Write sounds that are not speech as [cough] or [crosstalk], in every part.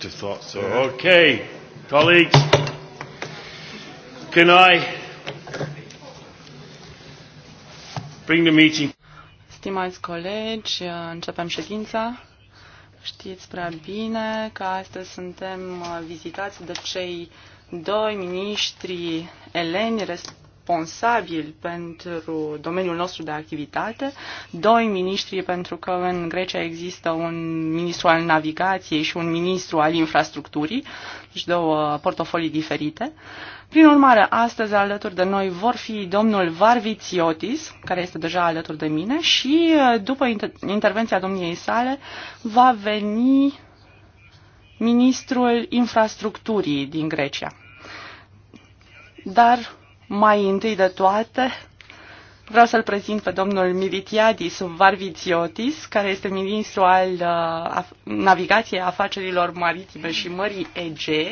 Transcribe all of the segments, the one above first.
to have thought so. Okay, colleagues, can I bring the meeting? Stimați colegi, începem ședința. Știți prea bine că astăzi suntem vizitați de cei doi miniștri eleni responsabil pentru domeniul nostru de activitate, doi miniștri, pentru că în Grecia există un ministru al navigației și un ministru al infrastructurii, deci două portofolii diferite. Prin urmare, astăzi alături de noi vor fi domnul Varvitsiotis, care este deja alături de mine, și uh, după inter intervenția domniei sale va veni ministrul infrastructurii din Grecia. Dar mai întâi de toate, vreau să-l prezint pe domnul Militiadis Varvitiotis, care este ministru al uh, navigației afacerilor maritime și mării Ege.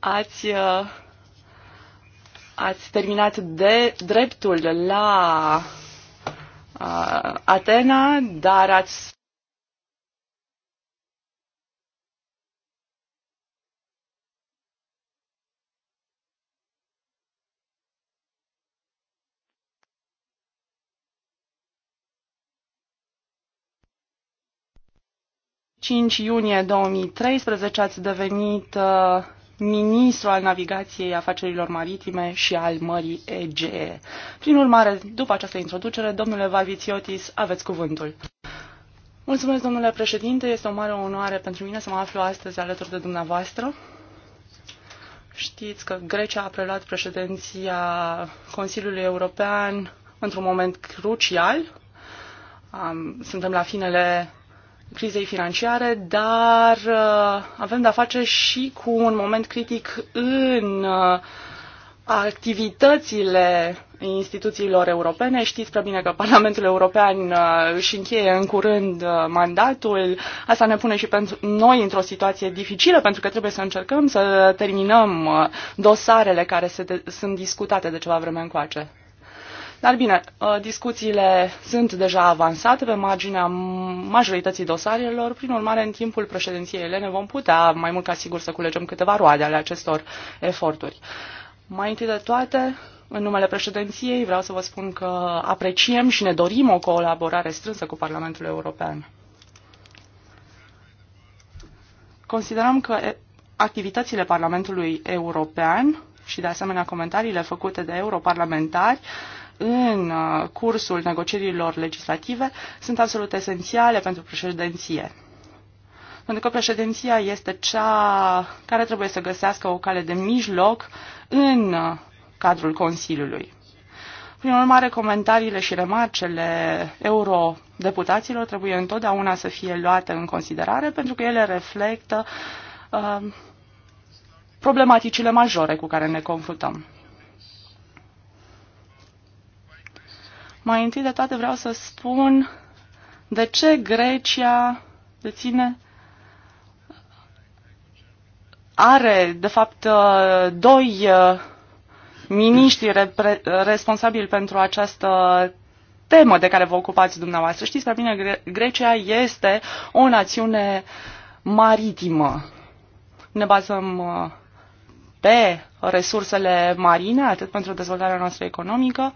Ați uh, ați terminat de dreptul la uh, Atena, dar ați 5 iunie 2013 ați devenit uh, ministru al navigației, afacerilor maritime și al Mării Egee. Prin urmare, după această introducere, domnule Valvițiotis, aveți cuvântul. Mulțumesc, domnule președinte, este o mare onoare pentru mine să mă aflu astăzi alături de dumneavoastră. Știți că Grecia a preluat președinția Consiliului European într-un moment crucial. Suntem la finele crizei financiare, dar uh, avem de-a face și cu un moment critic în uh, activitățile instituțiilor europene. Știți prea bine că Parlamentul European uh, își încheie în curând mandatul. Asta ne pune și pentru noi într-o situație dificilă, pentru că trebuie să încercăm să terminăm dosarele care se de- sunt discutate de ceva vreme încoace. Dar bine, uh, discuțiile sunt deja avansate pe marginea majorității dosarelor, prin urmare, în timpul președinției elene vom putea, mai mult ca sigur, să culegem câteva roade ale acestor eforturi. Mai întâi de toate, în numele președinției vreau să vă spun că apreciem și ne dorim o colaborare strânsă cu Parlamentul European. Considerăm că activitățile Parlamentului European și de asemenea comentariile făcute de europarlamentari uh, în uh, cursul negocierilor legislative sunt absolut esențiale pentru președinție. Pentru că președinția este cea care trebuie să găsească o cale de mijloc în uh, cadrul Consiliului. Prin urmare, comentariile și remarcele eurodeputaților trebuie întotdeauna să fie luate în considerare pentru că ele reflectă uh, problematicile majore cu care ne confruntăm. Mai întâi de toate vreau să spun de ce Grecia deține are, de fapt, uh, doi uh, miniștri responsabili pentru această temă de care vă ocupați dumneavoastră. Știți prea bine, Grecia este o națiune maritimă. Ne bazăm uh, pe resursele marine, atât pentru dezvoltarea noastră economică,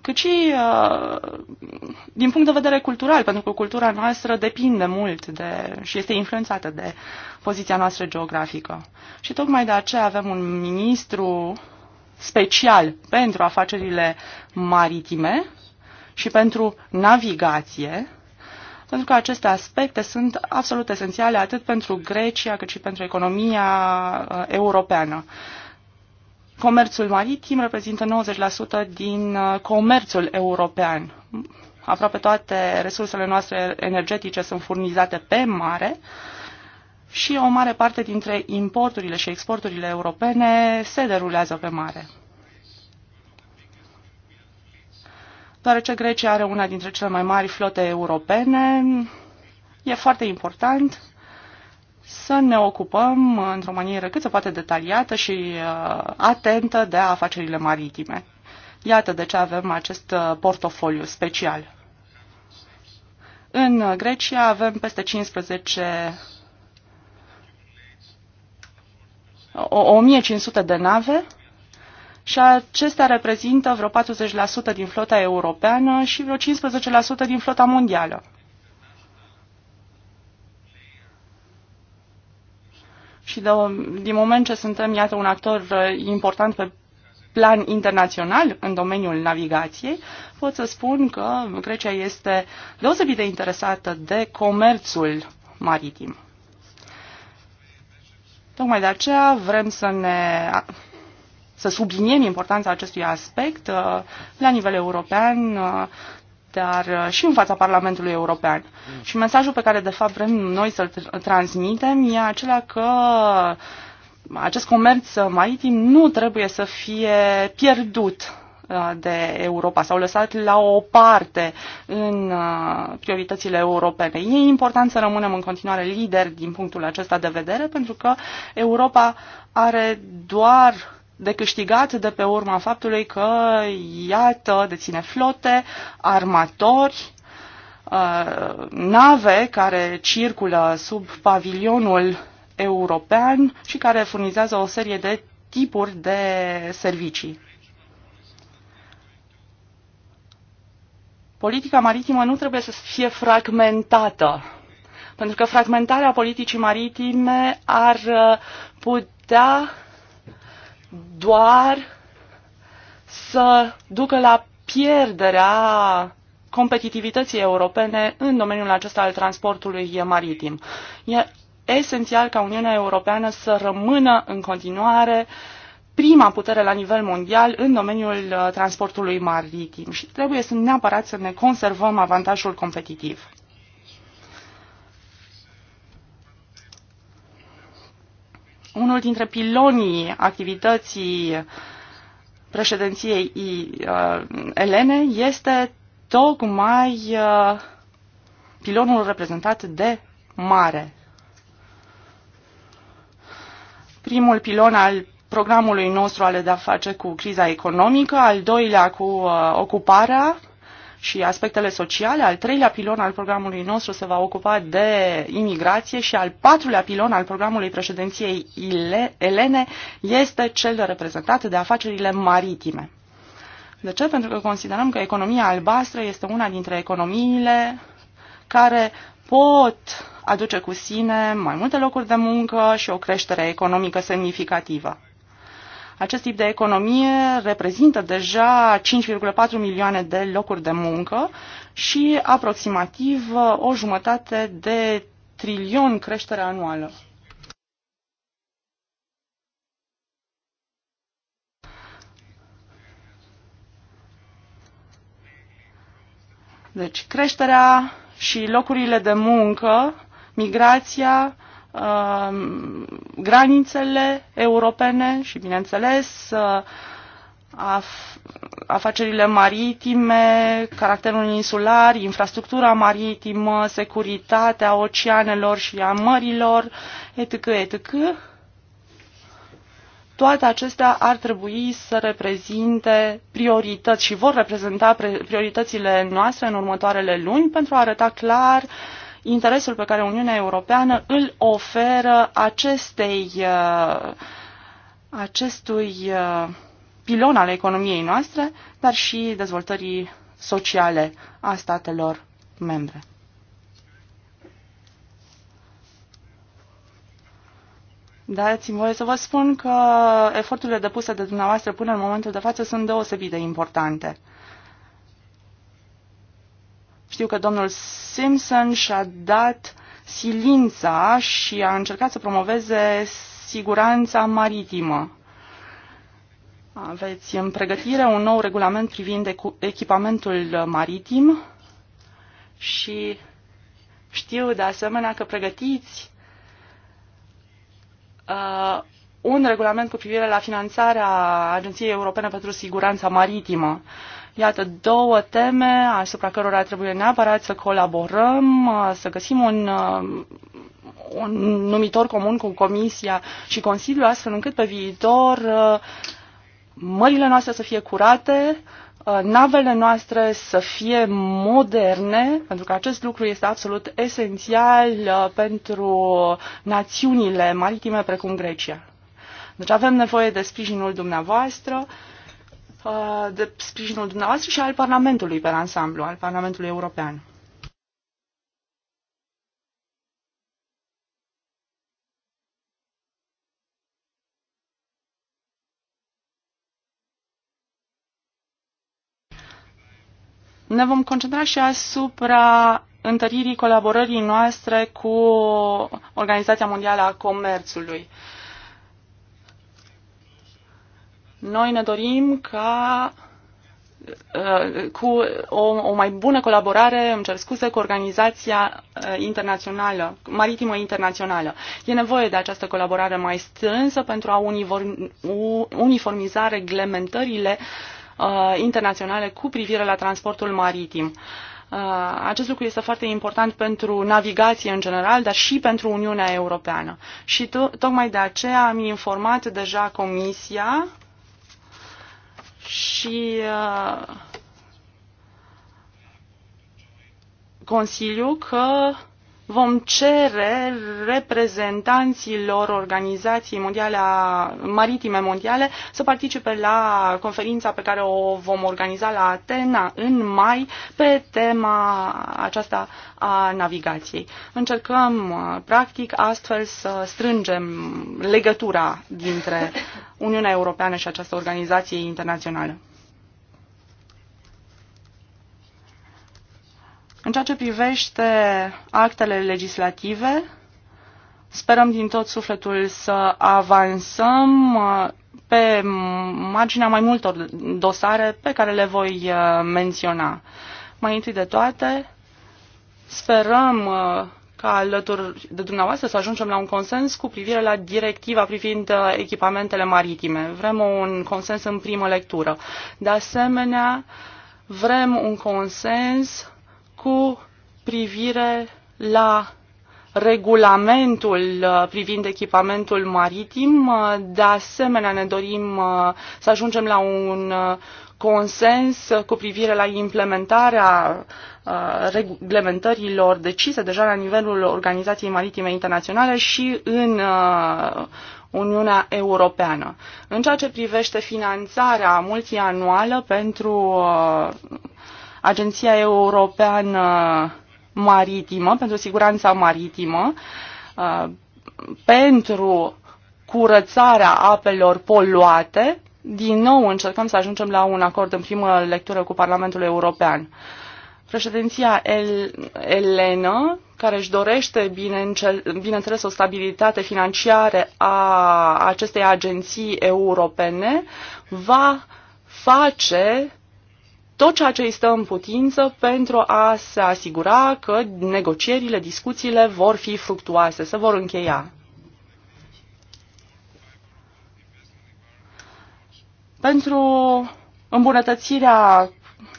cât și uh, din punct de vedere cultural, pentru că cultura noastră depinde mult de, și este influențată de poziția noastră geografică. Și tocmai de aceea avem un ministru special pentru afacerile maritime și pentru navigație, pentru că aceste aspecte sunt absolut esențiale atât pentru Grecia cât și pentru economia uh, europeană. Uh, Comerțul maritim reprezintă 90% din uh, comerțul european. Aproape toate resursele noastre energetice sunt furnizate pe mare și o mare parte dintre importurile și exporturile europene se derulează pe mare. Deoarece Grecia are una dintre cele mai mari flote europene, e foarte important să ne ocupăm într-o manieră cât se poate detaliată și uh, atentă de afacerile maritime. Iată de ce avem acest uh, portofoliu special. În Grecia avem peste 15 1500 de nave și acestea reprezintă vreo 40% din flota europeană și vreo 15% din flota mondială. și de, din moment ce suntem, iată, un actor uh, important pe plan internațional în domeniul navigației, pot să spun că Grecia este deosebit de interesată de comerțul maritim. Tocmai de aceea vrem să ne să subliniem importanța acestui aspect uh, la nivel european, uh, dar uh, și în fața Parlamentului European. Și mesajul pe care, de fapt, vrem noi să-l transmitem e acela că acest comerț maritim nu trebuie să fie pierdut uh, de Europa sau lăsat la o parte în uh, prioritățile europene. E important să rămânem în continuare lideri din punctul acesta de vedere pentru că Europa are doar de câștigat de pe urma faptului că, iată, deține flote, armatori, uh, nave care circulă sub pavilionul european și care furnizează o serie de tipuri de servicii. Politica maritimă nu trebuie să fie fragmentată, pentru că fragmentarea politicii maritime ar uh, putea doar să ducă la pierderea competitivității europene în domeniul acesta al transportului maritim. E esențial ca Uniunea Europeană să rămână în continuare prima putere la nivel mondial în domeniul uh, transportului maritim și trebuie să neapărat să ne conservăm avantajul competitiv. unul dintre pilonii activității președinției uh, Elene este tocmai uh, pilonul reprezentat de mare. Primul pilon al programului nostru ale de-a face cu criza economică, al doilea cu uh, ocuparea, și aspectele sociale, al treilea pilon al programului nostru se va ocupa de imigrație și al patrulea pilon al programului președinției Elene este cel de reprezentat de afacerile maritime. De ce? Pentru că considerăm că economia albastră este una dintre economiile care pot aduce cu sine mai multe locuri de muncă și o creștere economică semnificativă. Acest tip de economie reprezintă deja 5,4 milioane de locuri de muncă și aproximativ uh, o jumătate de trilion creștere anuală. Deci creșterea și locurile de muncă, migrația, Um, granițele europene și, bineînțeles, uh, af- afacerile maritime, caracterul insular, infrastructura maritimă, securitatea oceanelor și a mărilor, etc., etc., toate acestea ar trebui să reprezinte priorități și vor reprezenta prioritățile noastre în următoarele luni pentru a arăta clar uh, interesul pe care Uniunea Europeană îl oferă acestei, uh, acestui uh, pilon al economiei noastre, dar și dezvoltării sociale a statelor membre. Dați-mi voie să vă spun că eforturile depuse de dumneavoastră până în momentul de față sunt deosebit de importante. Știu că domnul Simpson și-a dat silința și a încercat să promoveze siguranța maritimă. Aveți în pregătire un nou regulament privind echipamentul maritim și știu de asemenea că pregătiți uh, un regulament cu privire la finanțarea Agenției Europene pentru Siguranța Maritimă. Uh, Iată două teme asupra cărora trebuie neapărat să colaborăm, să găsim un, un numitor comun cu Comisia și Consiliul, astfel încât pe viitor mările noastre să fie curate, navele noastre să fie moderne, pentru că acest lucru este absolut esențial uh, pentru națiunile maritime precum Grecia. Deci avem nevoie de sprijinul dumneavoastră. Uh, de sprijinul dumneavoastră și al Parlamentului pe ansamblu, al Parlamentului European. Ne vom concentra și asupra întăririi colaborării noastre cu Organizația Mondială a Comerțului. Uh, noi ne dorim ca uh, cu o, o mai bună colaborare, îmi cer scuze, cu Organizația uh, Internațională, Maritimă Internațională. E nevoie de această colaborare mai strânsă pentru a uniformiza reglementările uh, internaționale cu privire la transportul maritim. Uh, acest lucru este foarte important pentru navigație în general, dar și pentru Uniunea Europeană. Și to- tocmai de aceea am informat deja Comisia uh, și uh, Consiliu că vom cere reprezentanților Organizației Mondiale a, Maritime Mondiale să participe la conferința pe care o vom organiza la Atena în mai pe tema aceasta a navigației. Încercăm, uh, practic, astfel să strângem legătura dintre Uniunea Europeană și această organizație internațională. În ceea ce privește actele legislative, sperăm din tot sufletul să avansăm uh, pe marginea mai multor dosare pe care le voi uh, menționa. Mai întâi de toate, sperăm uh, ca alături de dumneavoastră să ajungem la un consens cu privire la directiva privind echipamentele maritime. Vrem un consens în primă lectură. De asemenea, vrem un consens cu privire la regulamentul uh, privind echipamentul maritim. Uh, de asemenea, ne dorim uh, să ajungem la un consens cu privire la implementarea reglementărilor decise deja la nivelul Organizației Maritime Internaționale și în Uniunea Europeană. În ceea ce privește finanțarea multianuală pentru Agenția Europeană Maritimă, pentru Siguranța Maritimă, uh, pentru curățarea apelor poluate. Din nou încercăm să ajungem la un acord în primă lectură cu Parlamentul European. Președinția El- Elena, care își dorește, bineînțeles, o stabilitate financiară a acestei agenții europene, va face tot ceea ce îi stă în putință pentru a se asigura că negocierile, discuțiile vor fi fructuoase, se vor încheia. Pentru îmbunătățirea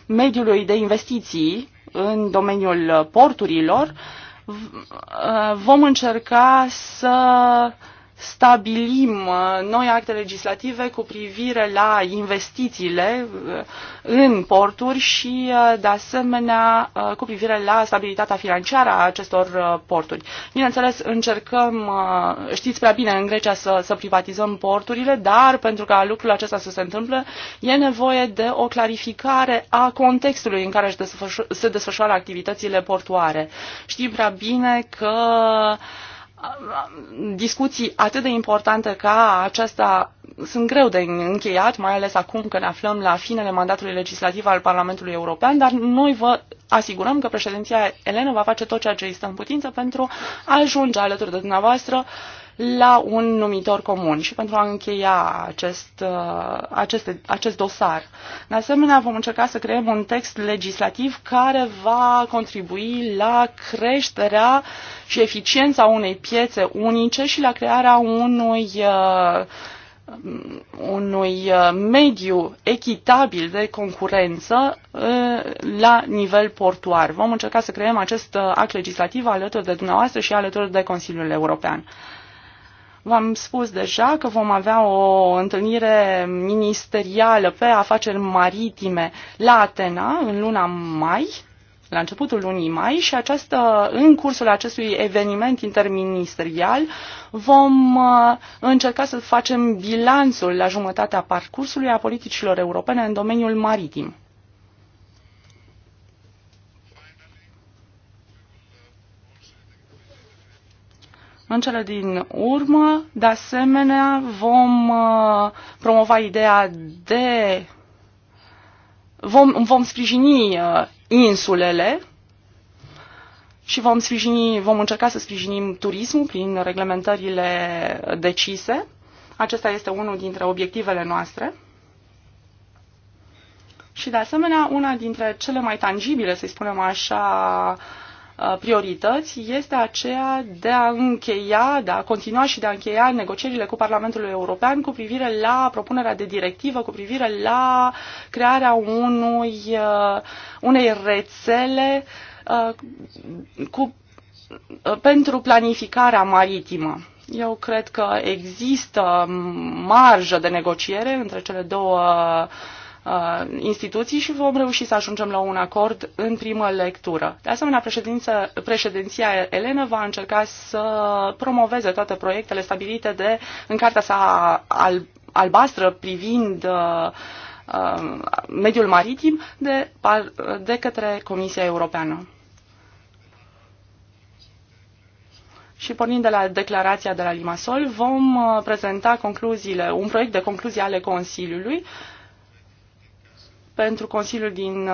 mediului de investiții în domeniul porturilor, vom încerca să stabilim uh, noi acte legislative cu privire la investițiile uh, în porturi și, uh, de asemenea, cu privire la stabilitatea financiară a acestor porturi. Bineînțeles, încercăm, știți prea bine, în Grecia să, să privatizăm porturile, dar pentru ca lucrul acesta să se întâmple, e nevoie de o clarificare a contextului în care se desfășoară activitățile portuare. Știm prea bine că discuții atât de importante ca aceasta sunt greu de încheiat, mai ales acum că ne aflăm la finele mandatului legislativ al Parlamentului European, dar noi vă asigurăm că președinția Elenă va face tot ceea ce îi stă în putință pentru a ajunge alături de dumneavoastră uh, la un numitor comun și pentru a încheia acest, uh, acest, acest dosar. De asemenea, vom încerca să creăm un text legislativ care va contribui la creșterea și eficiența unei piețe unice și la crearea unui uh, unui uh, mediu echitabil de concurență la nivel portuar. Vom încerca să creăm acest act legislativ alături de dumneavoastră și alături de Consiliul European. V-am spus deja că vom avea o întâlnire ministerială pe afaceri maritime la Atena în luna mai, la începutul lunii mai și această, în cursul acestui eveniment interministerial vom uh, încerca să facem bilanțul la jumătatea parcursului a politicilor europene în domeniul maritim. În cele din urmă, de asemenea, vom uh, promova ideea de. vom, vom sprijini uh, insulele și vom, sprijini, vom încerca să sprijinim turismul prin reglementările decise. Acesta este unul dintre obiectivele noastre. Și, de asemenea, una dintre cele mai tangibile, să spunem așa, Uh, priorități este aceea de a încheia, de a continua și de a încheia negocierile cu Parlamentul European cu privire la propunerea de directivă, cu privire la crearea unui, uh, unei rețele uh, cu, pentru planificarea maritimă. Eu cred că există marjă de negociere între cele două uh, Uh, instituții și vom reuși să ajungem la un acord în primă lectură. De asemenea, președința, președinția Elena va încerca să promoveze toate proiectele stabilite de, în cartea sa al, albastră privind uh, uh mediul maritim de, de către Comisia Europeană. și pornind de la declarația de la Limasol, vom uh, prezenta concluziile, un proiect de concluzie ale Consiliului pentru Consiliul din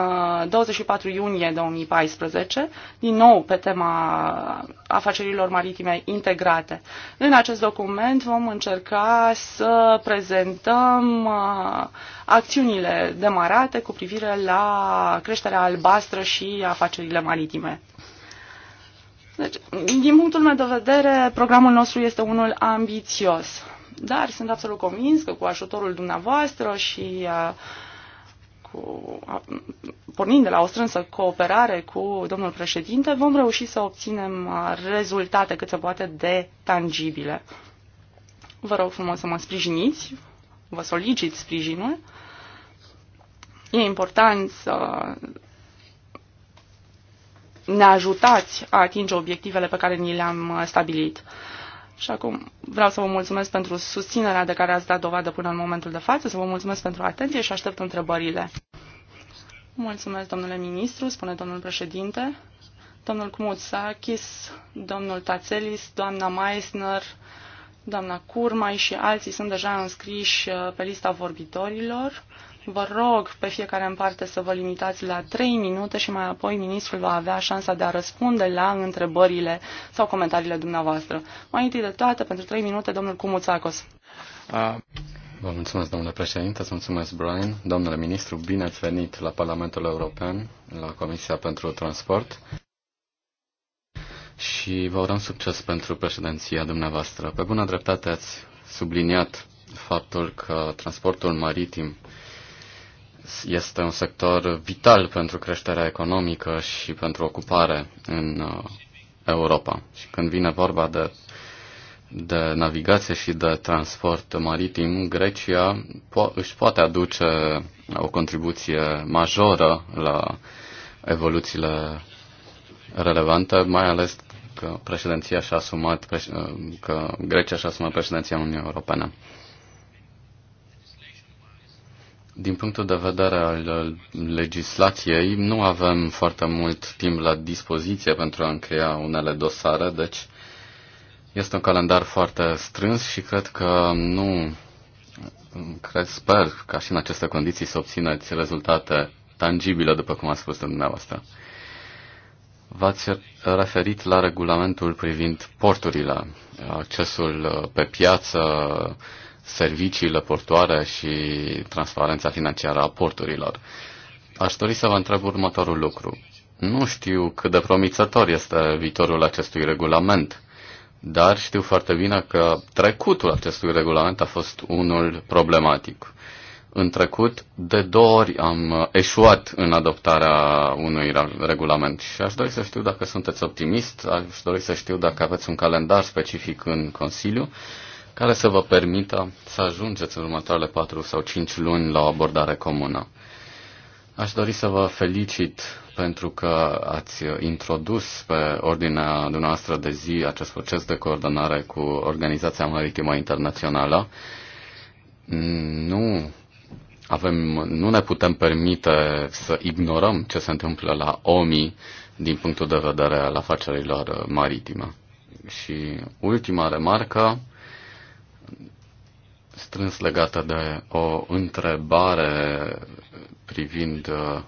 24 uh, iunie 2014, din nou pe tema afacerilor maritime integrate. În acest document vom încerca să prezentăm uh, acțiunile demarate cu privire la creșterea albastră și afacerile maritime. Deci, din punctul meu de vedere, programul nostru este unul ambițios, dar sunt absolut convins că cu ajutorul dumneavoastră și uh, cu, pornind de la o strânsă cooperare cu domnul președinte, vom reuși să obținem rezultate cât se poate de tangibile. Vă rog frumos să mă sprijiniți, vă solicit sprijinul. E important să ne ajutați a atinge obiectivele pe care ni le-am stabilit. Și acum vreau să vă mulțumesc pentru susținerea de care ați dat dovadă până în momentul de față, să vă mulțumesc pentru atenție și aștept întrebările. Mulțumesc, domnule ministru, spune domnul președinte, domnul Kumutsakis, domnul Tațelis, doamna Meissner, Doamna Curmai și alții sunt deja înscriși uh, pe lista vorbitorilor. Vă rog pe fiecare în parte să vă limitați la 3 minute și mai apoi ministrul va avea șansa de a răspunde la întrebările sau comentariile dumneavoastră. Mai întâi de toate, pentru 3 minute, domnul Cumuțacos. Vă mulțumesc, domnule președinte, să mulțumesc, Brian. Domnule ministru, bine ați venit la Parlamentul European, la Comisia pentru Transport și vă urăm succes pentru președinția dumneavoastră. Pe bună dreptate ați subliniat faptul că transportul maritim este un sector vital pentru creșterea economică și pentru ocupare în uh, Europa. Și când vine vorba de, de navigație și de transport maritim, Grecia po- își poate aduce o contribuție majoră la evoluțiile relevante, mai ales că președinția și-a asumat, uh, că Grecia și-a asumat președinția Uniunii Europene. Din punctul de vedere al legislației, nu avem foarte mult timp la dispoziție pentru a încheia unele dosare, deci este un calendar foarte strâns și cred că nu cred, sper ca și în aceste condiții să obțineți rezultate tangibile, după cum a spus dumneavoastră. V-ați referit la regulamentul privind porturile, accesul uh, pe piață, serviciile portoare și transparența financiară a porturilor. Aș dori să vă întreb următorul lucru. Nu știu cât de promițător este viitorul acestui regulament, dar știu foarte bine că trecutul acestui regulament a fost unul problematic în trecut, de două ori am eșuat în adoptarea unui regulament și aș dori să știu dacă sunteți optimist, aș dori să știu dacă aveți un calendar specific în Consiliu care să vă permită să ajungeți în următoarele patru sau cinci luni la o abordare comună. Aș dori să vă felicit pentru că ați introdus pe ordinea dumneavoastră de zi acest proces de coordonare cu Organizația Maritimă Internațională. Nu avem, nu ne putem permite să ignorăm ce se întâmplă la OMI din punctul de vedere al afacerilor maritime. Și ultima remarcă, strâns legată de o întrebare privind uh,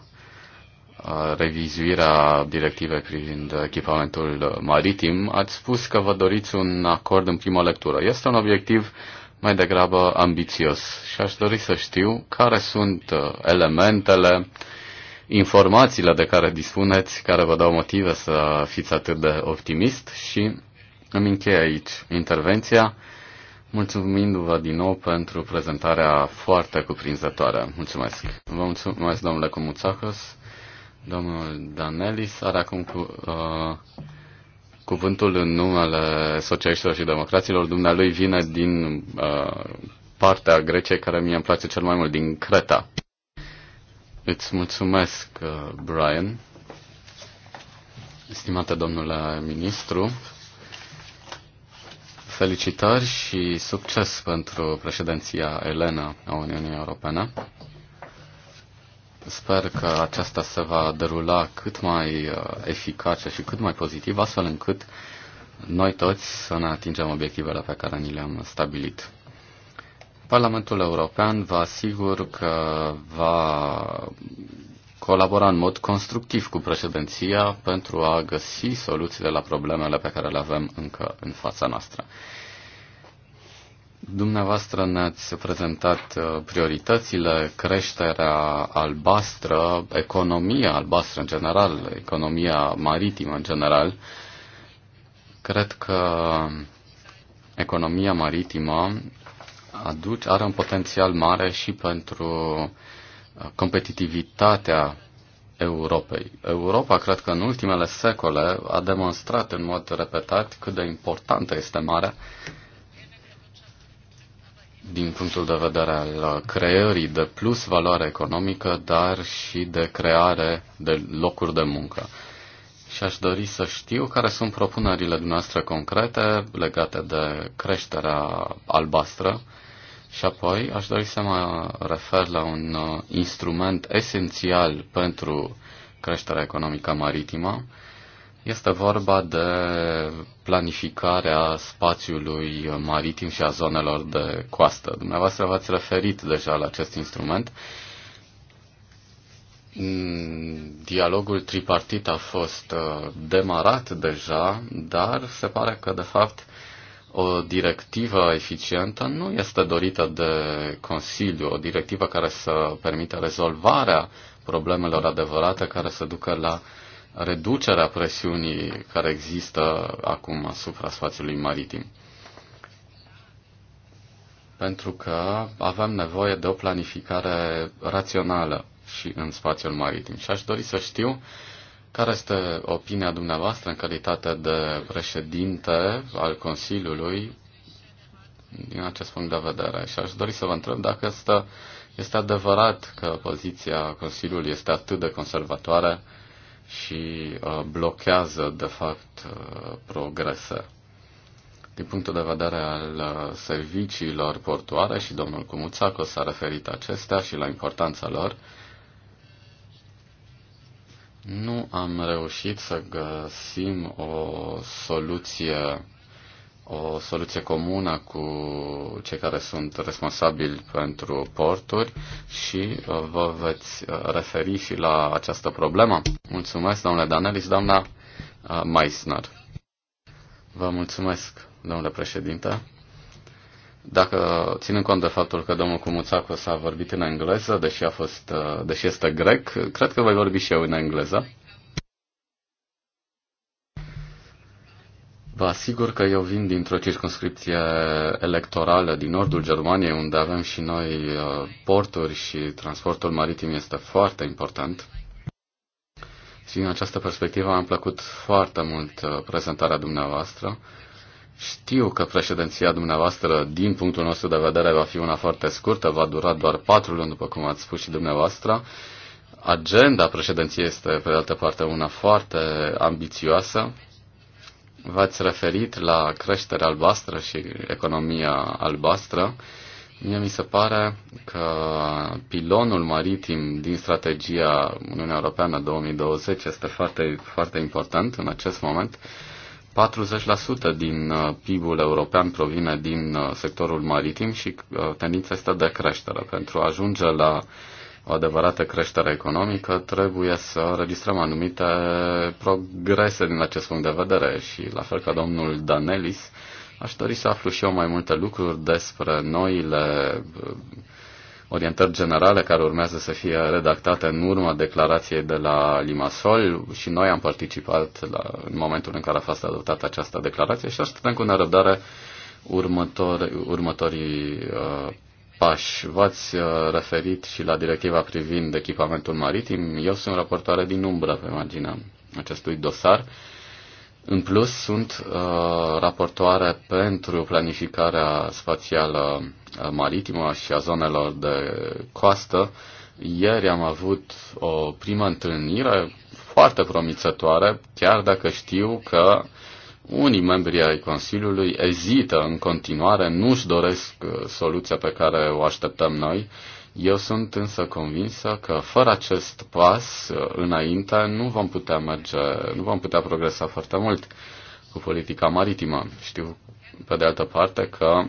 revizuirea directivei privind echipamentul maritim, ați spus că vă doriți un acord în prima lectură. Este un obiectiv uh, mai degrabă ambițios. Și aș dori să știu care sunt uh, elementele, informațiile de care dispuneți, care vă dau motive să fiți atât de optimist și îmi încheie aici intervenția, mulțumindu-vă din nou pentru prezentarea foarte cuprinzătoare. Mulțumesc! Vă mulțumesc, domnule Comuțacos, domnul Danelis, are acum cu... Uh, cuvântul în numele socialiștilor și democraților. Dumnealui vine din uh, partea Greciei care mi-a place cel mai mult, din Creta. Îți mulțumesc, uh, Brian. Stimate domnule ministru, felicitări și succes pentru președinția Elena a Uniunii Europene. Sper că aceasta se va derula cât mai uh, eficace și cât mai pozitiv, astfel încât noi toți să ne atingem obiectivele pe care ni le-am stabilit. Parlamentul European vă asigur că va colabora în mod constructiv cu președinția pentru a găsi soluțiile la problemele pe care le avem încă în fața noastră. Dumneavoastră ne-ați prezentat uh, prioritățile, creșterea albastră, economia albastră în general, economia maritimă în general. Cred că economia maritimă aduce, are un potențial mare și pentru uh, competitivitatea Europei. Europa, cred că în ultimele secole, a demonstrat în mod repetat cât de importantă este marea din punctul de vedere al creării de plus valoare economică, dar și de creare de locuri de muncă. Și aș dori să știu care sunt propunerile noastre concrete legate de creșterea albastră și apoi aș dori să mă refer la un uh, instrument esențial pentru creșterea economică maritimă, este vorba de planificarea spațiului maritim și a zonelor de coastă. Dumneavoastră v-ați referit deja la acest instrument. Dialogul tripartit a fost uh, demarat deja, dar se pare că, de fapt, o directivă eficientă nu este dorită de Consiliu, o directivă care să permită rezolvarea problemelor adevărate care să ducă la uh, reducerea presiunii care există acum asupra spațiului maritim. Pentru că avem nevoie de o planificare rațională și în spațiul maritim. Și aș dori să știu care este opinia dumneavoastră în calitate de președinte al Consiliului din acest punct de vedere. Și aș dori să vă întreb dacă este, este adevărat că poziția Consiliului este atât de conservatoare și uh, blochează, de fapt, uh, progrese. Din punctul de vedere al uh, serviciilor portoare, și domnul Cumuțaco s-a referit acestea și la importanța lor, nu am reușit să găsim o soluție o soluție comună cu cei care sunt responsabili pentru porturi și uh, vă veți uh, referi și la această problemă. Mulțumesc, domnule Danelis, doamna uh, Meissner. Vă mulțumesc, domnule președinte. Dacă ținând cont de faptul că domnul Cumuțacu s-a vorbit în engleză, deși, a fost, deși este grec, cred că voi vorbi și eu în engleză. Vă asigur că eu vin dintr-o circunscripție electorală din nordul Germaniei, unde avem și noi uh, porturi și transportul maritim este foarte important. Și din această perspectivă am plăcut foarte mult uh, prezentarea dumneavoastră. Știu că președinția dumneavoastră, din punctul nostru de vedere, va fi una foarte scurtă, va dura doar patru luni, după cum ați spus și dumneavoastră. Agenda președinției este, pe de altă parte, una foarte ambițioasă. V-ați referit la creșterea albastră și economia albastră. Mie mi se pare că pilonul maritim din strategia Uniunea Europeană 2020 este foarte, foarte important în acest moment. 40% din uh, PIB-ul european provine din uh, sectorul maritim și uh, tendința este de creștere. Pentru a ajunge la o adevărată creștere economică, trebuie să registrăm anumite progrese din acest punct de vedere și, la fel ca domnul Danelis, aș dori să aflu și eu mai multe lucruri despre noile uh, orientări generale care urmează să fie redactate în urma declarației de la Limasol și noi am participat la, în momentul în care a fost adoptată această declarație și așteptăm cu nerăbdare următor, următorii uh, pași. V-ați uh, referit și la directiva privind echipamentul maritim. Eu sunt raportoare din umbră pe marginea acestui dosar. În plus, sunt uh, raportoare pentru planificarea spațială uh, maritimă și a zonelor de coastă. Ieri am avut o primă întâlnire foarte promițătoare, chiar dacă știu că unii membri ai Consiliului ezită în continuare, nu-și doresc uh, soluția pe care o așteptăm noi. Eu sunt însă convinsă că fără acest pas uh, înainte nu vom putea merge, nu vom putea progresa foarte mult cu politica maritimă. Știu, pe de altă parte, că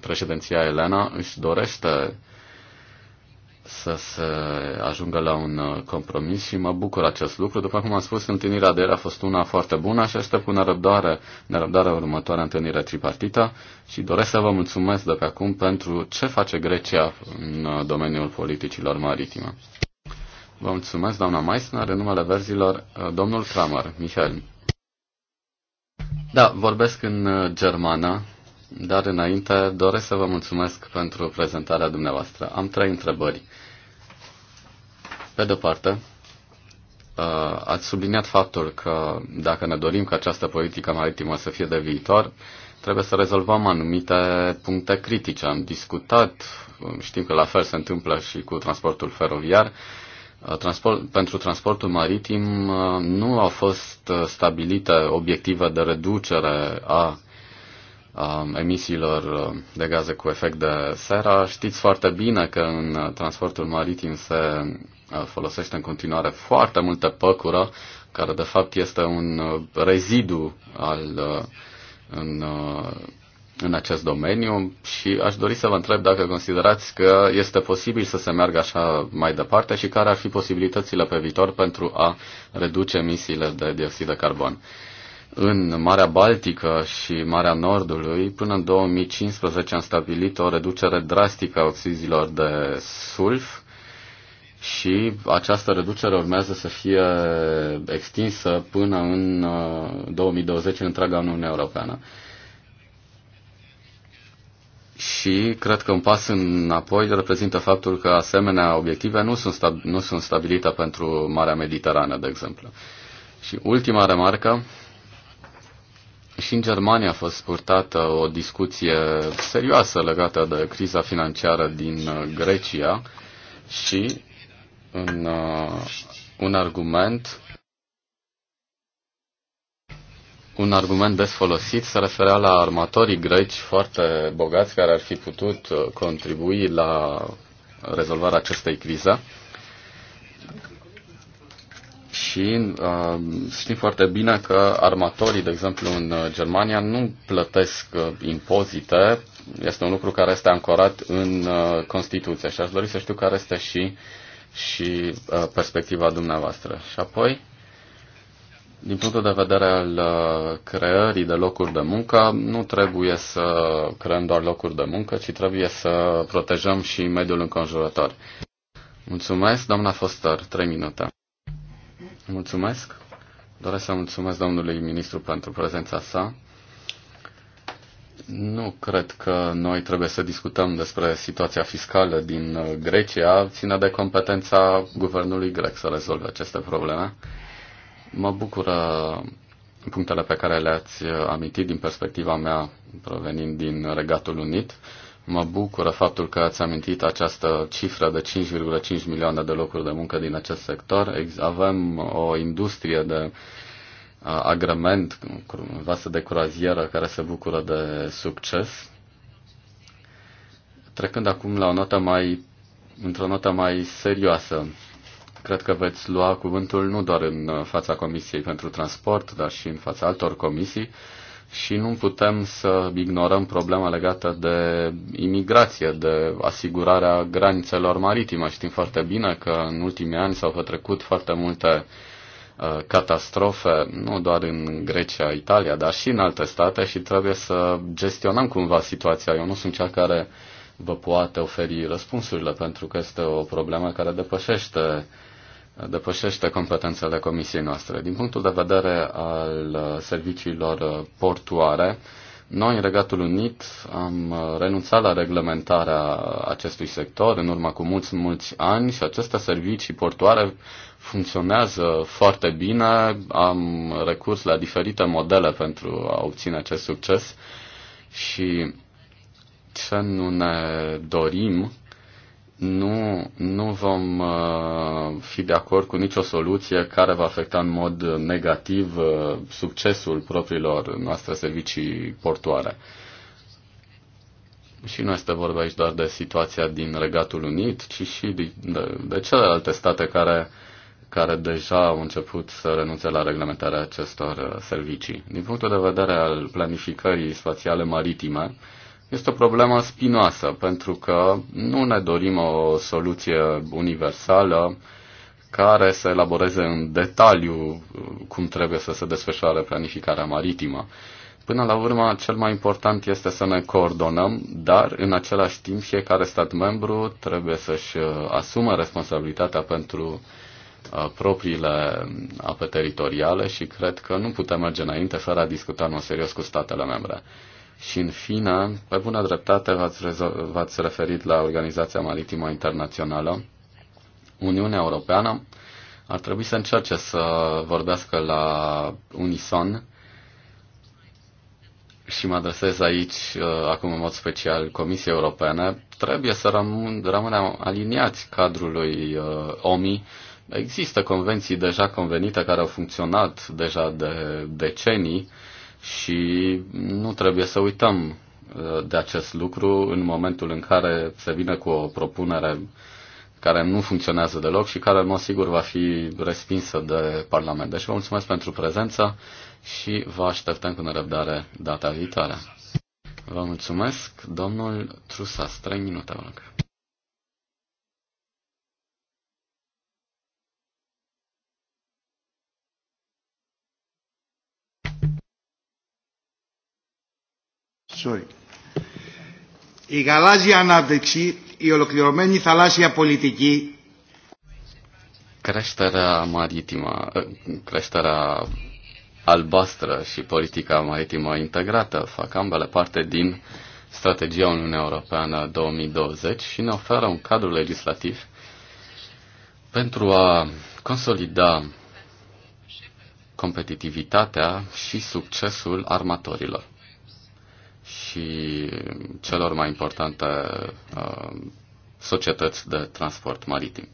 președinția Elena își dorește să se ajungă la un uh, compromis și mă bucur acest lucru. După cum am spus, întâlnirea de ieri a fost una foarte bună și aștept cu nerăbdare, nerăbdare următoarea întâlnire tripartită și doresc să vă mulțumesc de pe acum pentru ce face Grecia în uh, domeniul politicilor maritime. Vă mulțumesc, doamna Meissner, în numele verzilor, uh, domnul Kramer, Michael. Da, vorbesc în germană, dar înainte doresc să vă mulțumesc pentru prezentarea dumneavoastră. Am trei întrebări. Pe de-o parte, uh, ați subliniat faptul că dacă ne dorim ca această politică maritimă să fie de viitor, trebuie să rezolvăm anumite puncte critice. Am discutat, um, știm că la fel se întâmplă și cu transportul feroviar. Uh, transport, pentru transportul maritim uh, nu au fost stabilite obiective de reducere a Um, emisiilor um, de gaze cu efect de seră. Știți foarte bine că în uh, transportul maritim se uh, folosește în continuare foarte multă păcură, care de fapt este un uh, rezidu al, în, în acest domeniu și aș dori să vă întreb dacă considerați că este posibil să se meargă așa mai departe și care ar fi posibilitățile pe viitor pentru a reduce emisiile de dioxid de carbon în Marea Baltică și Marea Nordului, până în 2015 am stabilit o reducere drastică a oxizilor de sulf și această reducere urmează să fie extinsă până în 2020 uh, în întreaga Uniune Europeană. Și cred că un pas înapoi reprezintă faptul că asemenea obiective nu sunt, stab- nu sunt stabilite pentru Marea Mediterană, de exemplu. Și ultima remarcă, și în Germania a fost purtată o discuție serioasă legată de criza financiară din uh, Grecia și un, uh, un argument un argument des folosit se referea la armatorii greci foarte bogați care ar fi putut uh, contribui la rezolvarea acestei crize și uh, știm foarte bine că armatorii, de exemplu, în uh, Germania nu plătesc uh, impozite. Este un lucru care este ancorat în uh, Constituție și aș dori să știu care este și, și uh, perspectiva dumneavoastră. Și apoi, din punctul de vedere al uh, creării de locuri de muncă, nu trebuie să creăm doar locuri de muncă, ci trebuie să protejăm și mediul înconjurător. Mulțumesc, doamna Foster, 3 minute. Mulțumesc. Doresc să mulțumesc domnului ministru pentru prezența sa. Nu cred că noi trebuie să discutăm despre situația fiscală din uh, Grecia. Ține de competența guvernului grec să rezolve aceste probleme. Mă bucură punctele pe care le-ați uh, amintit din perspectiva mea provenind din Regatul Unit. Mă bucură faptul că ați amintit această cifră de 5,5 milioane de locuri de muncă din acest sector. Avem o industrie de agrement, vasă de croazieră care se bucură de succes. Trecând acum la o notă mai, într-o notă mai serioasă, cred că veți lua cuvântul nu doar în fața Comisiei pentru Transport, dar și în fața altor comisii și nu putem să ignorăm problema legată de imigrație, de asigurarea granițelor maritime. Știm foarte bine că în ultimii ani s-au petrecut foarte multe uh, catastrofe, nu doar în Grecia, Italia, dar și în alte state și trebuie să gestionăm cumva situația. Eu nu sunt cea care vă poate oferi răspunsurile pentru că este o problemă care depășește depășește competențele comisiei noastre. Din punctul de vedere al uh, serviciilor uh, portuare, noi, în Regatul Unit, am uh, renunțat la reglementarea acestui sector în urma cu mulți, mulți ani și aceste servicii portoare funcționează foarte bine. Am recurs la diferite modele pentru a obține acest succes și ce nu ne dorim nu, nu vom uh, fi de acord cu nicio soluție care va afecta în mod negativ uh, succesul propriilor noastre servicii portoare. Și nu este vorba aici doar de situația din Regatul Unit, ci și de, de, de celelalte state care, care deja au început să renunțe la reglementarea acestor uh, servicii. Din punctul de vedere al planificării spațiale maritime, uh, este o problemă spinoasă, pentru că nu ne dorim o soluție universală care să elaboreze în detaliu uh, cum trebuie să se desfășoare planificarea maritimă. Până la urmă, cel mai important este să ne coordonăm, dar în același timp fiecare stat membru trebuie să-și uh, asume responsabilitatea pentru uh, propriile ape teritoriale și cred că nu putem merge înainte fără a discuta în serios cu statele membre. Și în fine, pe bună dreptate v-ați, referit la Organizația Maritimă Internațională. Uniunea Europeană ar trebui să încerce să vorbească la unison și mă adresez aici uh, acum în mod special Comisiei Europene, trebuie să rămân, rămânem aliniați cadrului uh, OMI. Există convenții deja convenite care au funcționat deja de decenii și nu trebuie să uităm uh, de acest lucru în momentul în care se vine cu o propunere care nu funcționează deloc și care, în mod sigur, va fi respinsă de Parlament. Deci vă mulțumesc pentru prezența și vă așteptăm cu nerăbdare data viitoare. Vă mulțumesc, domnul Trusa, 3 minute, vă rog. Sorry. Η γαλάζια ανάπτυξη, η ολοκληρωμένη θαλάσσια πολιτική. Creșterea maritimă, creșterea albastră și politica maritimă integrată fac ambele parte din strategia Uniunii Europeană 2020 și ne oferă un cadru legislativ pentru a consolida competitivitatea și succesul armatorilor și celor mai importante uh, societăți de transport maritim.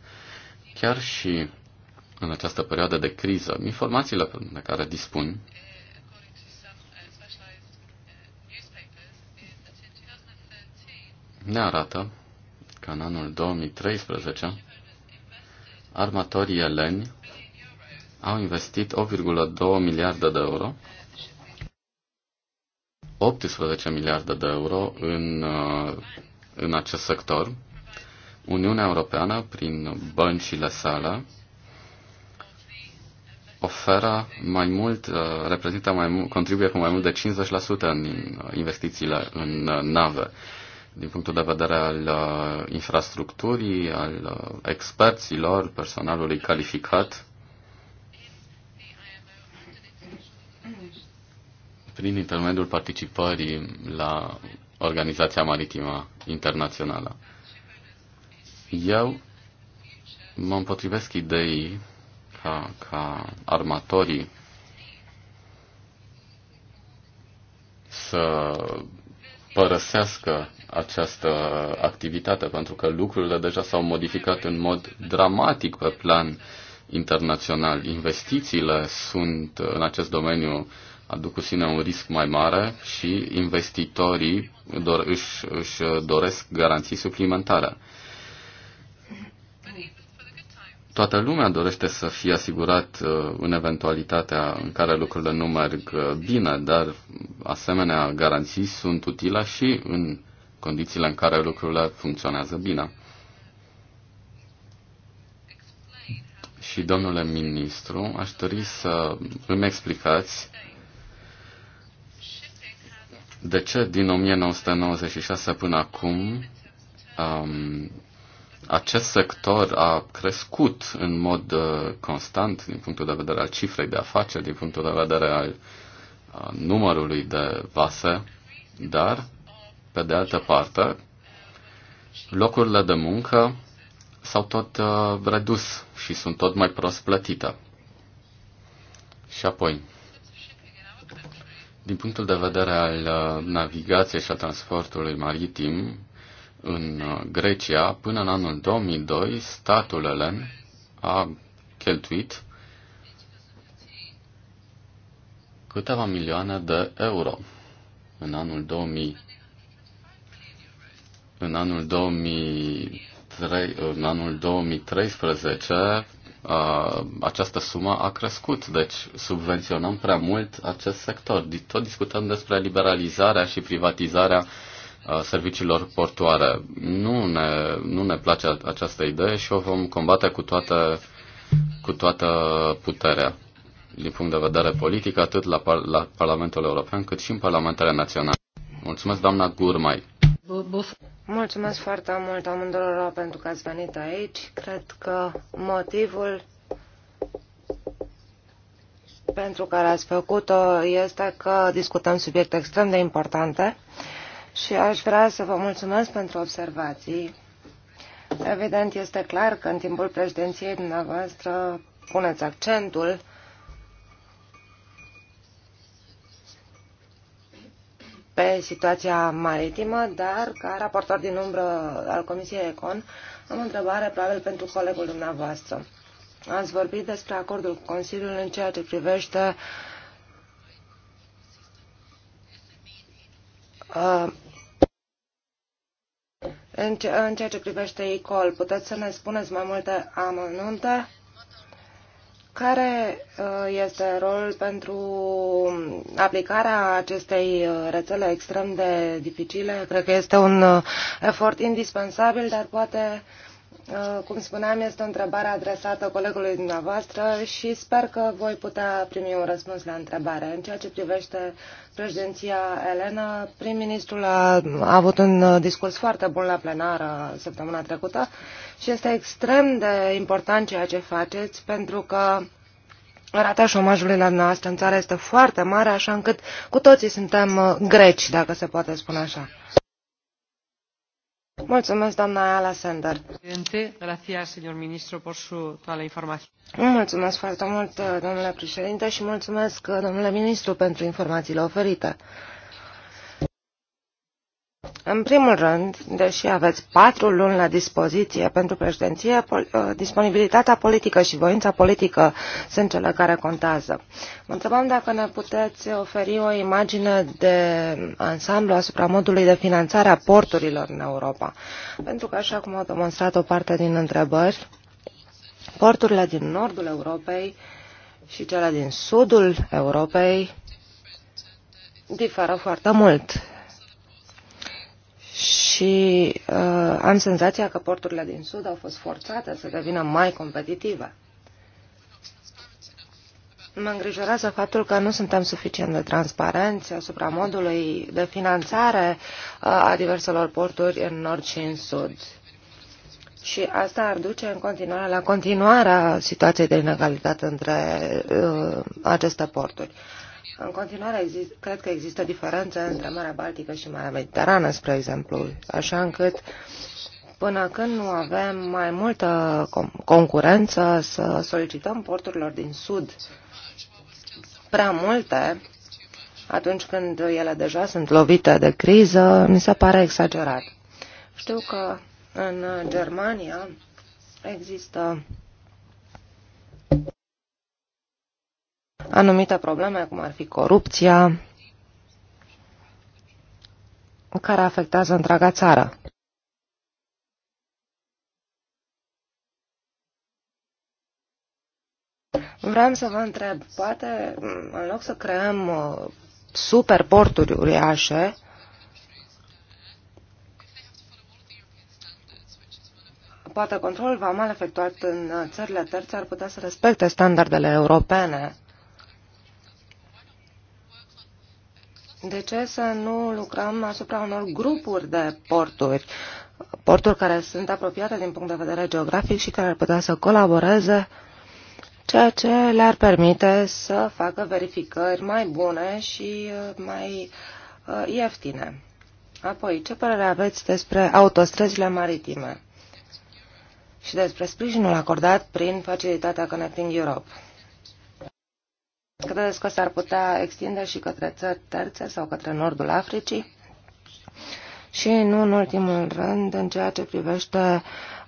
Chiar și în această perioadă de criză, informațiile de care dispun ne arată că în anul 2013 armatorii eleni au investit 8,2 miliarde de euro 18 miliarde de euro în, uh, în acest sector. Uniunea Europeană, prin băncile sale, oferă mai mult, uh, reprezintă mai mult, contribuie cu mai mult de 50% în uh, investițiile în nave. Din punctul de vedere al infrastructurii, al experților, personalului calificat, prin intermediul participării la Organizația Maritimă Internațională. Eu mă împotrivesc ideii ca, ca armatorii să părăsească această activitate, pentru că lucrurile deja s-au modificat în mod dramatic pe plan internațional. Investițiile sunt în acest domeniu aduc cu sine un risc mai mare și investitorii dor, își, își doresc garanții suplimentare. Toată lumea dorește să fie asigurat uh, în eventualitatea în care lucrurile nu merg uh, bine, dar asemenea garanții sunt utile și în condițiile în care lucrurile funcționează bine. Și, domnule ministru, aș dori să îmi explicați de ce din 1996 până acum um, acest sector a crescut în mod uh, constant din punctul de vedere al cifrei de afaceri, din punctul de vedere al uh, numărului de vase, dar, pe de altă parte, locurile de muncă s-au tot uh, redus și sunt tot mai prost plătite. Și apoi, din punctul de vedere al uh, navigației și al transportului maritim, în uh, Grecia, până în anul 2002, statul elen a cheltuit câteva milioane de euro. În anul 2000, în anul 2000 2003, în anul 2013 această sumă a crescut, deci subvenționăm prea mult acest sector. Tot discutăm despre liberalizarea și privatizarea serviciilor portoare. Nu ne, nu ne place această idee și o vom combate cu toată, cu toată puterea din punct de vedere politic, atât la, par- la Parlamentul European cât și în Parlamentele Naționale. Mulțumesc, doamna Gurmai. Mulțumesc foarte mult amândurora pentru că ați venit aici. Cred că motivul pentru care ați făcut-o este că discutăm subiecte extrem de importante și aș vrea să vă mulțumesc pentru observații. Evident, este clar că în timpul președinției dumneavoastră puneți accentul pe situația maritimă, dar ca raportor din umbră al Comisiei Econ am o întrebare probabil pentru colegul dumneavoastră. Ați vorbit despre acordul cu Consiliul în ceea ce privește uh, în, ce, în ceea ce privește ICOL. Puteți să ne spuneți mai multe amănunte? Care uh, este rolul pentru aplicarea acestei uh, rețele extrem de dificile? Cred că este un uh, efort indispensabil, dar poate, cum spuneam, este o întrebare adresată colegului dumneavoastră și sper că voi putea primi un răspuns la întrebare. În ceea ce privește președinția Elena, prim-ministrul a avut un discurs foarte bun la plenară săptămâna trecută și este extrem de important ceea ce faceți pentru că rata șomajului la noastră în țară este foarte mare, așa încât cu toții suntem uh, greci, dacă se poate spune așa. Mulțumesc, doamna Ayala Sender. Mulțumesc foarte mult, uh, domnule președinte, și mulțumesc, uh, domnule ministru, pentru informațiile oferite. În primul rând, deși aveți patru luni la dispoziție pentru președinție, uh, disponibilitatea politică și voința politică sunt cele care contează. Mă întrebam dacă ne puteți oferi o imagine de ansamblu asupra modului de finanțare a porturilor în Europa. Pentru că, așa cum au demonstrat o parte din întrebări, porturile din nordul Europei și cele din sudul Europei diferă foarte mult și uh, am senzația că porturile din Sud au fost forțate să devină mai competitive. Mă îngrijorează faptul că nu suntem suficient de transparenți asupra modului de finanțare uh, a diverselor porturi în nord și în sud. Și asta ar duce în continuare la continuarea situației de inegalitate între uh, aceste porturi. În continuare, exist, cred că există diferențe între Marea Baltică și Marea Mediterană, spre exemplu, așa încât până când nu avem mai multă concurență să solicităm porturilor din Sud prea multe, atunci când ele deja sunt lovite de criză, mi se pare exagerat. Știu că în Germania există anumite probleme, cum ar fi corupția, care afectează întreaga țară. Vreau să vă întreb, poate în loc să creăm uh, superporturi uriașe, poate controlul vamal efectuat în uh, țările terțe ar putea să respecte standardele europene De ce să nu lucrăm asupra unor grupuri de porturi? Porturi care sunt apropiate din punct de vedere geografic și care ar putea să colaboreze, ceea ce le-ar permite să facă verificări mai bune și uh, mai uh, ieftine. Apoi, ce părere aveți despre autostrăzile maritime și despre sprijinul acordat prin facilitatea Connecting Europe? Credeți că s-ar putea extinde și către țări terțe sau către nordul Africii? Și nu în ultimul rând, în ceea ce privește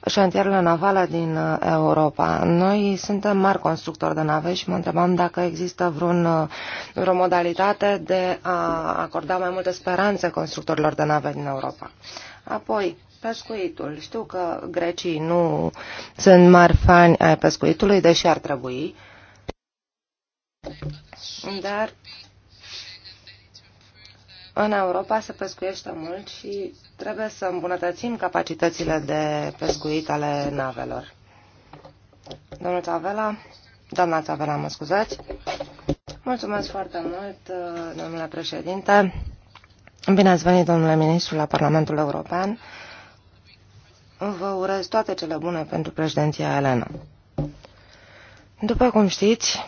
șantierele navale din uh, Europa. Noi suntem mari constructori de nave și mă întrebam dacă există vreun, uh, vreo modalitate de a acorda mai multe speranțe constructorilor de nave din Europa. Apoi, pescuitul. Știu că grecii nu sunt mari fani ai pescuitului, deși ar trebui. Uh, dar în Europa se pescuiește mult și trebuie să îmbunătățim capacitățile de pescuit ale navelor. Domnul Tavela, doamna Tavela, mă scuzați. Mulțumesc foarte mult, domnule președinte. Bine ați venit, domnule ministru, la Parlamentul European. Vă urez toate cele bune pentru președinția Elena. După cum știți,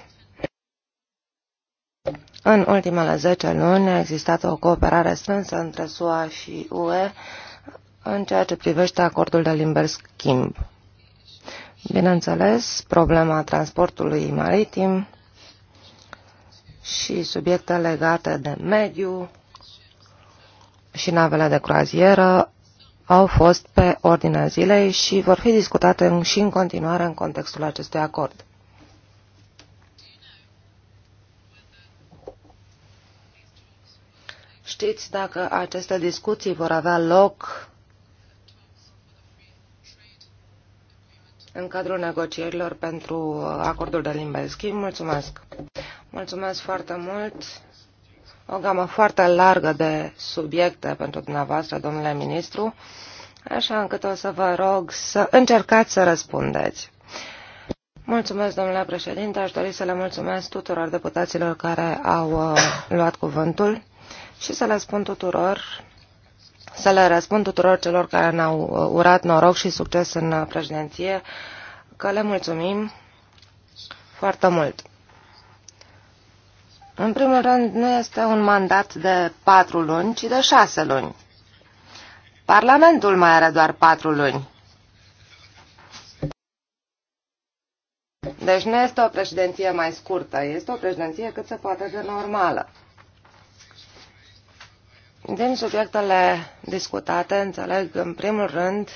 în ultimele 10 luni a existat o cooperare strânsă între SUA și UE în ceea ce privește acordul de liber schimb. Bineînțeles, problema transportului maritim și subiecte legate de mediu și navele de croazieră au fost pe ordinea zilei și vor fi discutate și în continuare în contextul acestui acord. știți dacă aceste discuții vor avea loc în cadrul negocierilor pentru acordul de limbă schimb. Mulțumesc! Mulțumesc foarte mult! O gamă foarte largă de subiecte pentru dumneavoastră, domnule ministru, așa încât o să vă rog să încercați să răspundeți. Mulțumesc, domnule președinte. Aș dori să le mulțumesc tuturor deputaților care au uh, luat cuvântul și să le spun tuturor să le răspund tuturor celor care ne-au uh, urat noroc și succes în uh, președinție, că le mulțumim foarte mult. În primul rând, nu este un mandat de patru luni, ci de șase luni. Parlamentul mai are doar patru luni. Deci nu este o președinție mai scurtă, este o președinție cât se poate de normală. Din subiectele discutate, înțeleg în primul rând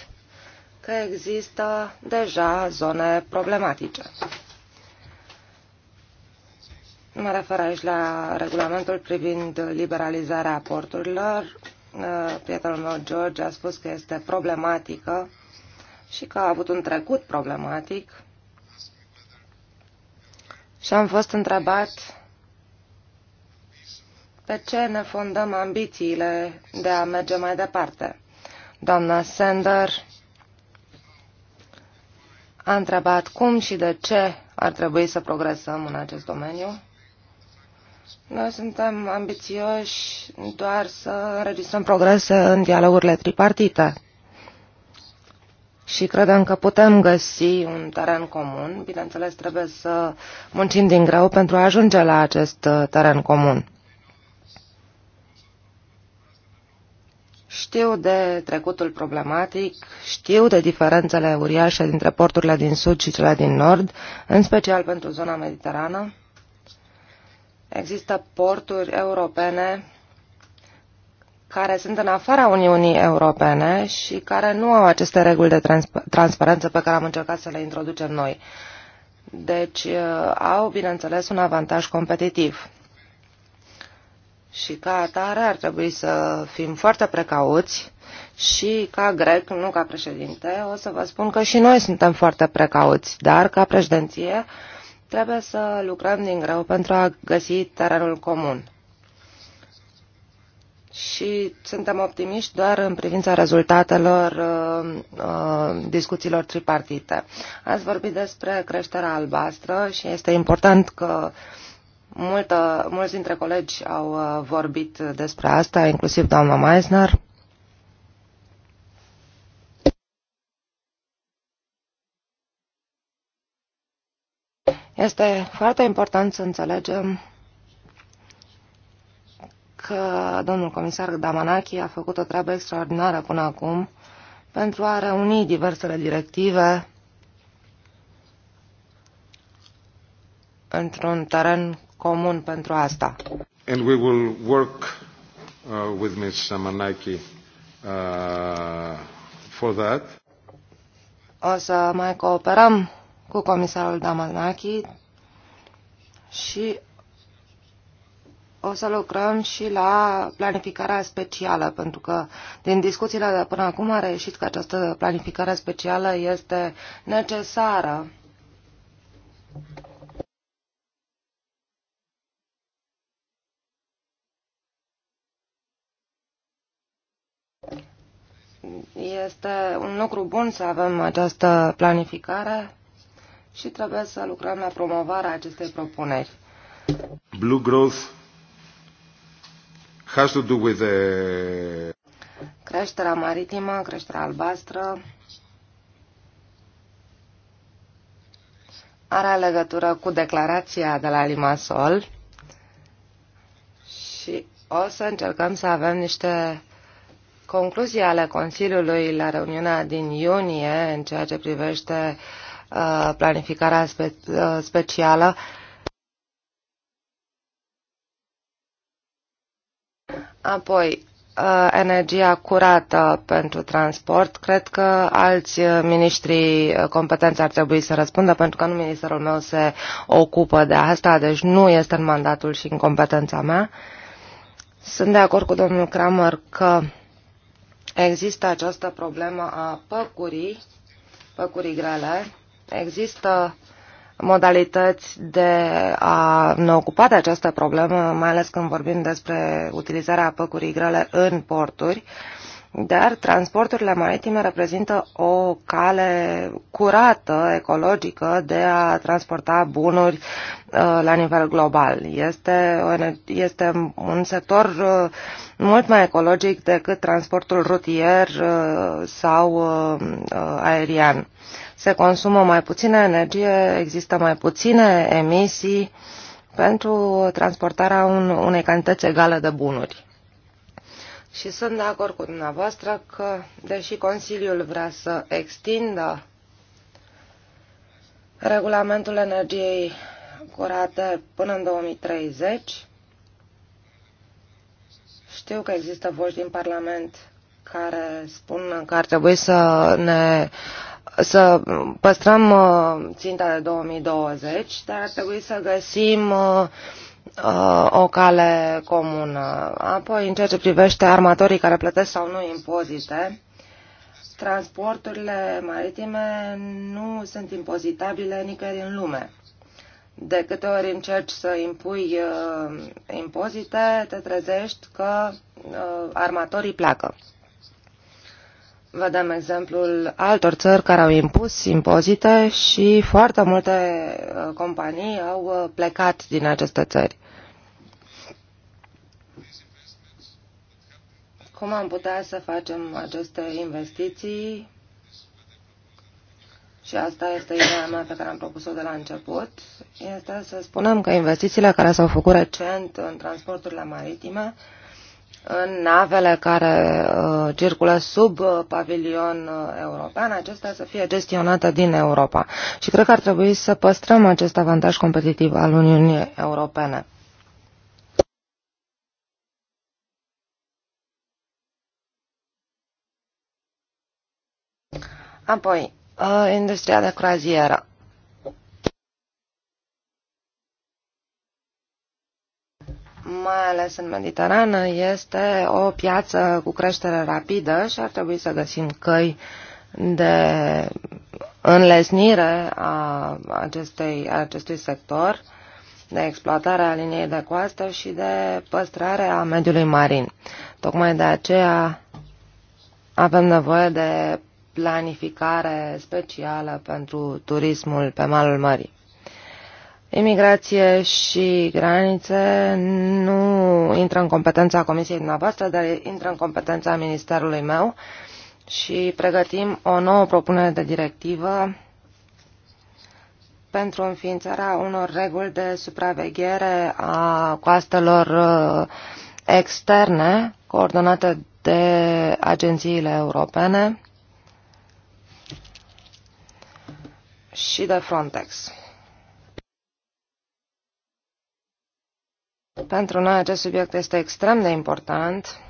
că există deja zone problematice. Mă refer aici la regulamentul privind liberalizarea porturilor. Uh, prietenul meu, George, a spus că este problematică și că a avut un trecut problematic. Și am fost întrebat pe ce ne fondăm ambițiile de a merge mai departe. Doamna Sender a întrebat cum și de ce ar trebui să progresăm în acest domeniu. Noi suntem ambițioși doar să înregistrăm progrese în dialogurile tripartite și credem că putem găsi un teren comun. Bineînțeles, trebuie să muncim din greu pentru a ajunge la acest teren comun. Știu de trecutul problematic, știu de diferențele uriașe dintre porturile din sud și cele din nord, în special pentru zona mediterană. Există porturi europene care sunt în afara Uniunii Europene și care nu au aceste reguli de trans transparență pe care am încercat să le introducem noi. Deci uh, au, bineînțeles, un avantaj competitiv. Și ca atare ar trebui să fim foarte precauți și ca grec, nu ca președinte, o să vă spun că și noi suntem foarte precauți, dar ca președinție trebuie să lucrăm din greu pentru a găsi terenul comun. Și suntem optimiști doar în privința rezultatelor uh, uh, discuțiilor tripartite. Ați vorbit despre creșterea albastră și este important că uh, Multă, mulți dintre colegi au uh, vorbit despre asta, inclusiv doamna Meisner. Este foarte important să înțelegem că domnul comisar Damanaki a făcut o treabă extraordinară până acum pentru a reuni diversele directive într-un teren comun pentru asta. And we will work uh, with Ms. Samanaki uh, for that. O să mai cooperăm cu comisarul Damanaki și o să lucrăm și la planificarea specială, pentru că din discuțiile de până acum a reieșit că această planificare specială este necesară Este un lucru bun să avem această planificare și trebuie să lucrăm la promovarea acestei propuneri. Blue growth has to do with the... Creșterea maritimă, creșterea albastră are legătură cu declarația de la Limasol și o să încercăm să avem niște concluzii ale Consiliului la reuniunea din iunie în ceea ce privește uh, planificarea uh, specială, apoi uh, energia curată pentru transport. Cred că alți miniștri competenți ar trebui să răspundă, pentru că nu ministerul meu se ocupă de asta, deci nu este în mandatul și în competența mea. Sunt de acord cu domnul Kramer că uh, Există această problemă a păcurii, păcurii grele. Există modalități de a ne ocupa de această problemă, mai ales când vorbim despre utilizarea păcurii grele în porturi. Uh, dar transporturile maritime reprezintă o cale curată, ecologică, de a transporta bunuri uh, la nivel global. Este, este un sector uh, mult mai ecologic decât transportul rutier uh, sau aerian. Se consumă mai puțină energie, există mai puține emisii pentru transportarea unei cantități egale de bunuri. Și sunt de acord cu dumneavoastră că, deși Consiliul vrea să extindă regulamentul energiei curate până în 2030, știu că există voci din Parlament care spun că ar trebui să ne să păstrăm uh, ținta de 2020, dar ar trebui să găsim uh, uh, o cale comună. Apoi, în ceea ce privește armatorii care plătesc sau nu impozite, transporturile maritime nu sunt impozitabile nicăieri în lume. De câte ori încerci să impui uh, impozite, te trezești că uh, armatorii pleacă. Vedem exemplul altor țări care au impus impozite și foarte multe uh, companii au uh, plecat din aceste țări. Cum am putea să facem aceste investiții? Și asta este ideea mea pe care am propus-o de la început, este să spunem că investițiile care s-au făcut recent în transporturile maritime în navele care uh, circulă sub uh, pavilion uh, european, acestea să fie gestionate din Europa. Și cred că ar trebui să păstrăm acest avantaj competitiv al Uniunii Europene. Apoi, industria de croazieră. mai ales în Mediterană, este o piață cu creștere rapidă și ar trebui să găsim căi de înlesnire a, acestei, a acestui sector, de exploatare a liniei de coastă și de păstrare a mediului marin. Tocmai de aceea avem nevoie de planificare specială pentru turismul pe malul mării. Imigrație și granițe nu intră în competența Comisiei dumneavoastră, dar intră în competența Ministerului meu și pregătim o nouă propunere de directivă pentru înființarea unor reguli de supraveghere a coastelor uh, externe coordonate de agențiile europene și de Frontex. Pentru noi acest subiect este extrem de important.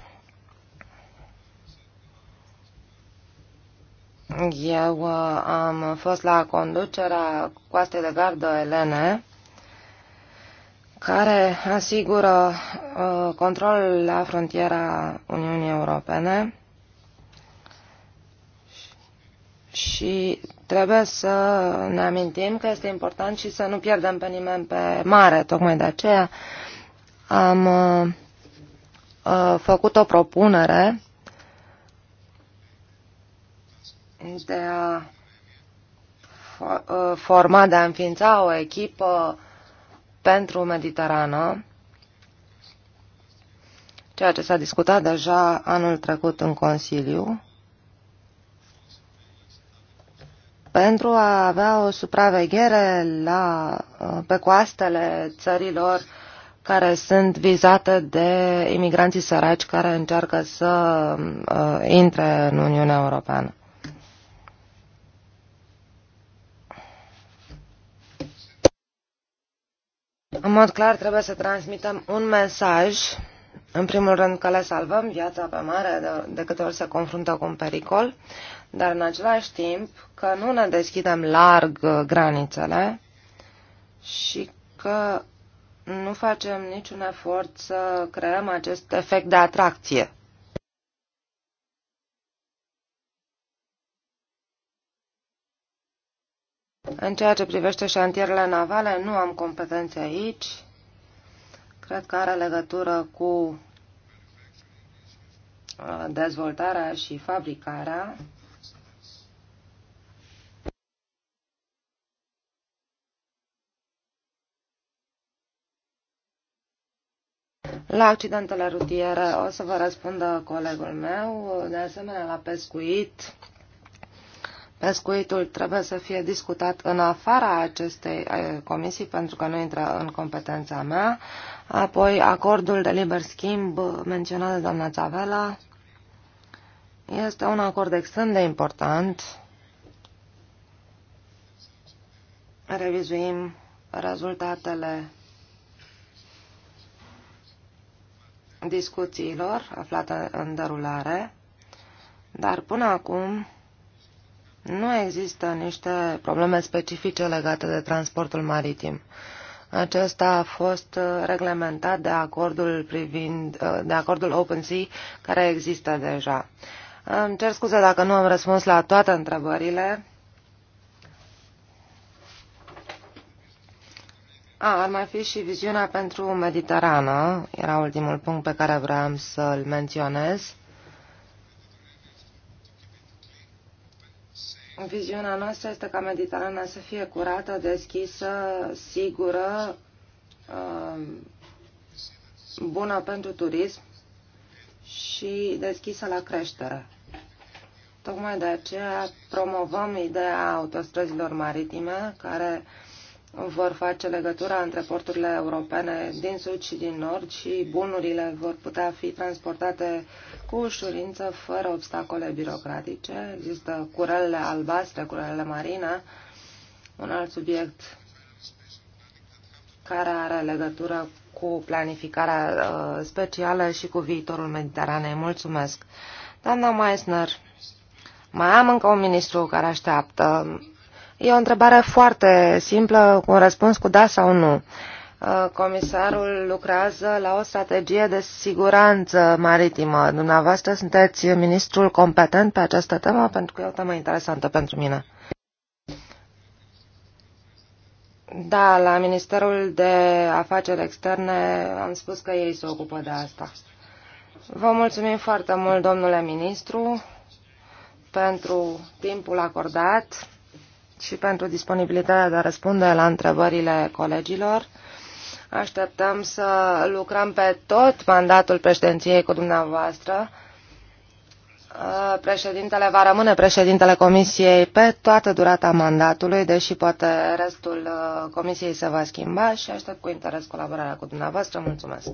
Eu uh, am fost la conducerea coastei de gardă Elene, care asigură uh, control la frontiera Uniunii Europene și trebuie să ne amintim că este important și să nu pierdem pe nimeni pe mare. Tocmai de aceea am uh, uh, făcut o propunere de a uh, forma, de a înființa o echipă pentru Mediterană, ceea ce s-a discutat deja anul trecut în Consiliu, pentru a avea o supraveghere la, pe coastele țărilor uh, care sunt vizate de imigranții săraci care încearcă să uh, intre în Uniunea Europeană. În mod clar trebuie să transmitem un mesaj, în primul rând că le salvăm viața pe mare de, de câte ori se confruntă cu un pericol, dar în același timp că nu ne deschidem larg uh, granițele și că nu facem niciun efort să creăm acest efect de atracție. În ceea ce privește șantierele navale, nu am competențe aici. Cred că are legătură cu uh, dezvoltarea și fabricarea La accidentele rutiere o să vă răspundă colegul meu, de asemenea la pescuit. Pescuitul trebuie să fie discutat în afara acestei eh, comisii pentru că nu intră în competența mea. Apoi acordul de liber schimb menționat de doamna Țavela este un acord extrem de important. Revizuim rezultatele discuțiilor aflate în derulare, dar până acum nu există niște probleme specifice legate de transportul maritim. Acesta a fost uh, reglementat de acordul, privind, uh, de acordul Open Sea care există deja. Îmi cer scuze dacă nu am răspuns la toate întrebările. A, ar mai fi și viziunea pentru Mediterană. Era ultimul punct pe care vreau să-l menționez. Viziunea noastră este ca Mediterana să fie curată, deschisă, sigură, um, bună pentru turism și deschisă la creștere. Tocmai de aceea promovăm ideea autostrăzilor maritime, care vor face legătura între porturile europene din sud și din nord și bunurile vor putea fi transportate cu ușurință, fără obstacole birocratice. Există curelele albastre, curelele marine, un alt subiect care are legătură cu planificarea uh, specială și cu viitorul Mediteranei. Mulțumesc! Doamna Meissner, mai am încă un ministru care așteaptă. E o întrebare foarte simplă, cu un răspuns cu da sau nu. Uh, comisarul lucrează la o strategie de siguranță maritimă. Dumneavoastră sunteți ministrul competent pe această temă, pentru că e o temă interesantă pentru mine. Da, la Ministerul de Afaceri Externe am spus că ei se ocupă de asta. Vă mulțumim foarte mult, domnule ministru, pentru timpul acordat și pentru disponibilitatea de a răspunde la întrebările colegilor. Așteptăm să lucrăm pe tot mandatul președinției cu dumneavoastră. Uh, președintele va rămâne președintele Comisiei pe toată durata mandatului, deși poate restul uh, Comisiei se va schimba și aștept cu interes colaborarea cu dumneavoastră. Mulțumesc!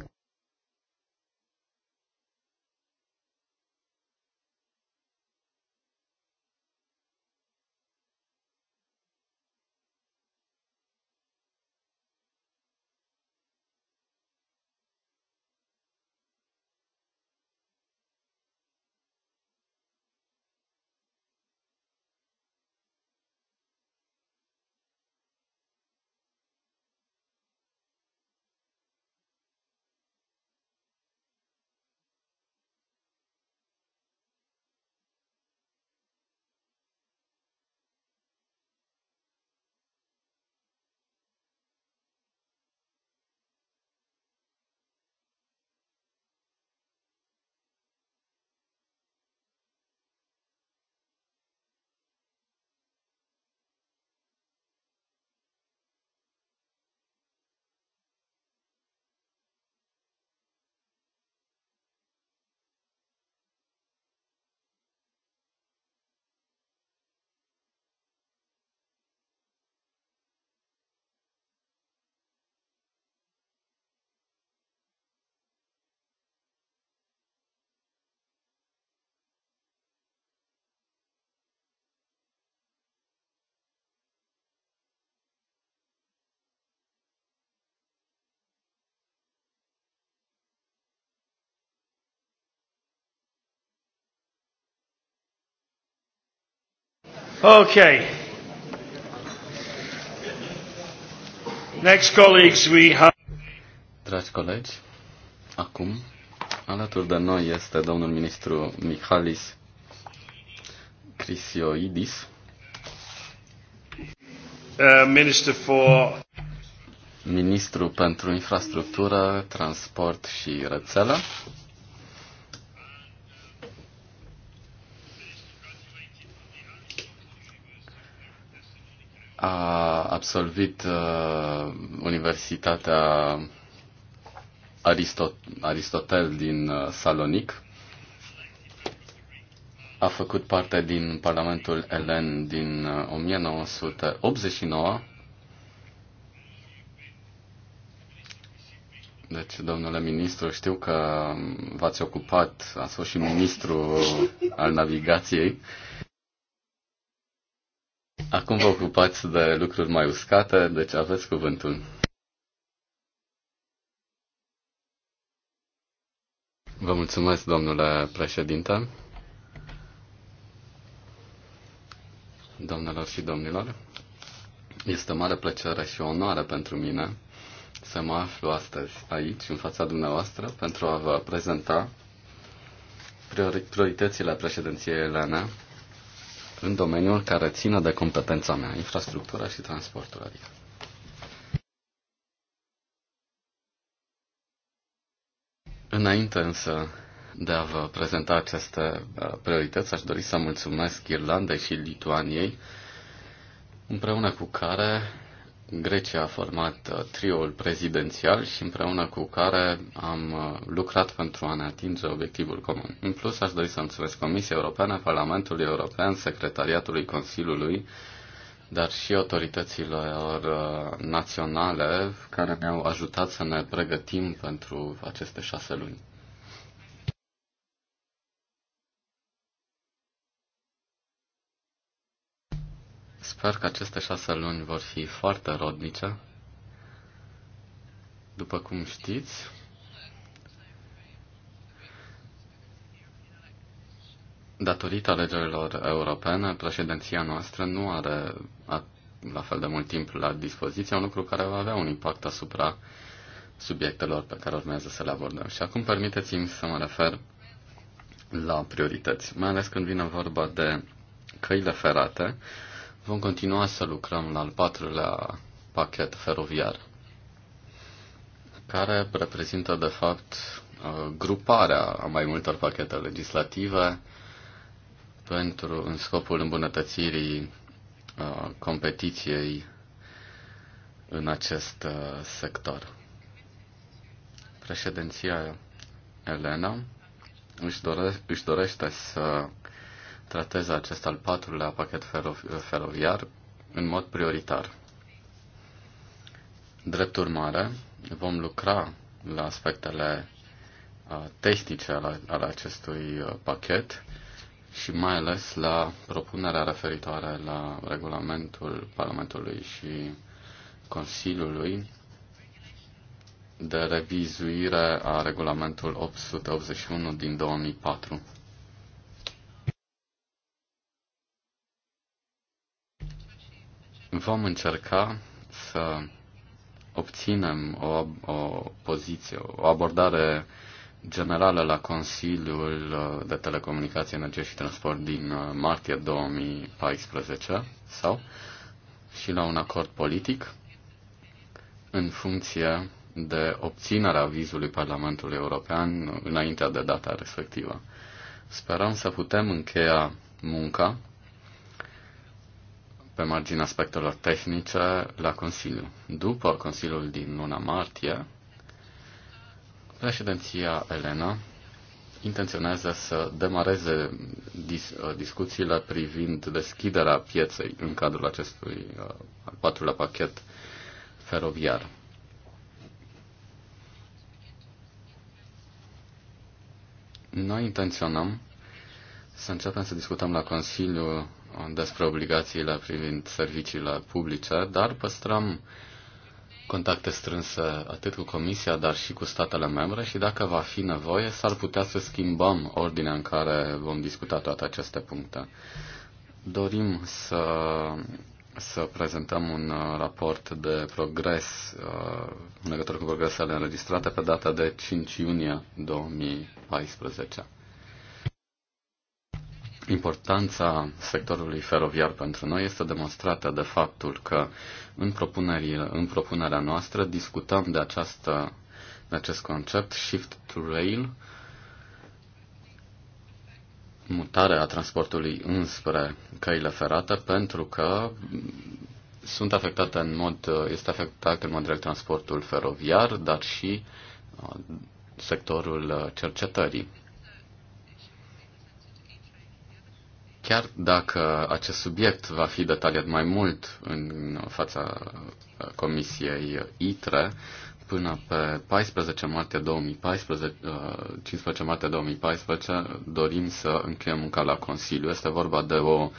Okay. Next colleagues we have... Dragi colegi, acum alături de noi este domnul ministru Mihalis Crisioidis. Uh, minister for... Ministru pentru infrastructură, transport și rețele. a absolvit uh, Universitatea Aristot- Aristotel din uh, Salonic. A făcut parte din Parlamentul Elen din 1989. Uh, deci, domnule ministru, știu că v-ați ocupat, ați fost și ministru al navigației. Uh, Acum vă ocupați de lucruri mai uscate, deci aveți cuvântul. Vă mulțumesc, domnule președinte. Domnilor și domnilor, este mare plăcere și onoare pentru mine să mă aflu astăzi aici, în fața dumneavoastră, pentru a vă prezenta prioritățile președinției Elena în domeniul care ține de competența mea, infrastructura și transportul, adică. Înainte însă de a vă prezenta aceste uh, priorități, aș dori să mulțumesc Irlandei și Lituaniei, împreună cu care Grecia a format uh, triul prezidențial și împreună cu care am uh, lucrat pentru a ne atinge obiectivul comun. În plus, aș dori să mulțumesc Comisia Europeană, Parlamentului European, Secretariatului Consiliului, dar și autorităților uh, naționale care ne-au ajutat să ne pregătim pentru aceste șase luni. Sper că aceste șase luni vor fi foarte rodnice. După cum știți, datorită alegerilor europene, președinția noastră nu are la fel de mult timp la dispoziție, un lucru care va avea un impact asupra subiectelor pe care urmează să le abordăm. Și acum permiteți-mi să mă refer la priorități, mai ales când vine vorba de căile ferate, Vom continua să lucrăm la al patrulea pachet feroviar, care reprezintă, de fapt, uh, gruparea a mai multor pachete legislative pentru, în scopul îmbunătățirii uh, competiției în acest uh, sector. Președinția Elena își, dore, își dorește să tratez acest al patrulea pachet feroviar în mod prioritar. Drept urmare, vom lucra la aspectele tehnice ale, ale acestui pachet și mai ales la propunerea referitoare la regulamentul Parlamentului și Consiliului de revizuire a regulamentul 881 din 2004. vom încerca să obținem o, o poziție, o abordare generală la Consiliul uh, de Telecomunicații, Energie și Transport din uh, martie 2014 sau și la un acord politic în funcție de obținerea vizului Parlamentului European înaintea de data respectivă. Sperăm să putem încheia munca pe marginea aspectelor tehnice la Consiliu. După Consiliul din luna martie, președinția Elena intenționează să demareze dis- uh, discuțiile privind deschiderea pieței în cadrul acestui uh, al patrulea pachet feroviar. Noi intenționăm să începem să discutăm la Consiliu despre obligațiile privind serviciile publice, dar păstrăm contacte strânse atât cu Comisia, dar și cu statele membre și dacă va fi nevoie, s-ar putea să schimbăm ordinea în care vom discuta toate aceste puncte. Dorim să, să prezentăm un uh, raport de progres uh, în legătură cu progresele înregistrate pe data de 5 iunie 2014. Importanța sectorului feroviar pentru noi este demonstrată de faptul că în, în propunerea noastră discutăm de, această, de acest concept Shift to Rail, mutarea transportului înspre căile ferate, pentru că sunt afectate în mod, este afectat în mod direct transportul feroviar, dar și uh, sectorul uh, cercetării. Chiar dacă acest subiect va fi detaliat mai mult în fața uh, Comisiei ITRE, până pe 14 martie 2014, 15 uh, martie 2014 dorim să încheiem munca la Consiliu. Este vorba de o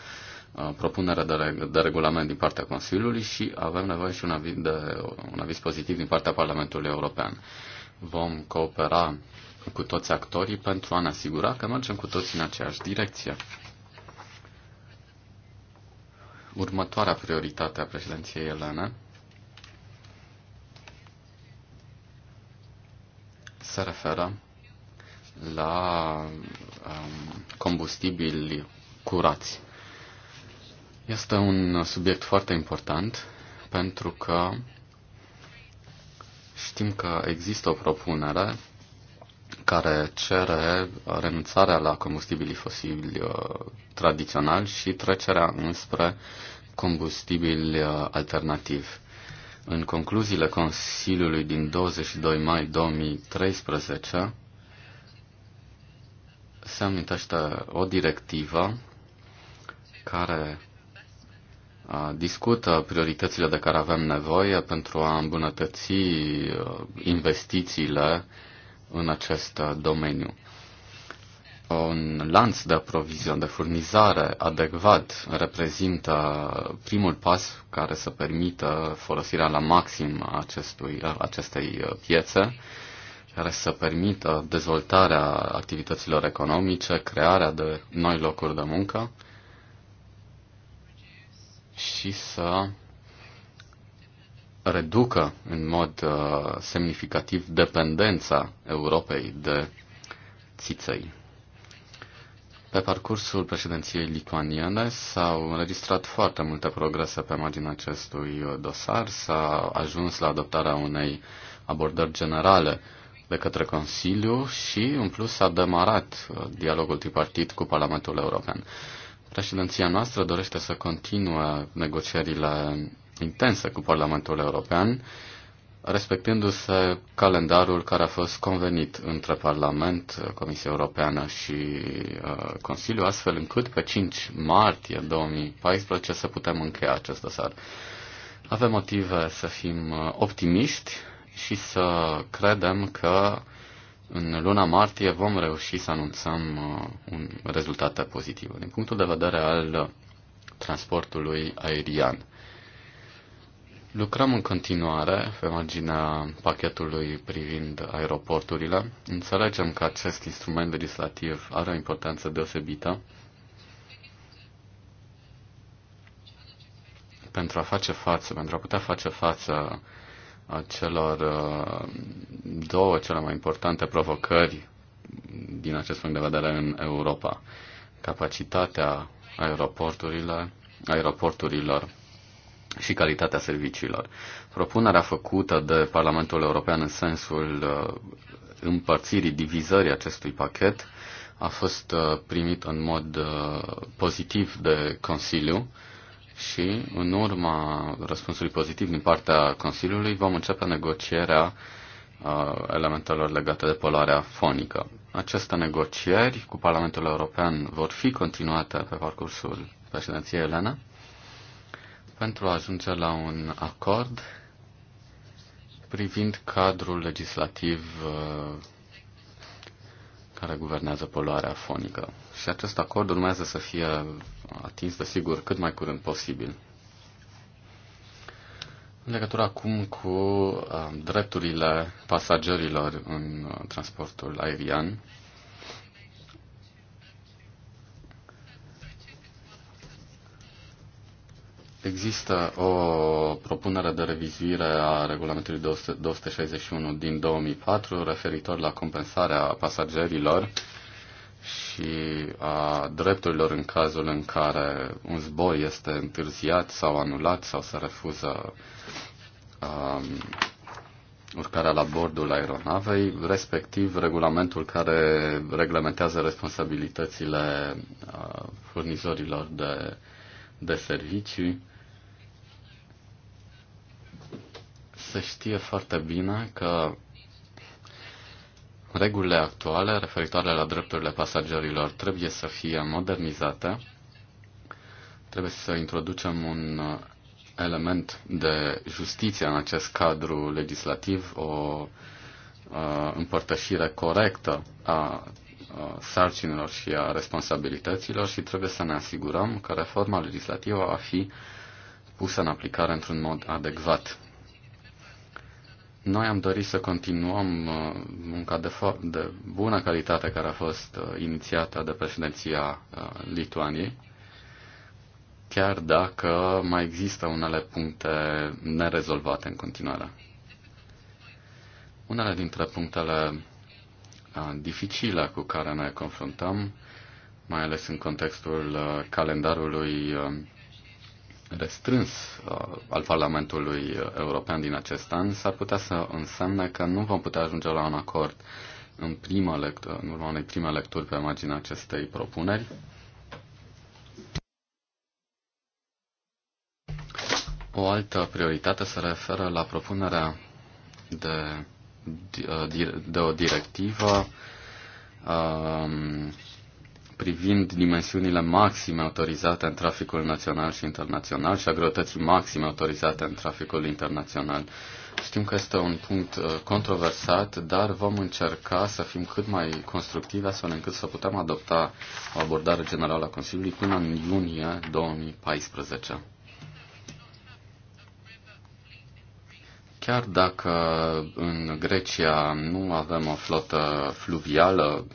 uh, propunere de, reg- de regulament din partea Consiliului și avem nevoie și un aviz, de, un aviz pozitiv din partea Parlamentului European. Vom coopera cu toți actorii pentru a ne asigura că mergem cu toți în aceeași direcție următoarea prioritate a președinției Elena se referă la um, combustibili curați. Este un subiect foarte important pentru că știm că există o propunere care cere renunțarea la combustibilii fosili uh, tradiționali și trecerea înspre combustibili uh, alternativi. În concluziile Consiliului din 22 mai 2013 se amintește o directivă care uh, discută prioritățile de care avem nevoie pentru a îmbunătăți investițiile în acest uh, domeniu. Un lanț de provizion, de furnizare adecvat reprezintă primul pas care să permită folosirea la maxim acestui, uh, acestei uh, piețe care să permită dezvoltarea activităților economice, crearea de noi locuri de muncă și să reducă în mod uh, semnificativ dependența Europei de țiței. Pe parcursul președinției lituaniene s-au înregistrat foarte multe progrese pe marginea acestui dosar, s-a ajuns la adoptarea unei abordări generale de către Consiliu și, în plus, s-a demarat uh, dialogul tripartit cu Parlamentul European. Președinția noastră dorește să continue negocierile intensă cu Parlamentul European, respectându-se calendarul care a fost convenit între Parlament, Comisia Europeană și uh, Consiliu, astfel încât pe 5 martie 2014 să putem încheia acest dosar. Avem motive să fim uh, optimiști și să credem că în luna martie vom reuși să anunțăm uh, un rezultat pozitiv din punctul de vedere al transportului aerian. Lucrăm în continuare pe marginea pachetului privind aeroporturile. Înțelegem că acest instrument legislativ are o importanță deosebită pentru a face față, pentru a putea face față celor uh, două cele mai importante provocări din acest punct de vedere în Europa. Capacitatea aeroporturile, aeroporturilor și calitatea serviciilor. Propunerea făcută de Parlamentul European în sensul uh, împărțirii, divizării acestui pachet a fost uh, primit în mod uh, pozitiv de Consiliu și, în urma răspunsului pozitiv din partea Consiliului, vom începe negocierea elementelor legate de poluarea fonică. Aceste negocieri cu Parlamentul European vor fi continuate pe parcursul președinției Elena pentru a ajunge la un acord privind cadrul legislativ uh, care guvernează poluarea fonică. Și acest acord urmează să fie atins, desigur, cât mai curând posibil. În legătură acum cu uh, drepturile pasagerilor în uh, transportul aerian, Există o propunere de revizuire a regulamentului 261 din 2004 referitor la compensarea pasagerilor și a drepturilor în cazul în care un zbor este întârziat sau anulat sau se refuză um, urcarea la bordul aeronavei, respectiv regulamentul care reglementează responsabilitățile uh, furnizorilor de, de servicii să știe foarte bine că regulile actuale referitoare la drepturile pasagerilor trebuie să fie modernizate. Trebuie să introducem un element de justiție în acest cadru legislativ, o împărtășire corectă a sarcinilor și a responsabilităților și trebuie să ne asigurăm că reforma legislativă va fi pusă în aplicare într-un mod adecvat. Noi am dorit să continuăm uh, munca de, de bună calitate care a fost uh, inițiată de președinția uh, Lituaniei, chiar dacă mai există unele puncte nerezolvate în continuare. Unele dintre punctele dificile cu care ne confruntăm, mai ales în contextul calendarului restrâns uh, al Parlamentului European din acest an s-ar putea să însemne că nu vom putea ajunge la un acord în, prima lect- în urma unei prime lecturi pe marginea acestei propuneri. O altă prioritate se referă la propunerea de, uh, de o directivă um, privind dimensiunile maxime autorizate în traficul național și internațional și a greutății maxime autorizate în traficul internațional. Știm că este un punct uh, controversat, dar vom încerca să fim cât mai constructivi astfel încât să putem adopta o abordare generală a Consiliului până în iunie 2014. Chiar dacă în Grecia nu avem o flotă fluvială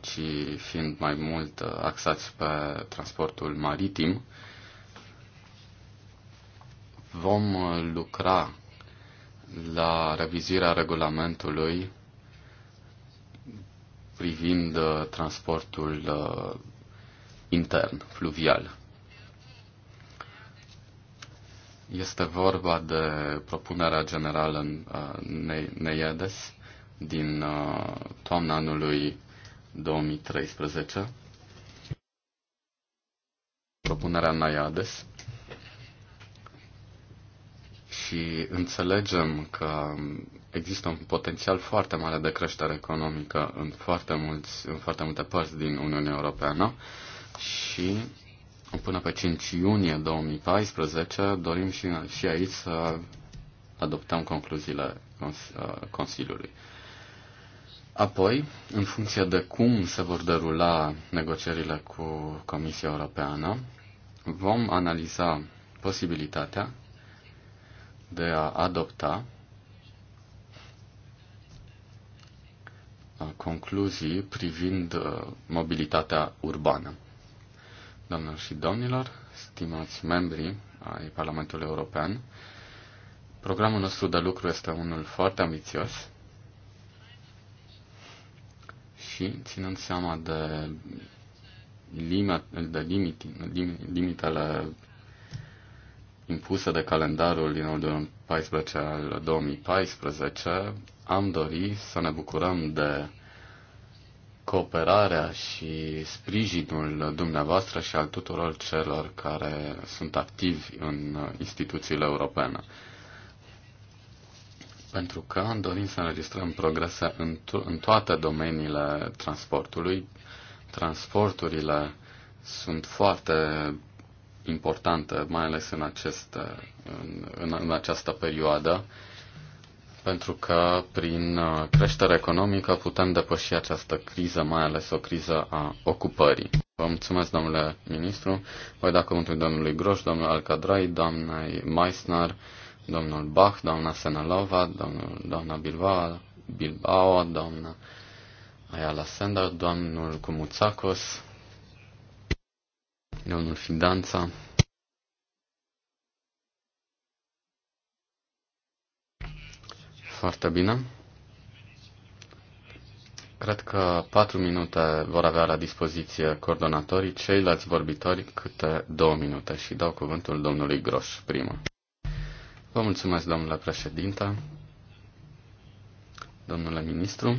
ci fiind mai mult axați pe transportul maritim, vom lucra la revizirea regulamentului privind transportul intern, fluvial. Este vorba de propunerea generală în NEIEDES din toamna anului 2013. Propunerea Naiades. Și înțelegem că există un potențial foarte mare de creștere economică în foarte, mulți, în foarte multe părți din Uniunea Europeană și până pe 5 iunie 2014 dorim și, și aici să adoptăm concluziile uh, Consiliului. Apoi, în funcție de cum se vor derula negocierile cu Comisia Europeană, vom analiza posibilitatea de a adopta concluzii privind uh, mobilitatea urbană. Doamnelor și domnilor, stimați membri ai Parlamentului European, programul nostru de lucru este unul foarte ambițios și ținând seama de, limit, de limit, limitele impuse de calendarul din 2014 al 2014, am dori să ne bucurăm de cooperarea și sprijinul dumneavoastră și al tuturor celor care sunt activi în instituțiile europene pentru că dorim să înregistrăm progrese în, to- în toate domeniile transportului. Transporturile sunt foarte importante, mai ales în, acest, în, în, în această perioadă, pentru că prin creștere economică putem depăși această criză, mai ales o criză a ocupării. Vă mulțumesc, domnule ministru. Voi da cuvântul domnului Groș, domnul Alcadrai, doamnei Meissner, domnul Bach, doamna Senalova, domnul, doamna Bilbao, Bilbao, doamna Ayala Sender, domnul Kumutsakos, domnul Fidanța, Foarte bine. Cred că patru minute vor avea la dispoziție coordonatorii, ceilalți vorbitori câte două minute și dau cuvântul domnului Groș primul. Vă mulțumesc, domnule președinte, domnule ministru.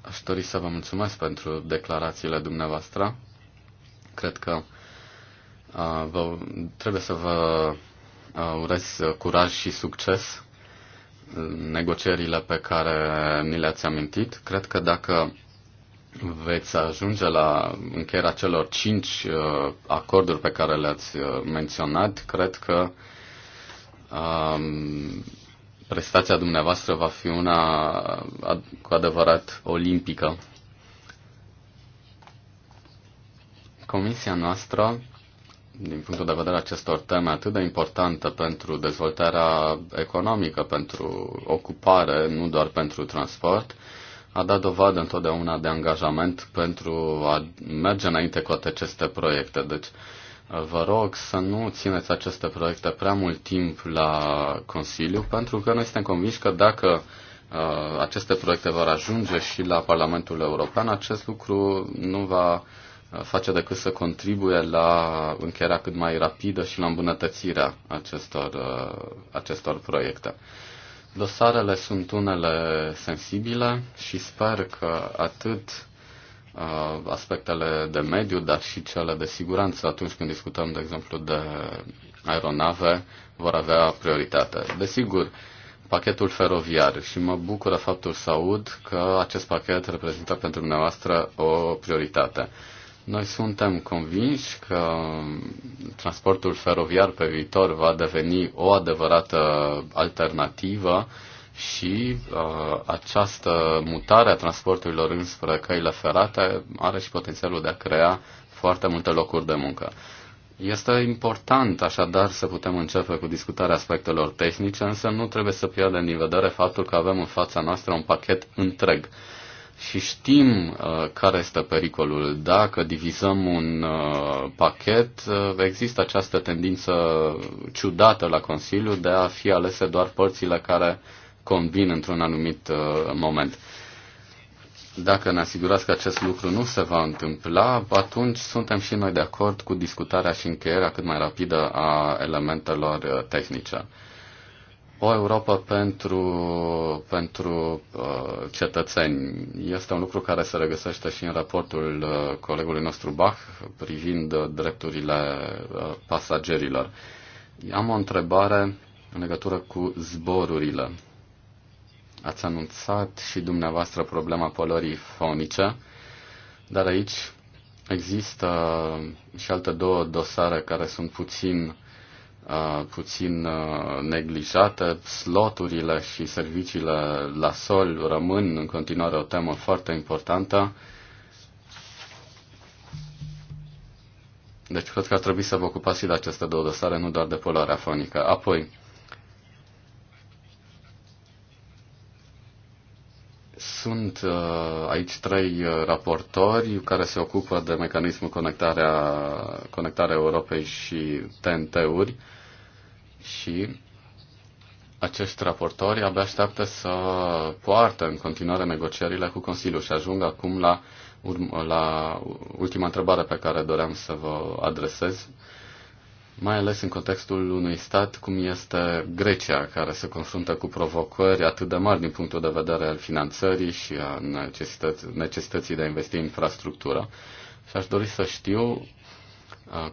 Aș dori să vă mulțumesc pentru declarațiile dumneavoastră. Cred că uh, vă, trebuie să vă uh, urez curaj și succes negocierile pe care ni le-ați amintit. Cred că dacă veți ajunge la încheierea celor cinci uh, acorduri pe care le-ați menționat, cred că uh, um, prestația dumneavoastră va fi una ad, cu adevărat olimpică. Comisia noastră, din punctul de vedere acestor teme atât de importante pentru dezvoltarea economică, pentru ocupare, nu doar pentru transport, a dat dovadă întotdeauna de angajament pentru a merge înainte cu toate aceste proiecte. Deci, uh, vă rog să nu țineți aceste proiecte prea mult timp la Consiliu, pentru că noi suntem convinși că dacă uh, aceste proiecte vor ajunge și la Parlamentul European, acest lucru nu va uh, face decât să contribuie la încheierea cât mai rapidă și la îmbunătățirea acestor, uh, acestor proiecte. Dosarele sunt unele sensibile și sper că atât Uh, aspectele de mediu, dar și cele de siguranță atunci când discutăm, de exemplu, de aeronave, vor avea prioritate. Desigur, pachetul feroviar și mă bucură faptul să aud că acest pachet reprezintă pentru dumneavoastră o prioritate. Noi suntem convinși că transportul feroviar pe viitor va deveni o adevărată alternativă uh, și uh, această mutare a transporturilor înspre căile ferate are și potențialul de a crea foarte multe locuri de muncă. Este important așadar să putem începe cu discutarea aspectelor tehnice, însă nu trebuie să pierdem din vedere faptul că avem în fața noastră un pachet întreg. Și știm uh, care este pericolul. Dacă divizăm un uh, pachet, uh, există această tendință ciudată la Consiliu de a fi alese doar părțile care uh, convin într-un anumit uh, moment. Dacă ne asigurați că acest lucru nu se va întâmpla, atunci suntem și noi de acord cu discutarea și încheierea cât mai rapidă a elementelor uh, tehnice. O Europa pentru, pentru uh, cetățeni este un lucru care se regăsește și în raportul uh, colegului nostru Bach privind uh, drepturile uh, pasagerilor. Am o întrebare în legătură cu zborurile. Ați anunțat și dumneavoastră problema polorii fonice, dar aici există și alte două dosare care sunt puțin, uh, puțin uh, neglijate. Sloturile și serviciile la sol rămân în continuare o temă foarte importantă. Deci cred că ar trebui să vă ocupați și de aceste două dosare, nu doar de poluarea fonică. Apoi, Sunt uh, aici trei uh, raportori care se ocupă de mecanismul conectarea, conectarea Europei și TNT-uri și acești raportori abia așteaptă să poartă în continuare negocierile cu Consiliul și ajung acum la, urm- la ultima întrebare pe care doream să vă adresez mai ales în contextul unui stat cum este Grecia, care se confruntă cu provocări atât de mari din punctul de vedere al finanțării și a necesități, necesității de a investi în infrastructură. Și aș dori să știu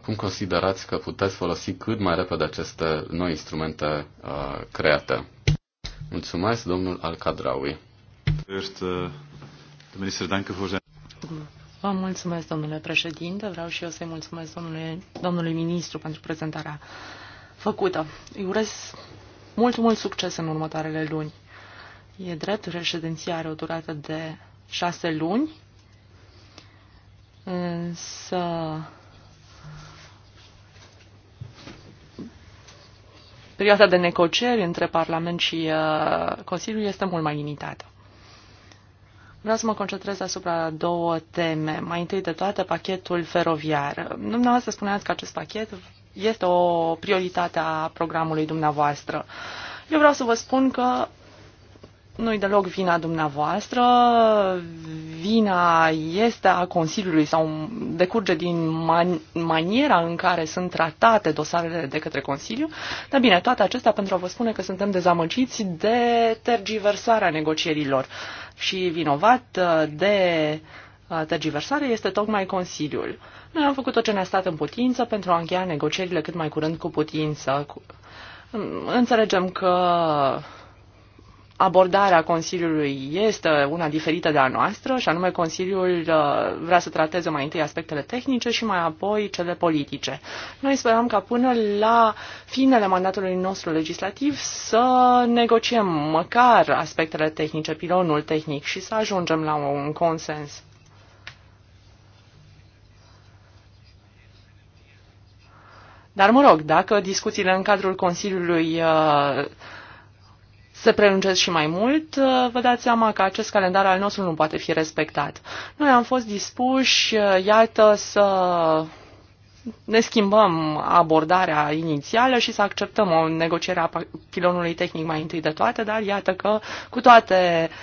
cum considerați că puteți folosi cât mai repede aceste noi instrumente uh, create? Mulțumesc, domnul Al-Kadraui. Eerst, de minister, Vă mulțumesc, domnule președinte. Vreau și eu să-i mulțumesc domnule, domnului ministru pentru prezentarea făcută. Îi urez mult, mult succes în următoarele luni. E drept, reședinția are o durată de șase luni, însă perioada de negocieri între Parlament și uh, Consiliu este mult mai limitată. Vreau să mă concentrez asupra două teme. Mai întâi de toate, pachetul feroviar. Dumneavoastră spuneați că acest pachet este o prioritate a programului dumneavoastră. Eu vreau să vă spun că nu-i deloc vina dumneavoastră, vina este a Consiliului sau decurge din man- maniera în care sunt tratate dosarele de către Consiliu, dar bine, toate acestea pentru a vă spune că suntem dezamăgiți de tergiversarea negocierilor și vinovat de tergiversare este tocmai Consiliul. Noi am făcut tot ce ne-a stat în putință pentru a încheia negocierile cât mai curând cu putință. Înțelegem că abordarea Consiliului este una diferită de a noastră, și anume Consiliul uh, vrea să trateze mai întâi aspectele tehnice și mai apoi cele politice. Noi sperăm ca până la finele mandatului nostru legislativ să negociem măcar aspectele tehnice, pilonul tehnic și să ajungem la un consens. Dar mă rog, dacă discuțiile în cadrul Consiliului uh, se prelungesc și mai mult, vă dați seama că acest calendar al nostru nu poate fi respectat. Noi am fost dispuși, iată, să ne schimbăm abordarea inițială și să acceptăm o negociere a pilonului tehnic mai întâi de toate, dar iată că cu toate uh,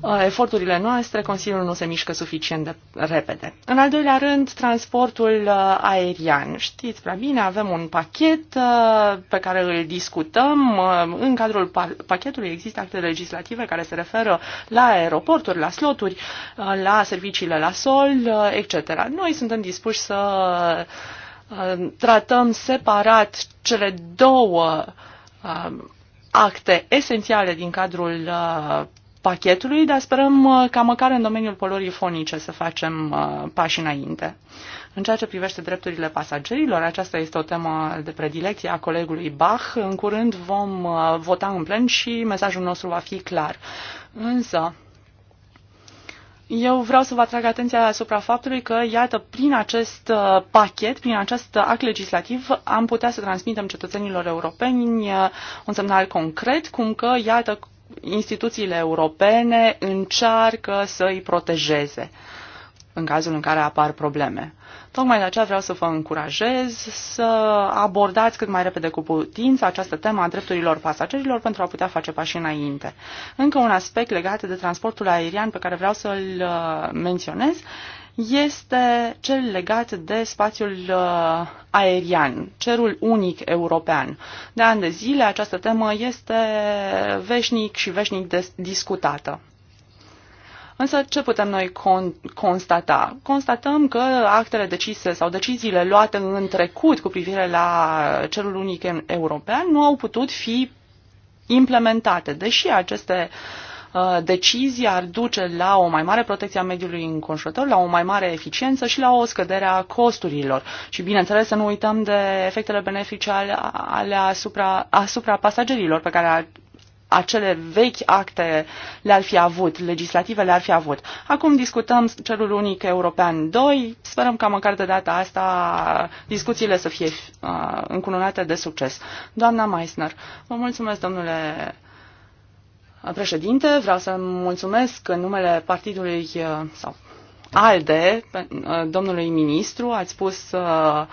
Uh, eforturile noastre, Consiliul nu se mișcă suficient de repede. În al doilea rând, transportul uh, aerian. Știți prea bine, avem un pachet uh, pe care îl discutăm. În cadrul pachetului există acte legislative care se referă la aeroporturi, la sloturi, la serviciile la sol, etc. Noi suntem dispuși să tratăm separat cele două acte esențiale din cadrul pachetului, dar sperăm uh, ca măcar în domeniul poluării fonice să facem uh, pași înainte. În ceea ce privește drepturile pasagerilor, aceasta este o temă de predilecție a colegului Bach. În curând vom uh, vota în plen și mesajul nostru va fi clar. Însă, eu vreau să vă atrag atenția asupra faptului că, iată, prin acest pachet, prin acest act legislativ, am putea să transmitem cetățenilor europeni un semnal concret, cum că, iată, instituțiile europene încearcă să îi protejeze în cazul în care apar probleme. Tocmai de aceea vreau să vă încurajez să abordați cât mai repede cu putință această temă a drepturilor pasagerilor pentru a putea face pași înainte. Încă un aspect legat de transportul aerian pe care vreau să-l uh, menționez este cel legat de spațiul uh, aerian, cerul unic european. De ani de zile această temă este veșnic și veșnic discutată. Însă ce putem noi con- constata? Constatăm că actele decise sau deciziile luate în trecut cu privire la cerul unic european nu au putut fi implementate, deși aceste uh, Uh, decizie ar duce la o mai mare protecție a mediului înconjurător, la o mai mare eficiență și la o scădere a costurilor. Și bineînțeles să nu uităm de efectele benefice ale, ale asupra, asupra pasagerilor pe care ar, acele vechi acte le-ar fi avut, legislative le-ar fi avut. Acum discutăm cerul unic european 2, sperăm ca măcar de data asta discuțiile să fie uh, încununate de succes. Doamna Meissner, vă mulțumesc, domnule președinte, vreau să mulțumesc în numele partidului uh, sau ALDE, uh, domnului ministru, ați spus uh,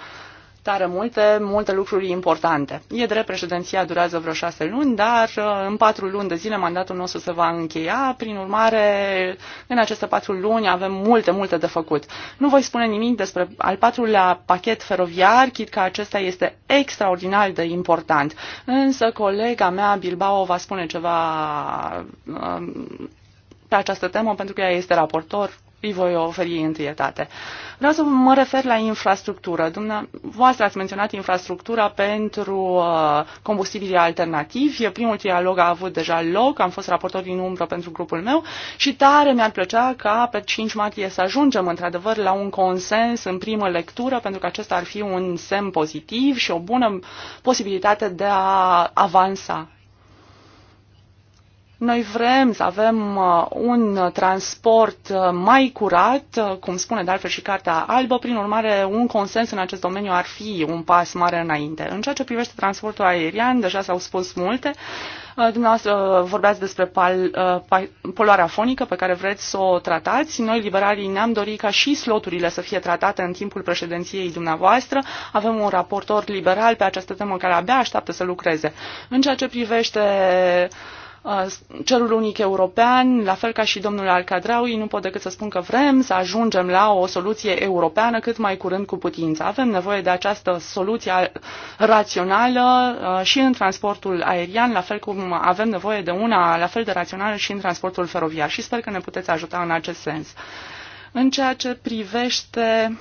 tare multe, multe lucruri importante. E drept, președinția durează vreo șase luni, dar uh, în patru luni de zile mandatul nostru se va încheia. Prin urmare, în aceste patru luni avem multe, multe de făcut. Nu voi spune nimic despre al patrulea pachet feroviar, chit că acesta este extraordinar de important. Însă colega mea, Bilbao, va spune ceva uh, pe această temă pentru că ea este raportor îi voi oferi întâietate. Vreau să mă refer la infrastructură. Dumneavoastră ați menționat infrastructura pentru uh, combustibili alternativi. Primul dialog a avut deja loc, am fost raportor din umbră pentru grupul meu și tare mi-ar plăcea ca pe 5 martie să ajungem într-adevăr la un consens în primă lectură, pentru că acesta ar fi un semn pozitiv și o bună posibilitate de a avansa noi vrem să avem uh, un transport uh, mai curat, uh, cum spune de altfel și Cartea Albă, prin urmare un consens în acest domeniu ar fi un pas mare înainte. În ceea ce privește transportul aerian, deja s-au spus multe, dumneavoastră vorbeați despre pal, pal, poluarea fonică pe care vreți să o tratați. Noi, liberalii, ne-am dorit ca și sloturile să fie tratate în timpul președinției dumneavoastră. Avem un raportor liberal pe această temă care abia așteaptă să lucreze. În ceea ce privește cerul unic european, la fel ca și domnul Alcadraui, nu pot decât să spun că vrem să ajungem la o soluție europeană cât mai curând cu putință. Avem nevoie de această soluție rațională și în transportul aerian, la fel cum avem nevoie de una la fel de rațională și în transportul feroviar și sper că ne puteți ajuta în acest sens. În ceea ce privește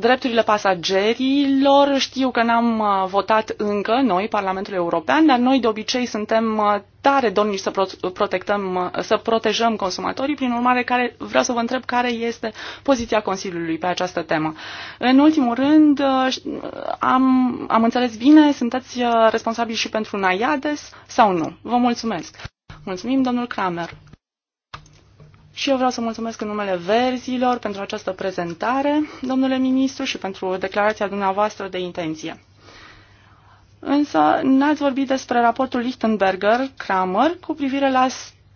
drepturile pasagerilor. Știu că n-am uh, votat încă noi, Parlamentul European, dar noi de obicei suntem uh, tare dornici să, protectăm, uh, să protejăm consumatorii, prin urmare care, vreau să vă întreb care este poziția Consiliului pe această temă. În ultimul rând, am, am înțeles bine, sunteți responsabili și pentru Naiades sau nu? Vă mulțumesc! Mulțumim, domnul Kramer! Și eu vreau să mulțumesc în numele verzilor pentru această prezentare, domnule ministru, și pentru declarația dumneavoastră de intenție. Însă n-ați vorbit despre raportul Lichtenberger-Kramer cu privire la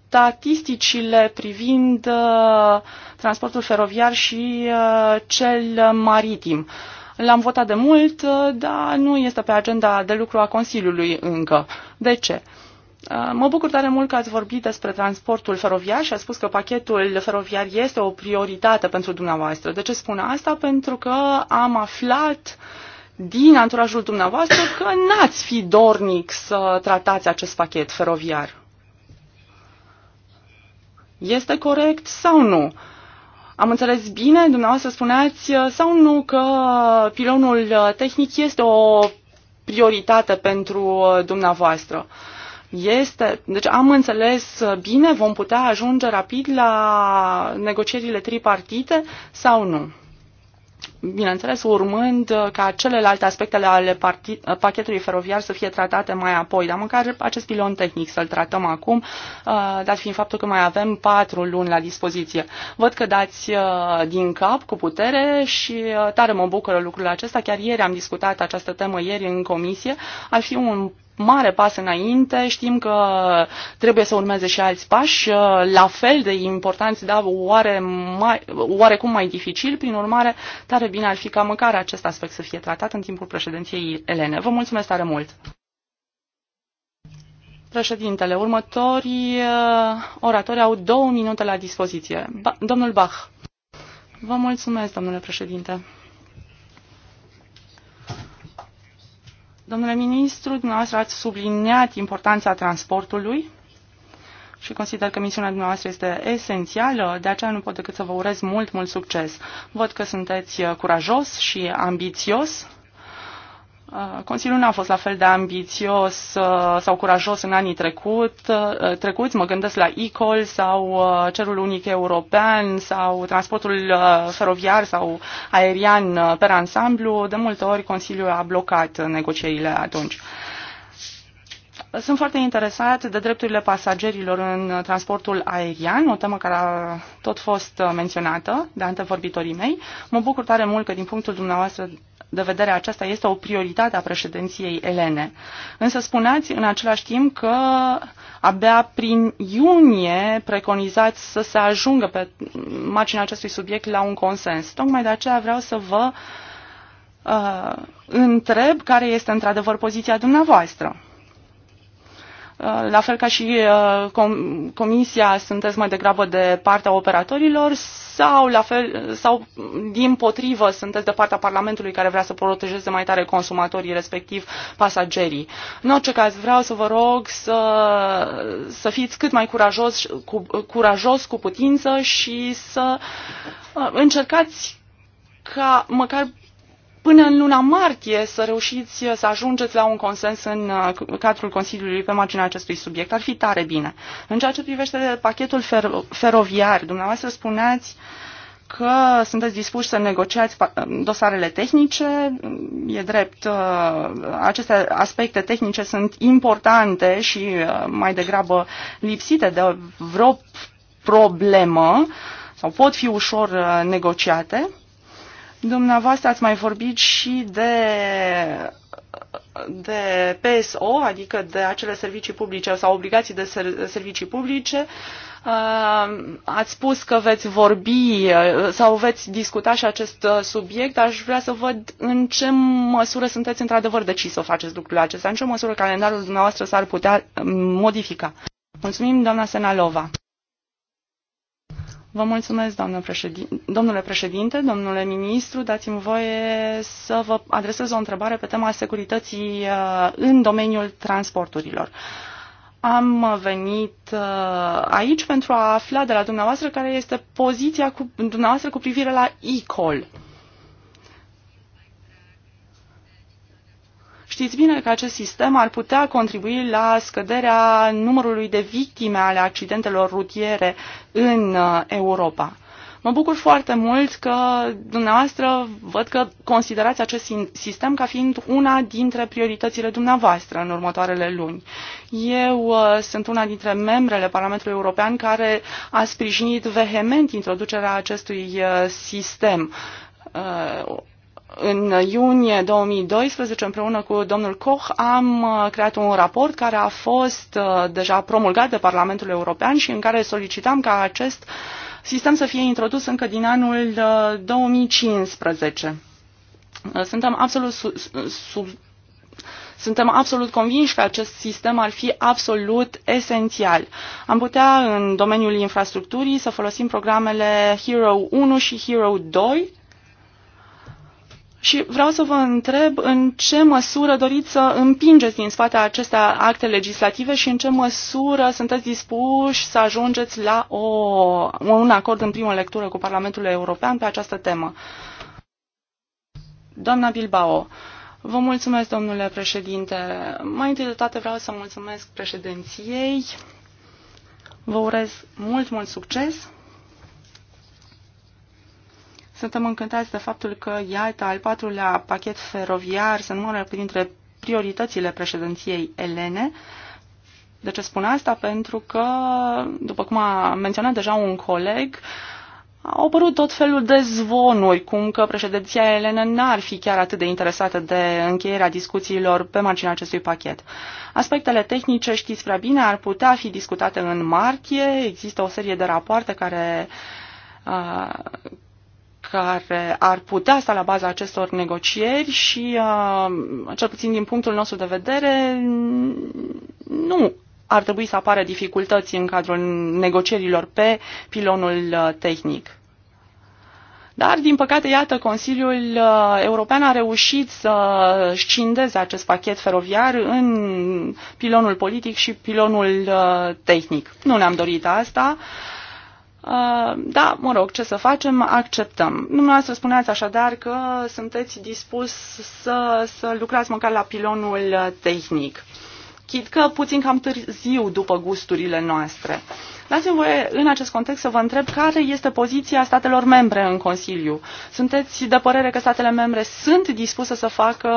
statisticile privind uh, transportul feroviar și uh, cel maritim. L-am votat de mult, uh, dar nu este pe agenda de lucru a Consiliului încă. De ce? Uh, Uh, mă bucur tare mult că ați vorbit despre transportul feroviar și ați spus că pachetul feroviar este o prioritate pentru dumneavoastră. De ce spun asta? Pentru că am aflat din anturajul dumneavoastră că n-ați fi dornic să tratați acest pachet feroviar. Este corect sau nu? Am înțeles bine, dumneavoastră spuneați uh, sau nu că pilonul uh, tehnic este o prioritate pentru dumneavoastră. Uh, este, deci am înțeles uh, bine, vom putea ajunge rapid la negocierile tripartite sau nu? Bineînțeles, urmând uh, ca celelalte aspectele ale uh, pachetului feroviar să fie tratate mai apoi, dar măcar acest pilon tehnic să-l tratăm acum, dat fiind faptul că mai avem patru luni la dispoziție. Văd că dați din cap cu putere și tare mă bucură lucrul acesta. Chiar ieri am discutat această temă, ieri în comisie. Ar fi un mare pas înainte, știm că trebuie să urmeze și alți pași, uh, la fel de importanți, dar oare mai, oarecum mai dificil, prin urmare, tare bine ar fi ca măcar acest aspect să fie tratat în timpul președinției Elene. Vă mulțumesc tare mult! Președintele, următorii uh, oratori au două minute la dispoziție. Ba, domnul Bach. Vă mulțumesc, domnule președinte. Domnule ministru, dumneavoastră ați subliniat importanța transportului și consider că misiunea dumneavoastră este esențială, de aceea nu pot decât să vă urez mult, mult succes. Văd că sunteți curajos și ambițios Uh, Consiliul nu a fost la fel de ambițios uh, sau curajos în anii trecut, uh, trecuți. Mă gândesc la ICOL sau Cerul Unic European sau transportul feroviar sau aerian per ansamblu. De multe ori Consiliul a blocat negocierile atunci. Sunt foarte interesat de drepturile pasagerilor în transportul aerian, o temă care a tot fost menționată de antevorbitorii mei. Mă bucur tare mult că din punctul dumneavoastră de vedere aceasta este o prioritate a președinției elene. Însă spuneați în același timp că abia prin iunie preconizați să se ajungă pe marginea acestui subiect la un consens. Tocmai de aceea vreau să vă uh, întreb care este într-adevăr poziția dumneavoastră. Uh, la fel ca și uh, comisia, sunteți mai degrabă de partea operatorilor sau, la fel, sau din potrivă sunteți de partea Parlamentului care vrea să protejeze mai tare consumatorii, respectiv pasagerii. În orice caz, vreau să vă rog să, să fiți cât mai curajos cu, curajos cu putință și să uh, încercați ca măcar până în luna martie să reușiți să ajungeți la un consens în uh, cadrul Consiliului pe marginea acestui subiect. Ar fi tare bine. În ceea ce privește pachetul fer- feroviar, dumneavoastră spuneați că sunteți dispuși să negociați uh, dosarele tehnice. E drept, uh, aceste aspecte tehnice sunt importante și mai degrabă lipsite de vreo problemă sau pot fi ușor negociate. Dumneavoastră ați mai vorbit și de, de PSO, adică de acele servicii publice sau obligații de ser, servicii publice. Uh, ați spus că veți vorbi uh, sau veți discuta și acest uh, subiect. Aș vrea să văd în ce măsură sunteți într-adevăr ce să faceți lucrul acesta, în ce măsură calendarul dumneavoastră s-ar putea modifica. Mulțumim, doamna Senalova. Vă mulțumesc, doamnă președin... domnule președinte, domnule ministru. Dați-mi voie să vă adresez o întrebare pe tema securității uh, în domeniul transporturilor. Am venit uh, aici pentru a afla de la dumneavoastră care este poziția cu, dumneavoastră cu privire la e-call. Știți bine că acest sistem ar putea contribui la scăderea numărului de victime ale accidentelor rutiere în uh, Europa. Mă bucur foarte mult că dumneavoastră văd că considerați acest sistem ca fiind una dintre prioritățile dumneavoastră în următoarele luni. Eu uh, sunt una dintre membrele Parlamentului European care a sprijinit vehement introducerea acestui uh, sistem. Uh, în iunie 2012, împreună cu domnul Koch, am uh, creat un raport care a fost uh, deja promulgat de Parlamentul European și în care solicitam ca acest sistem să fie introdus încă din anul 2015. Uh, suntem absolut su- su- suntem absolut convinși că acest sistem ar fi absolut esențial. Am putea în domeniul infrastructurii să folosim programele Hero 1 și Hero 2 și vreau să vă întreb în ce măsură doriți să împingeți din spate aceste acte legislative și în ce măsură sunteți dispuși să ajungeți la o, un acord în primă lectură cu Parlamentul European pe această temă. Doamna Bilbao, vă mulțumesc, domnule președinte. Mai întâi de toate vreau să mulțumesc președinției. Vă urez mult, mult succes suntem încântați de faptul că, iată, al patrulea pachet feroviar se numără printre prioritățile președinției elene. De ce spun asta? Pentru că, după cum a menționat deja un coleg, au apărut tot felul de zvonuri, cum că președinția elenă n-ar fi chiar atât de interesată de încheierea discuțiilor pe marginea acestui pachet. Aspectele tehnice, știți prea bine, ar putea fi discutate în martie. Există o serie de rapoarte care, uh, care ar putea sta la baza acestor negocieri și, uh, cel puțin din punctul nostru de vedere, nu ar trebui să apară dificultăți în cadrul negocierilor pe pilonul uh, tehnic. Dar, din păcate, iată, Consiliul uh, European a reușit să scindeze acest pachet feroviar în pilonul politic și pilonul tehnic. Nu ne-am dorit asta. Uh, Uh, da, mă rog, ce să facem, acceptăm. Dumneavoastră spuneați așadar că sunteți dispus să, să lucrați măcar la pilonul tehnic. Chit că puțin cam târziu după gusturile noastre. Dați-mi voie în acest context să vă întreb care este poziția statelor membre în Consiliu. Sunteți de părere că statele membre sunt dispuse să facă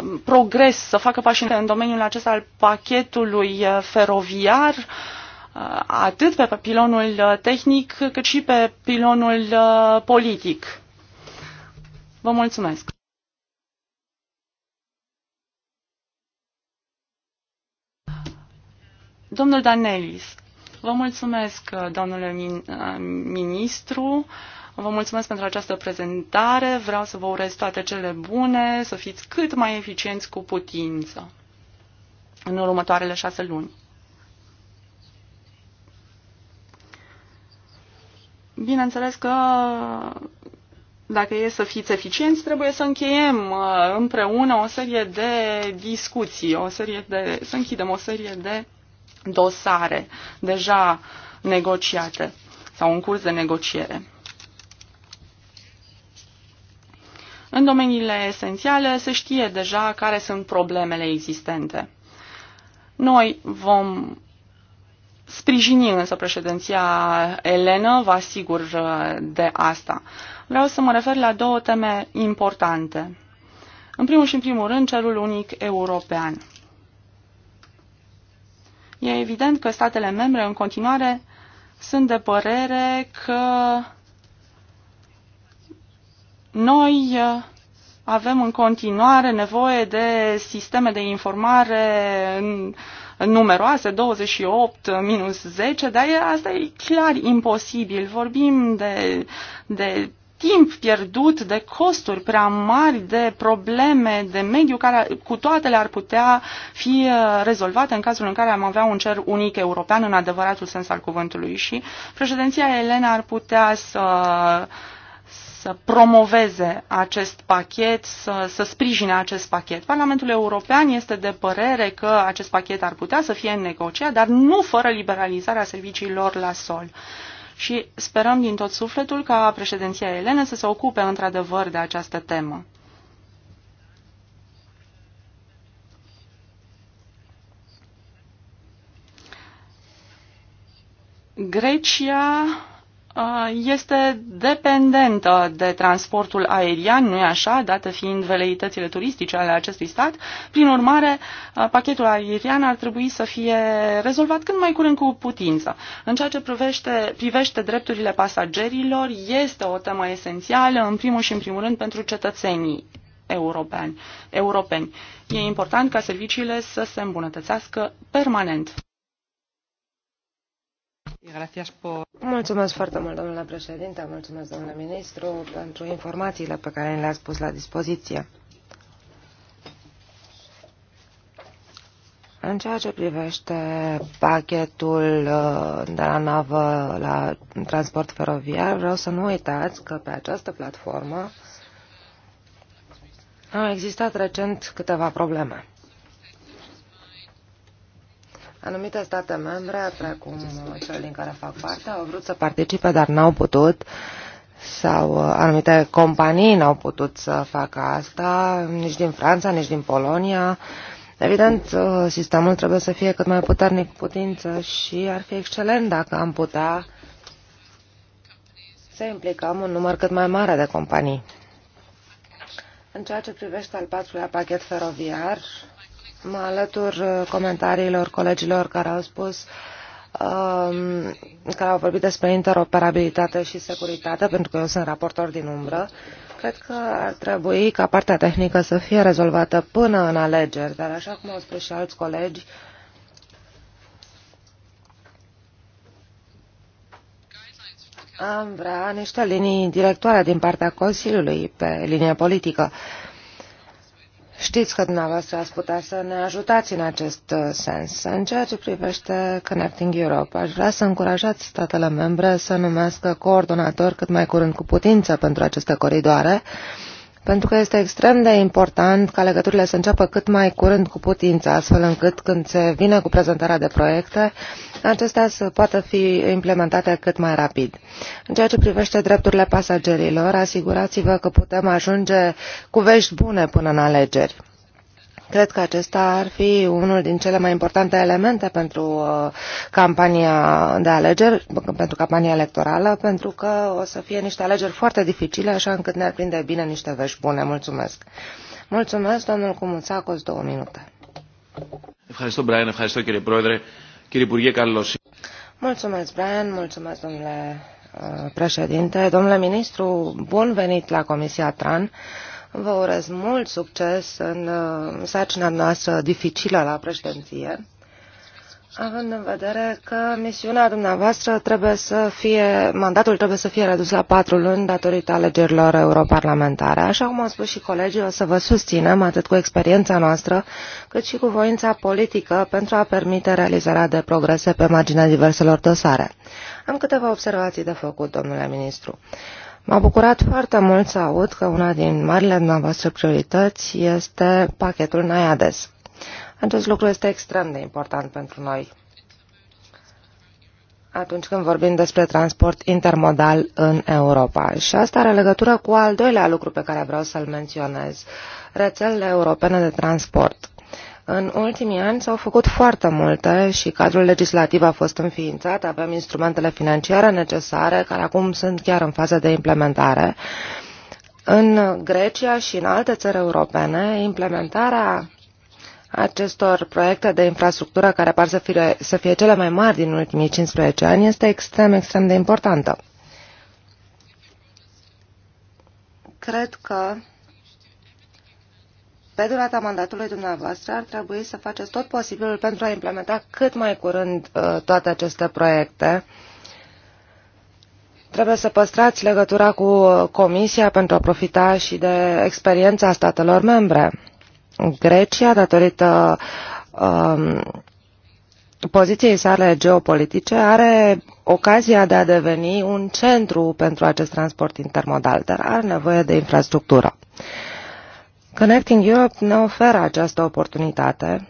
um, progres, să facă pași în domeniul acesta al pachetului feroviar? Uh, Uh, atât pe pilonul uh, tehnic, cât și pe pilonul uh, politic. Vă mulțumesc! Domnul Danelis, vă mulțumesc, domnule ministru, vă mulțumesc pentru această prezentare, vreau să vă urez toate cele bune, să fiți cât mai eficienți cu putință în următoarele șase luni. Bineînțeles că dacă e să fiți eficienți, trebuie să încheiem uh, împreună o serie de discuții, o serie de, să închidem o serie de dosare deja negociate sau în curs de negociere. În domeniile esențiale se știe deja care sunt problemele existente. Noi vom sprijini însă președinția elenă, vă asigur uh, de asta. Vreau să mă refer la două teme importante. În primul și în primul rând, cerul unic european. E evident că statele membre în continuare sunt de părere că noi uh, avem în continuare nevoie de sisteme de informare în, uh, numeroase, 28 minus 10, dar e, asta e clar imposibil. Vorbim de, de timp pierdut, de costuri prea mari, de probleme de mediu care cu toate le-ar putea fi uh, rezolvate în cazul în care am avea un cer unic european în adevăratul sens al cuvântului și președinția Elena ar putea să uh, să promoveze acest pachet, să, să sprijine acest pachet. Parlamentul European este de părere că acest pachet ar putea să fie negociat, dar nu fără liberalizarea serviciilor la sol. Și sperăm din tot sufletul ca președinția Elene să se ocupe într-adevăr de această temă. Grecia Uh, este dependentă de transportul aerian, nu-i așa, dată fiind veleitățile turistice ale acestui stat. Prin urmare, uh, pachetul aerian ar trebui să fie rezolvat cât mai curând cu putință. În ceea ce privește, privește drepturile pasagerilor, este o temă esențială, în primul și în primul rând, pentru cetățenii europeni. europeni. E important ca serviciile să se îmbunătățească permanent. Mulțumesc foarte mult, domnule președinte, mulțumesc, domnule ministru, pentru informațiile pe care le a spus la dispoziție. În ceea ce privește pachetul uh, de la navă la transport feroviar, vreau să nu uitați că pe această platformă au existat recent câteva probleme. Anumite state membre, precum cele din care fac parte, au vrut să participe, dar n-au putut sau uh, anumite companii n-au putut să facă asta, nici din Franța, nici din Polonia. Evident, uh, sistemul trebuie să fie cât mai puternic putință și ar fi excelent dacă am putea să implicăm un număr cât mai mare de companii. În ceea ce privește al patrulea pachet feroviar, Mă alătur uh, comentariilor colegilor care au spus um, care au vorbit despre interoperabilitate și securitate, pentru că eu sunt raportor din umbră. Cred că ar trebui ca partea tehnică să fie rezolvată până în alegeri, dar așa cum au spus și alți colegi, am vrea niște linii directoare din partea Consiliului pe linie politică. Uh, Știți că dumneavoastră ați putea să ne ajutați în acest uh, sens. În ceea ce privește Connecting Europe, aș vrea să încurajați statele membre să numească coordonator cât mai curând cu putință pentru aceste coridoare, pentru că este extrem de important ca legăturile să înceapă cât mai curând cu putință, astfel încât când se vine cu prezentarea de proiecte, acestea să poată fi implementate cât mai rapid. În ceea ce privește drepturile pasagerilor, asigurați-vă că putem ajunge cu vești bune până în alegeri. Cred că acesta ar fi unul din cele mai importante elemente pentru uh, campania de alegeri, pentru campania electorală, pentru că o să fie niște alegeri foarte dificile, așa încât ne-ar prinde bine niște vești bune. Mulțumesc! Mulțumesc, domnul Cumuțacos, două minute. Brian. Mulțumesc, Brian. Mulțumesc, domnule uh, președinte. Domnule ministru, bun venit la Comisia TRAN. Vă urez mult succes uh, în sarcina noastră dificilă la președinție, având în vedere că misiunea dumneavoastră trebuie să fie, mandatul trebuie să fie redus la patru luni datorită alegerilor europarlamentare. Așa cum au spus și colegii, o să vă susținem atât cu experiența noastră, cât și cu voința politică pentru a permite realizarea de progrese pe marginea diverselor dosare. Am câteva observații de făcut, domnule ministru. M-a bucurat foarte mult să aud că una din marile dumneavoastră priorități este pachetul NAIADES. Acest lucru este extrem de important pentru noi atunci când vorbim despre transport intermodal în Europa. Și asta are legătură cu al doilea lucru pe care vreau să-l menționez, rețelele europene de transport. În ultimii ani s-au făcut foarte multe și cadrul legislativ a fost înființat, avem instrumentele financiare necesare, care acum sunt chiar în fază de implementare. În Grecia și în alte țări europene, implementarea acestor proiecte de infrastructură care par să fie, să fie cele mai mari din ultimii 15 ani este extrem, extrem de importantă. Cred că pe durata mandatului dumneavoastră ar trebui să faceți tot posibilul pentru a implementa cât mai curând uh, toate aceste proiecte. Trebuie să păstrați legătura cu uh, Comisia pentru a profita și de experiența statelor membre. Grecia, datorită uh, poziției sale geopolitice, are ocazia de a deveni un centru pentru acest transport intermodal, dar are nevoie de infrastructură. Uh, Connecting Europe ne oferă această oportunitate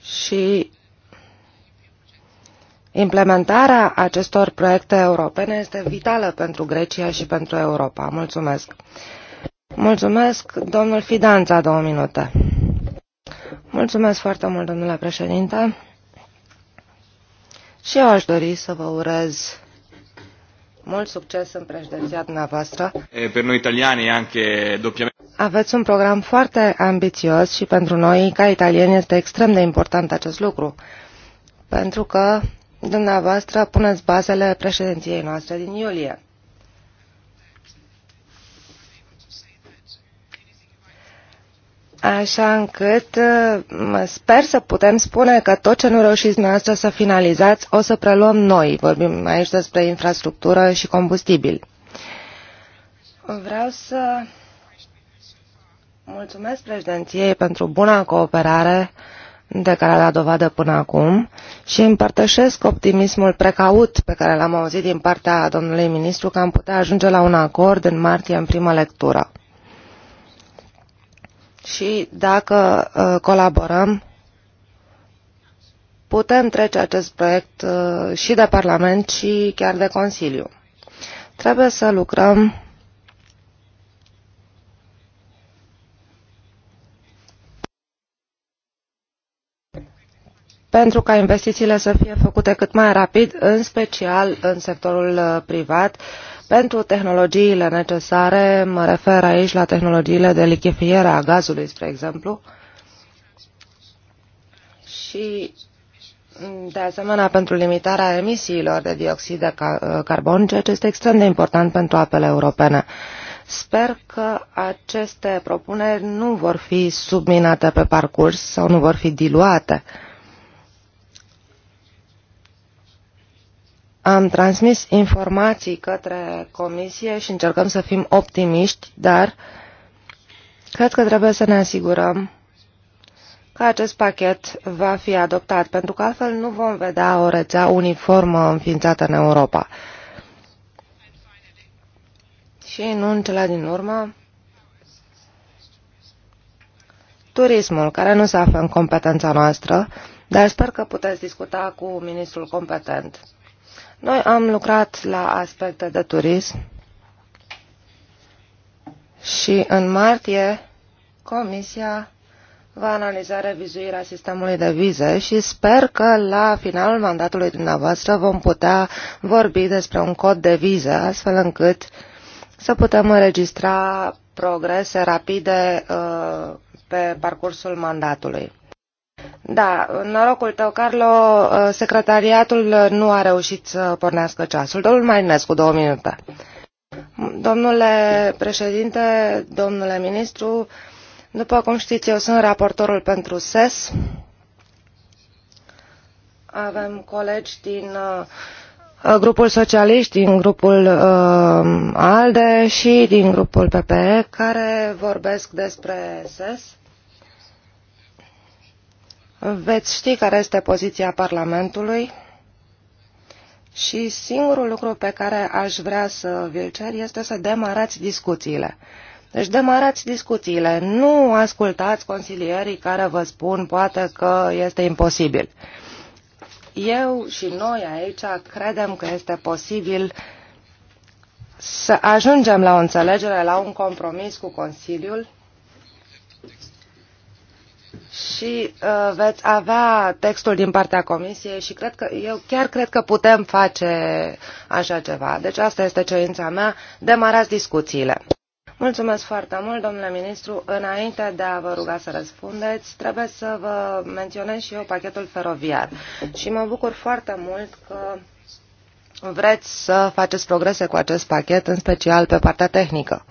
și implementarea acestor proiecte europene este vitală pentru Grecia și pentru Europa. Mulțumesc! Mulțumesc, domnul Fidanța, două minute. Mulțumesc foarte mult, domnule președinte. Și eu aș dori să vă urez mult succes în președinția dumneavoastră. E, pe noi italiani e anche doppiamente. Aveți un program foarte ambițios și pentru noi, ca italieni, este extrem de important acest lucru. Pentru că dumneavoastră puneți bazele președinției noastre din iulie. așa încât sper să putem spune că tot ce nu reușiți noastră să finalizați o să preluăm noi. Vorbim aici despre infrastructură și combustibil. Vreau să mulțumesc președinției pentru buna cooperare de care a dat dovadă până acum și împărtășesc optimismul precaut pe care l-am auzit din partea domnului ministru că am putea ajunge la un acord în martie în primă lectură și dacă uh, colaborăm, putem trece acest proiect uh, și de Parlament și chiar de Consiliu. Trebuie să lucrăm pentru ca investițiile să fie făcute cât mai rapid, în special în sectorul uh, privat, uh, pentru tehnologiile necesare, mă refer aici la tehnologiile de lichefiere a gazului, spre exemplu, și de asemenea pentru limitarea emisiilor de dioxid de uh, carbon, ceea ce este extrem de important pentru apele europene. Sper că aceste propuneri nu vor fi subminate pe parcurs sau nu vor fi diluate Am transmis informații către comisie și încercăm să fim optimiști, dar cred că trebuie să ne asigurăm că acest pachet va fi adoptat, pentru că altfel nu vom vedea o rețea uniformă înființată în Europa. Și nu în cele din urmă, turismul, care nu se află în competența noastră, dar sper că puteți discuta cu ministrul competent noi am lucrat la aspecte de turism și în martie Comisia va analiza revizuirea sistemului de vize și sper că la finalul mandatului dumneavoastră vom putea vorbi despre un cod de vize, astfel încât să putem înregistra progrese rapide uh, pe parcursul mandatului. Da, norocul tău, Carlo, ă, secretariatul nu a reușit să pornească ceasul. Domnul Marinescu, două minute. Domnule președinte, domnule ministru, după cum știți, eu sunt raportorul pentru SES. Avem colegi din ă, ă, grupul socialist, din grupul ALDE și din grupul PPE care vorbesc despre SES Veți ști care este poziția Parlamentului și singurul lucru pe care aș vrea să vi-l cer este să demarați discuțiile. Deci demarați discuțiile, nu ascultați consilierii care vă spun poate că este imposibil. Eu și noi aici credem că este posibil să ajungem la o înțelegere, la un compromis cu Consiliul și uh, veți avea textul din partea comisiei și cred că, eu chiar cred că putem face așa ceva. Deci asta este cerința mea. Demarați discuțiile. Mulțumesc foarte mult, domnule ministru. Înainte de a vă ruga să răspundeți, trebuie să vă menționez și eu pachetul feroviar. Și mă bucur foarte mult că vreți să faceți progrese cu acest pachet, în special pe partea tehnică.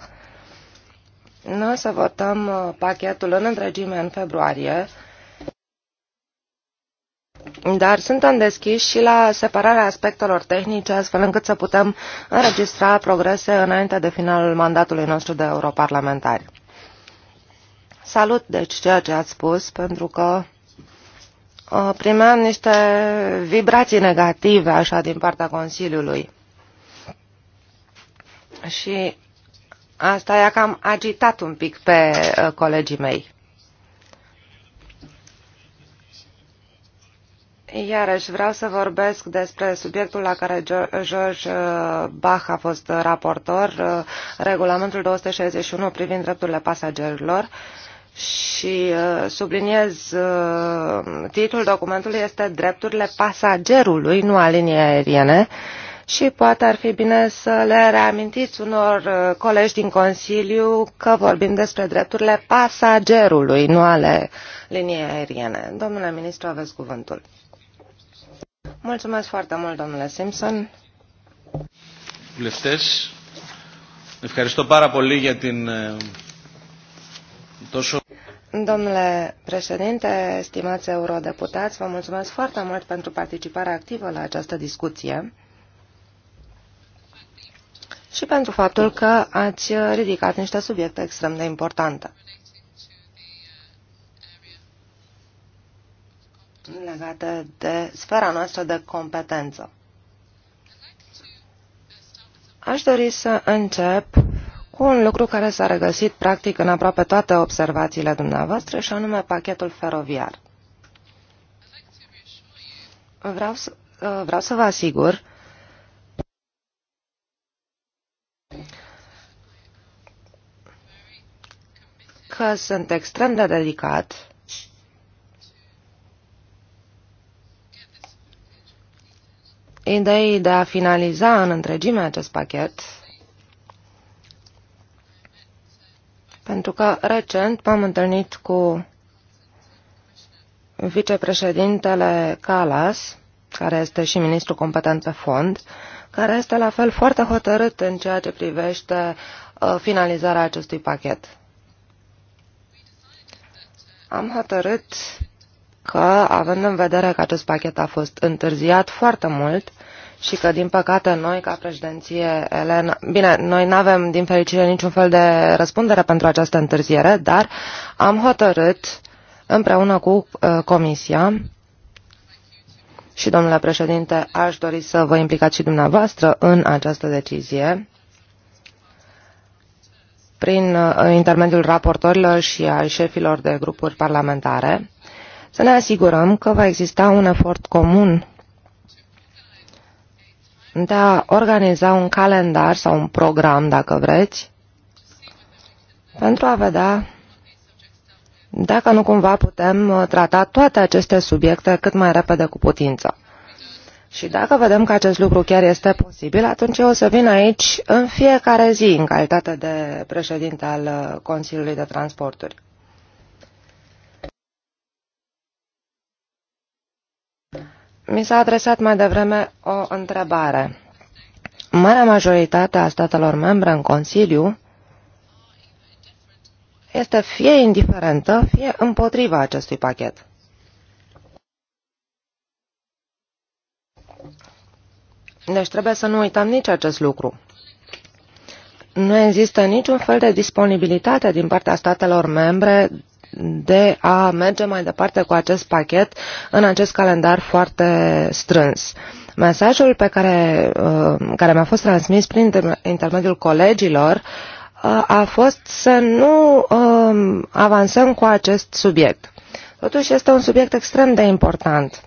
Noi să votăm uh, pachetul în întregime în februarie, dar suntem deschiși și la separarea aspectelor tehnice, astfel încât să putem înregistra progrese înainte de finalul mandatului nostru de europarlamentari. Salut, deci, ceea ce ați spus, pentru că uh, primeam niște vibrații negative, așa, din partea Consiliului. Și Asta i-a cam agitat un pic pe uh, colegii mei. Iarăși vreau să vorbesc despre subiectul la care George uh, Bach a fost raportor, uh, regulamentul 261 privind drepturile pasagerilor și subliniez titlul documentului este Drepturile pasagerului, nu a liniei aeriene și poate ar fi bine să le reamintiți unor uh, colegi din Consiliu că vorbim despre drepturile pasagerului, nu ale liniei aeriene. Domnule ministru, aveți cuvântul. Mulțumesc foarte mult, domnule Simpson. Βουλευτές, ευχαριστώ πάρα πολύ για την τόσο... Domnule președinte, stimați eurodeputați, vă mulțumesc foarte mult pentru participarea activă la această discuție și pentru faptul că ați ridicat niște subiecte extrem de importante. legate de sfera noastră de competență. Aș dori să încep cu un lucru care s-a regăsit practic în aproape toate observațiile dumneavoastră și anume pachetul feroviar. Vreau să, vreau să vă asigur că sunt extrem de delicat idei de a finaliza în întregime acest pachet, pentru că recent m-am întâlnit cu vicepreședintele Calas, care este și ministru competent pe fond, care este la fel foarte hotărât în ceea ce privește uh, finalizarea acestui pachet am hotărât că, având în vedere că acest pachet a fost întârziat foarte mult și că, din păcate, noi, ca președinție, Elena... Bine, noi nu avem, din fericire, niciun fel de răspundere pentru această întârziere, dar am hotărât, împreună cu uh, Comisia, și, domnule președinte, aș dori să vă implicați și dumneavoastră în această decizie, prin uh, intermediul raportorilor și al șefilor de grupuri parlamentare, să ne asigurăm că va exista un efort comun de a organiza un calendar sau un program, dacă vreți, pentru a vedea dacă nu cumva putem uh, trata toate aceste subiecte cât mai repede cu putință. Și dacă vedem că acest lucru chiar este posibil, atunci eu o să vin aici în fiecare zi în calitate de președinte al uh, Consiliului de Transporturi. Mi s-a adresat mai devreme o întrebare. Marea majoritate a statelor membre în Consiliu este fie indiferentă, fie împotriva acestui pachet. Deci trebuie să nu uităm nici acest lucru. Nu există niciun fel de disponibilitate din partea statelor membre de a merge mai departe cu acest pachet în acest calendar foarte strâns. Mesajul pe care, uh, care mi-a fost transmis prin intermediul colegilor uh, a fost să nu um, avansăm cu acest subiect. Totuși este un subiect extrem de important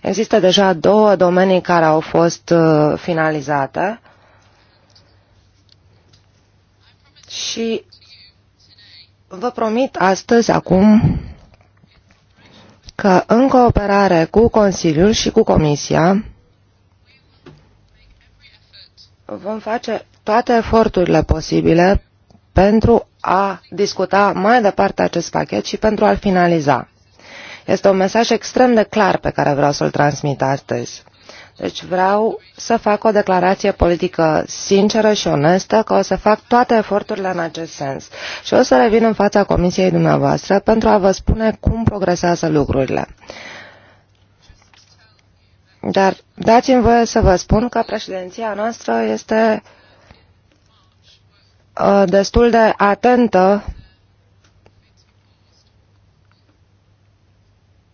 Există deja două domenii care au fost uh, finalizate și vă promit astăzi, acum, că în cooperare cu Consiliul și cu Comisia vom face toate eforturile posibile pentru a discuta mai departe acest pachet și pentru a-l finaliza. Este un mesaj extrem de clar pe care vreau să-l transmit astăzi. Deci vreau să fac o declarație politică sinceră și onestă că o să fac toate eforturile în acest sens și o să revin în fața comisiei dumneavoastră pentru a vă spune cum progresează lucrurile. Dar dați-mi voie să vă spun că președinția noastră este uh, destul de atentă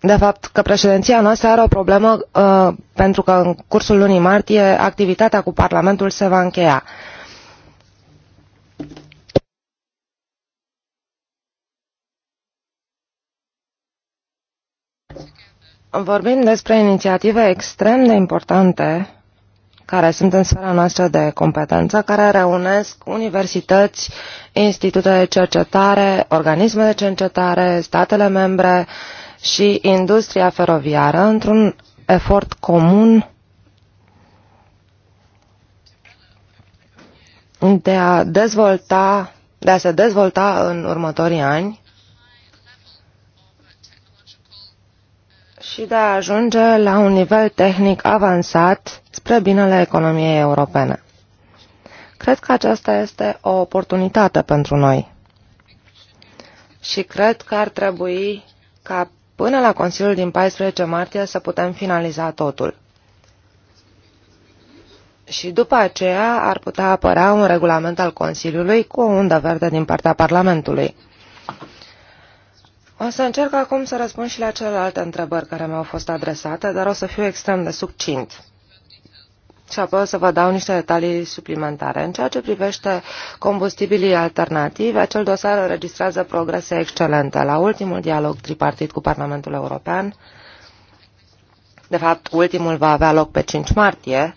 de fapt că președinția noastră are o problemă uh, pentru că în cursul lunii martie activitatea cu Parlamentul se va încheia. Vorbim despre inițiative extrem de importante care sunt în sfera noastră de competență, care reunesc universități, institute de cercetare, organisme de cercetare, statele membre, uh, și industria feroviară într-un efort comun de a dezvolta, de a se dezvolta în următorii ani și de a ajunge la un nivel tehnic avansat spre binele economiei europene. Cred că aceasta este o oportunitate pentru noi și cred că ar trebui ca până la Consiliul din 14 martie să putem finaliza totul. Și după aceea ar putea apărea un regulament al Consiliului cu o undă verde din partea Parlamentului. O să încerc acum să răspund și la celelalte întrebări care mi-au fost adresate, dar o să fiu extrem de succint și apoi o să vă dau niște detalii suplimentare. În ceea ce privește combustibilii alternativi, acel dosar înregistrează progrese excelente. La ultimul dialog tripartit cu Parlamentul European, de fapt, ultimul va avea loc pe 5 martie,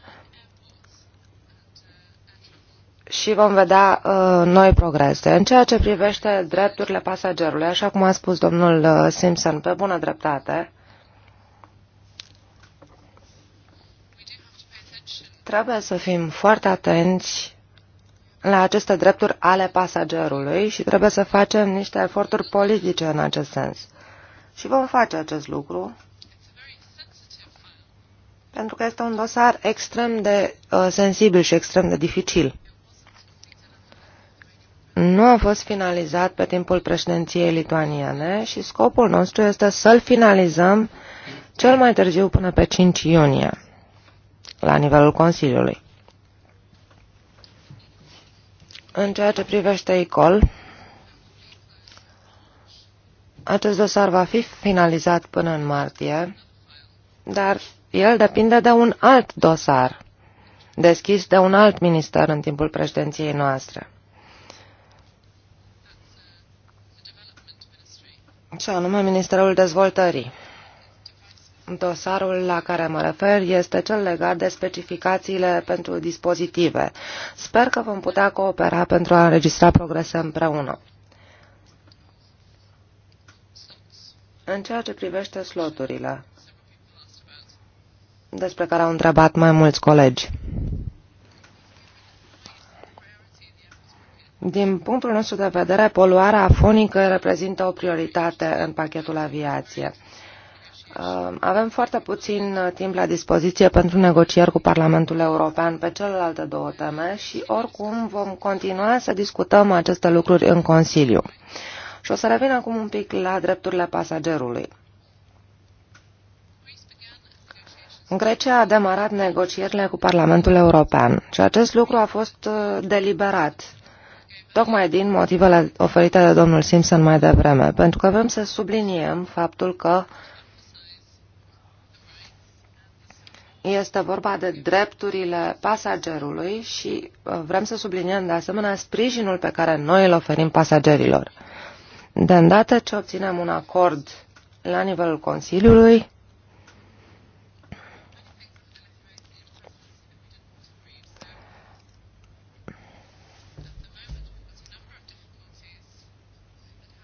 și vom vedea uh, noi progrese. În ceea ce privește drepturile pasagerului, așa cum a spus domnul uh, Simpson, pe bună dreptate, Trebuie să fim foarte atenți la aceste drepturi ale pasagerului și trebuie să facem niște eforturi politice în acest sens. Și vom face acest lucru pentru că este un dosar extrem de uh, sensibil și extrem de dificil. Nu a fost finalizat pe timpul președinției lituaniene și scopul nostru este să-l finalizăm cel mai târziu până pe 5 iunie la nivelul Consiliului. În ceea ce privește ICOL, acest dosar va fi finalizat până în martie, dar el depinde de un alt dosar, deschis de un alt minister în timpul președinției noastre. Și anume Ministerul Dezvoltării. Dosarul la care mă refer este cel legat de specificațiile pentru dispozitive. Sper că vom putea coopera pentru a înregistra progrese împreună. În ceea ce privește sloturile, despre care au întrebat mai mulți colegi. Din punctul nostru de vedere, poluarea fonică reprezintă o prioritate în pachetul aviație. Um, avem foarte puțin uh, timp la dispoziție pentru negocieri cu Parlamentul European pe celelalte două teme și oricum vom continua să discutăm aceste lucruri în Consiliu. Și o să revin acum un pic la drepturile pasagerului. În Grecia a demarat negocierile cu Parlamentul European și acest lucru a fost uh, deliberat, tocmai din motivele oferite de domnul Simpson mai devreme, pentru că vrem să subliniem faptul că uh, Este vorba de drepturile pasagerului și uh, vrem să subliniem de asemenea sprijinul pe care noi îl oferim pasagerilor. De îndată ce obținem un acord la nivelul Consiliului,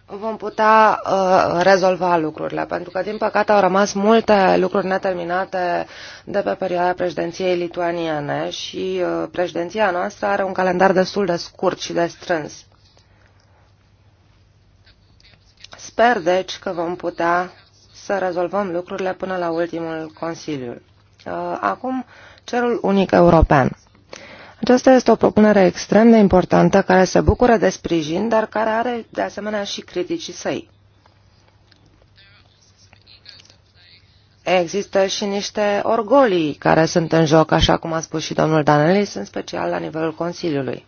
vom putea uh, rezolva lucrurile, pentru că, din păcate, au rămas multe lucruri neterminate de pe perioada președinției lituaniene și uh, președinția noastră are un calendar destul de scurt și de strâns. Sper, deci, că vom putea să rezolvăm lucrurile până la ultimul Consiliu. Uh, acum, cerul unic european. Aceasta este o propunere extrem de importantă care se bucură de sprijin, dar care are de asemenea și criticii săi. Există și niște orgolii care sunt în joc, așa cum a spus și domnul Danelis, în special la nivelul Consiliului.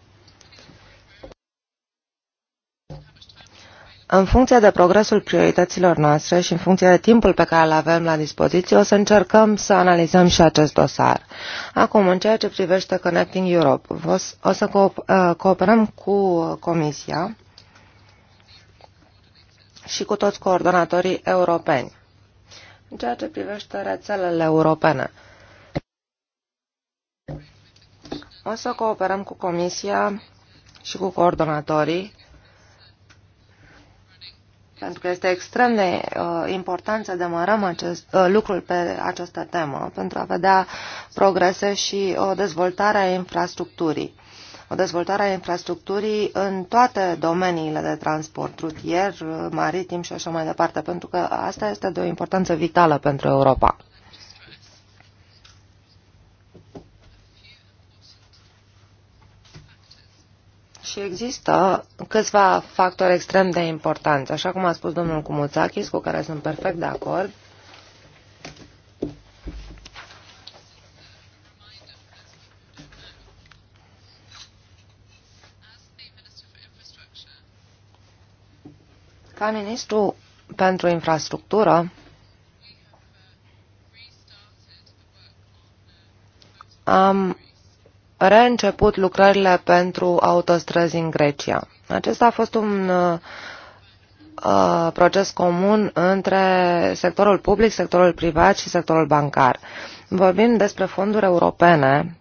În funcție de progresul priorităților noastre și în funcție de timpul pe care îl avem la dispoziție, o să încercăm să analizăm și acest dosar. Acum, în ceea ce privește Connecting Europe, o să uh, cooperăm cu Comisia și cu toți coordonatorii europeni. În ceea ce privește rețelele europene, o să cooperăm cu Comisia și cu coordonatorii pentru că este extrem de uh, important să demarăm acest, uh, lucrul pe această temă, pentru a vedea progrese și o dezvoltare a infrastructurii. O dezvoltare a infrastructurii în toate domeniile de transport rutier, uh, maritim și așa mai departe, pentru că asta este de o importanță vitală pentru Europa. Și există câțiva factori extrem de importanți, așa cum a spus domnul Cumuțachis, cu care sunt perfect de acord. Ca ministru pentru infrastructură, am reînceput lucrările pentru autostrăzi în Grecia. Acesta a fost un uh, uh, proces comun între sectorul public, sectorul privat și sectorul bancar. Vorbim despre fonduri europene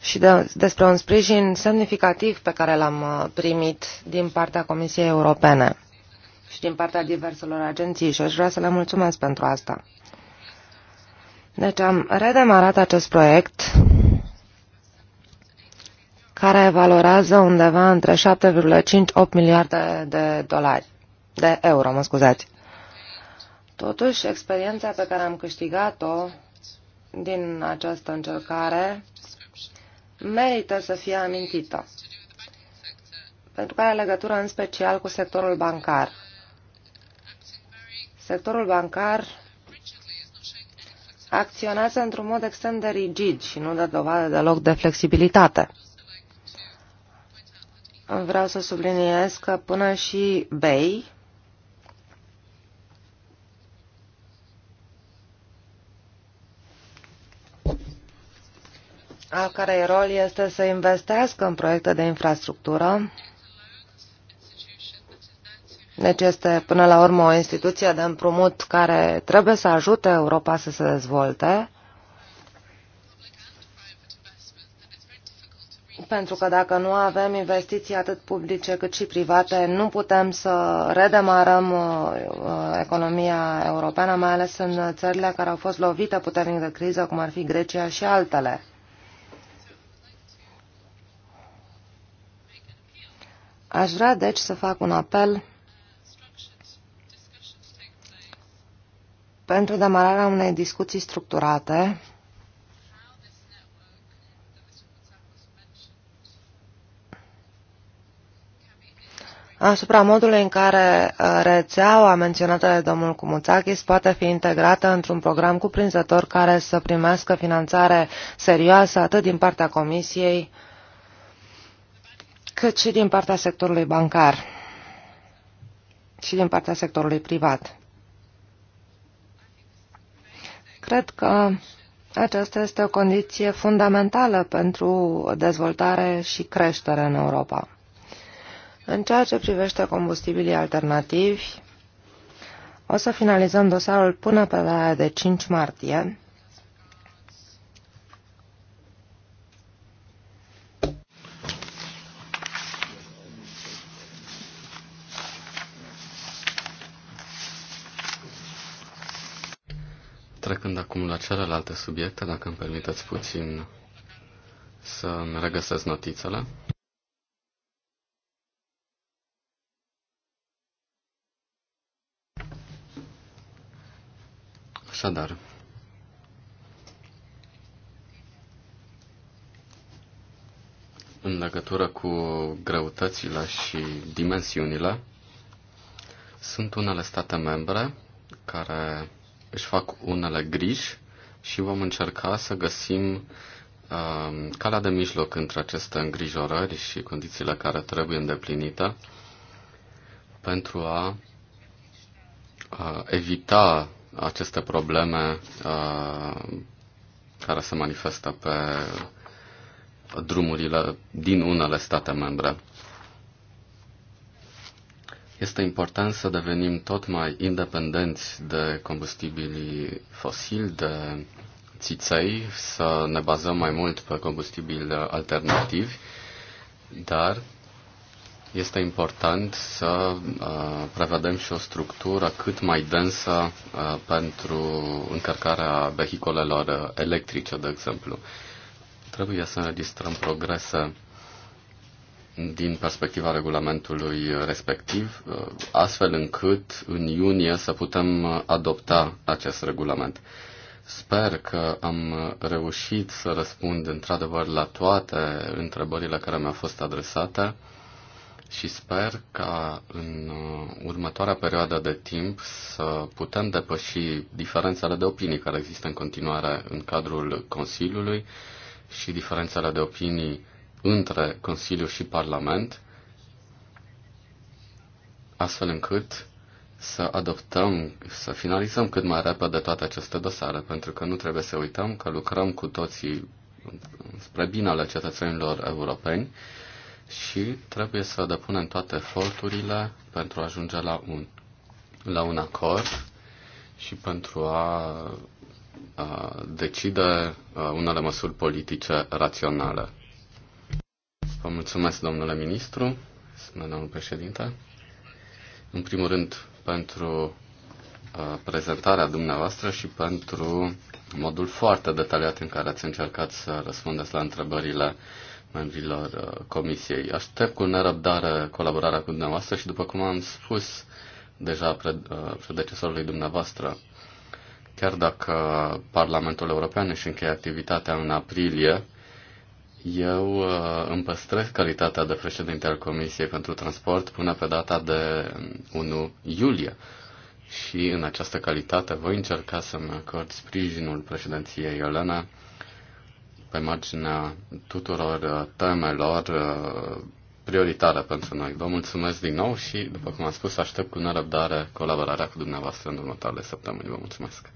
și de, despre un sprijin semnificativ pe care l-am uh, primit din partea Comisiei Europene și din partea diverselor agenții și aș vrea să le mulțumesc pentru asta. Deci am redemarat acest proiect care valorează undeva între 7,5-8 miliarde de dolari, de euro, mă scuzați. Totuși, experiența pe care am câștigat-o din această încercare merită să fie amintită, pentru că are legătură în special cu sectorul bancar. Sectorul bancar acționează într-un mod extrem de rigid și nu dă dovadă deloc de flexibilitate vreau să subliniez că până și BEI a cărei rol este să investească în proiecte de infrastructură. Deci este până la urmă o instituție de împrumut care trebuie să ajute Europa să se dezvolte pentru că dacă nu avem investiții atât publice cât și private, nu putem să redemarăm uh, uh, economia europeană, mai ales în țările care au fost lovite puternic de criză, cum ar fi Grecia și altele. Aș vrea, deci, să fac un apel pentru demararea unei discuții structurate asupra modului în care uh, rețeaua menționată de domnul Cumuțachis poate fi integrată într-un program cuprinzător care să primească finanțare serioasă atât din partea Comisiei cât și din partea sectorului bancar și din partea sectorului privat. Cred că aceasta este o condiție fundamentală pentru dezvoltare și creștere în Europa. În ceea ce privește combustibilii alternativi, o să finalizăm dosarul până pe data de 5 martie. Trecând acum la celelalte subiecte, dacă îmi permiteți puțin să-mi regăsesc notițele. Așadar, în legătură cu greutățile și dimensiunile, sunt unele state membre care își fac unele griji și vom încerca să găsim uh, calea de mijloc între aceste îngrijorări și condițiile care trebuie îndeplinite pentru a uh, evita aceste probleme uh, care se manifestă pe drumurile din unele state membre. Este important să devenim tot mai independenți de combustibilii fosili, de țiței, să ne bazăm mai mult pe combustibili alternativi, dar este important să uh, prevedem și o structură cât mai densă uh, pentru încărcarea vehicolelor uh, electrice, de exemplu. Trebuie să înregistrăm progrese din perspectiva regulamentului respectiv, astfel încât în iunie să putem adopta acest regulament. Sper că am reușit să răspund într-adevăr la toate întrebările care mi-au fost adresate și sper ca în uh, următoarea perioadă de timp să putem depăși diferențele de opinii care există în continuare în cadrul Consiliului și diferențele de opinii între Consiliu și Parlament, astfel încât să adoptăm, să finalizăm cât mai repede toate aceste dosare, pentru că nu trebuie să uităm că lucrăm cu toții spre binele cetățenilor europeni și trebuie să depunem toate eforturile pentru a ajunge la un, la un acord și pentru a, a decide unele măsuri politice raționale. Vă mulțumesc, domnule ministru, domnul președinte. În primul rând, pentru prezentarea dumneavoastră și pentru modul foarte detaliat în care ați încercat să răspundeți la întrebările membrilor uh, comisiei. Aștept cu nerăbdare colaborarea cu dumneavoastră și, după cum am spus deja uh, predecesorului dumneavoastră, chiar dacă Parlamentul European își încheie activitatea în aprilie, eu uh, îmi păstrez calitatea de președinte al Comisiei pentru Transport până pe data de 1 um, iulie. Și în această calitate voi încerca să-mi acord sprijinul președinției Elena pe marginea tuturor uh, temelor uh, prioritare pentru noi. Vă mulțumesc din nou și, după cum am spus, aștept cu nerăbdare colaborarea cu dumneavoastră în următoarele săptămâni. Vă mulțumesc!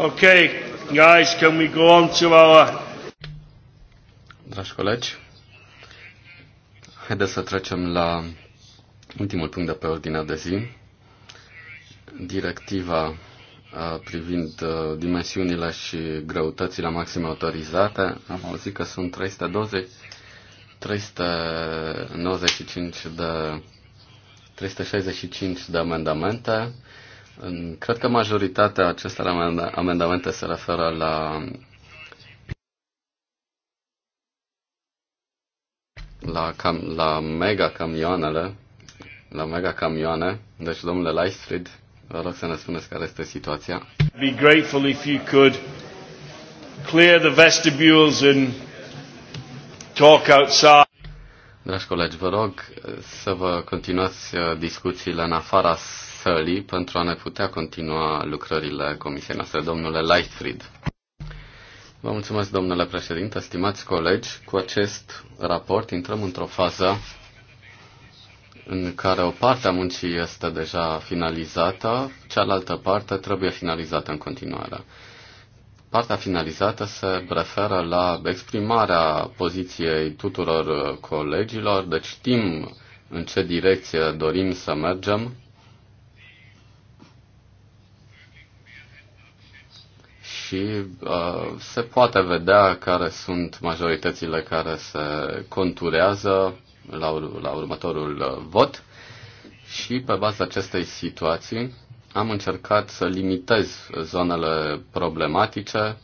Okay, guys, can we go on to our... Dragi colegi, haideți să trecem la ultimul punct de pe ordinea de zi, directiva privind dimensiunile și greutățile maxime autorizate. Am auzit că sunt 320, 395 de 365 de amendamente Cred că majoritatea acestor amendamente se referă la la, cam, la mega camioanele, la mega camioane. Deci, domnule Lightstreet, vă rog să ne spuneți care este situația. Be grateful if you could clear the vestibules and talk outside. Dragi colegi, vă rog să vă continuați uh, discuțiile în afara Sălii pentru a ne putea continua lucrările comisiei noastre. Domnule Lightfried. Vă mulțumesc, domnule președinte, stimați colegi. Cu acest raport intrăm într-o fază în care o parte a muncii este deja finalizată, cealaltă parte trebuie finalizată în continuare. Partea finalizată se referă la exprimarea poziției tuturor colegilor, deci știm în ce direcție dorim să mergem și uh, se poate vedea care sunt majoritățile care se conturează la, la următorul uh, vot și pe baza acestei situații am încercat să limitez zonele problematice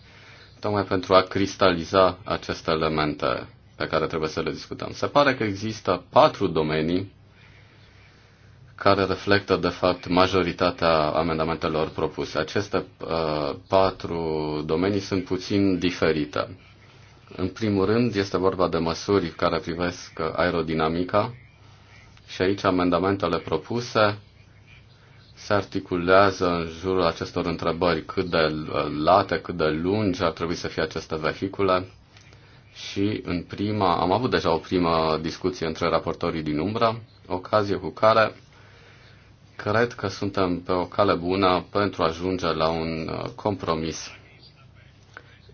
tocmai pentru a cristaliza aceste elemente pe care trebuie să le discutăm. Se pare că există patru domenii care reflectă, de fapt, majoritatea amendamentelor propuse. Aceste uh, patru domenii sunt puțin diferite. În primul rând, este vorba de măsuri care privesc aerodinamica și aici amendamentele propuse se articulează în jurul acestor întrebări cât de uh, late, cât de lungi ar trebui să fie aceste vehicule. Și în prima, am avut deja o primă discuție între raportorii din umbră, ocazie cu care Cred că suntem pe o cale bună pentru a ajunge la un uh, compromis.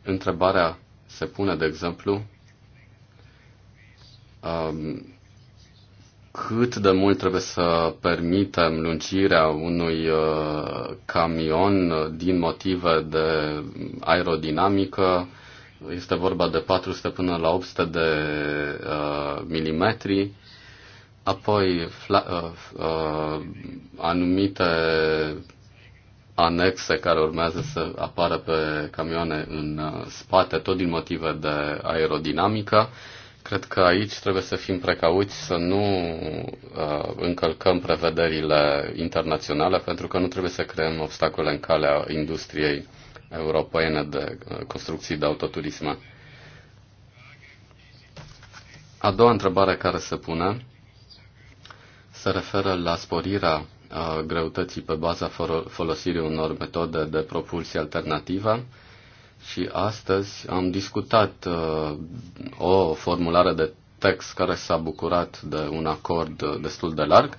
Întrebarea se pune, de exemplu, um, cât de mult trebuie să permitem lungirea unui uh, camion din motive de aerodinamică. Este vorba de 400 până la 800 de uh, milimetri. Apoi, fla, uh, uh, anumite anexe care urmează să apară pe camioane în uh, spate, tot din motive de aerodinamică. Cred că aici trebuie să fim precauți să nu uh, încălcăm prevederile internaționale, pentru că nu trebuie să creăm obstacole în calea industriei europene de uh, construcții de autoturisme. A doua întrebare care se pune se referă la sporirea uh, greutății pe baza folosirii unor metode de propulsie alternativă și astăzi am discutat uh, o formulare de text care s-a bucurat de un acord destul de larg.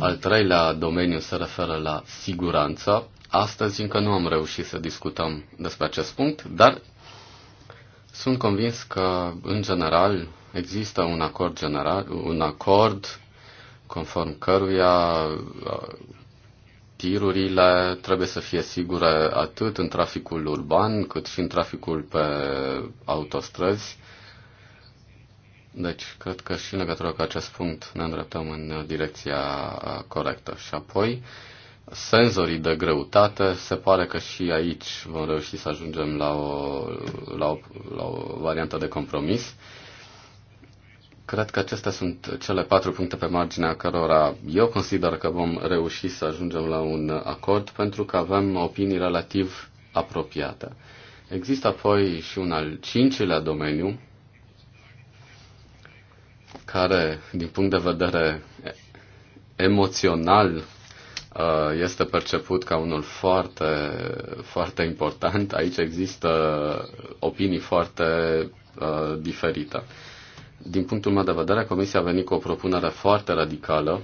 Al treilea domeniu se referă la siguranță. Astăzi încă nu am reușit să discutăm despre acest punct, dar sunt convins că, în general, există un acord general, un acord conform căruia uh, tirurile trebuie să fie sigure atât în traficul urban cât și în traficul pe autostrăzi. Deci, cred că și în legătură cu acest punct ne îndreptăm în direcția uh, corectă. Și apoi, senzorii de greutate, se pare că și aici vom reuși să ajungem la o, la o, la o variantă de compromis. Uh, Cred că acestea sunt cele patru puncte pe marginea cărora eu consider că vom reuși să ajungem la un acord pentru că avem opinii relativ apropiate. Există apoi și un al cincilea domeniu care, din punct de vedere emoțional, uh, este perceput ca unul foarte, foarte important. Aici există opinii foarte uh, diferite. Din punctul meu de vedere, Comisia a venit cu o propunere foarte radicală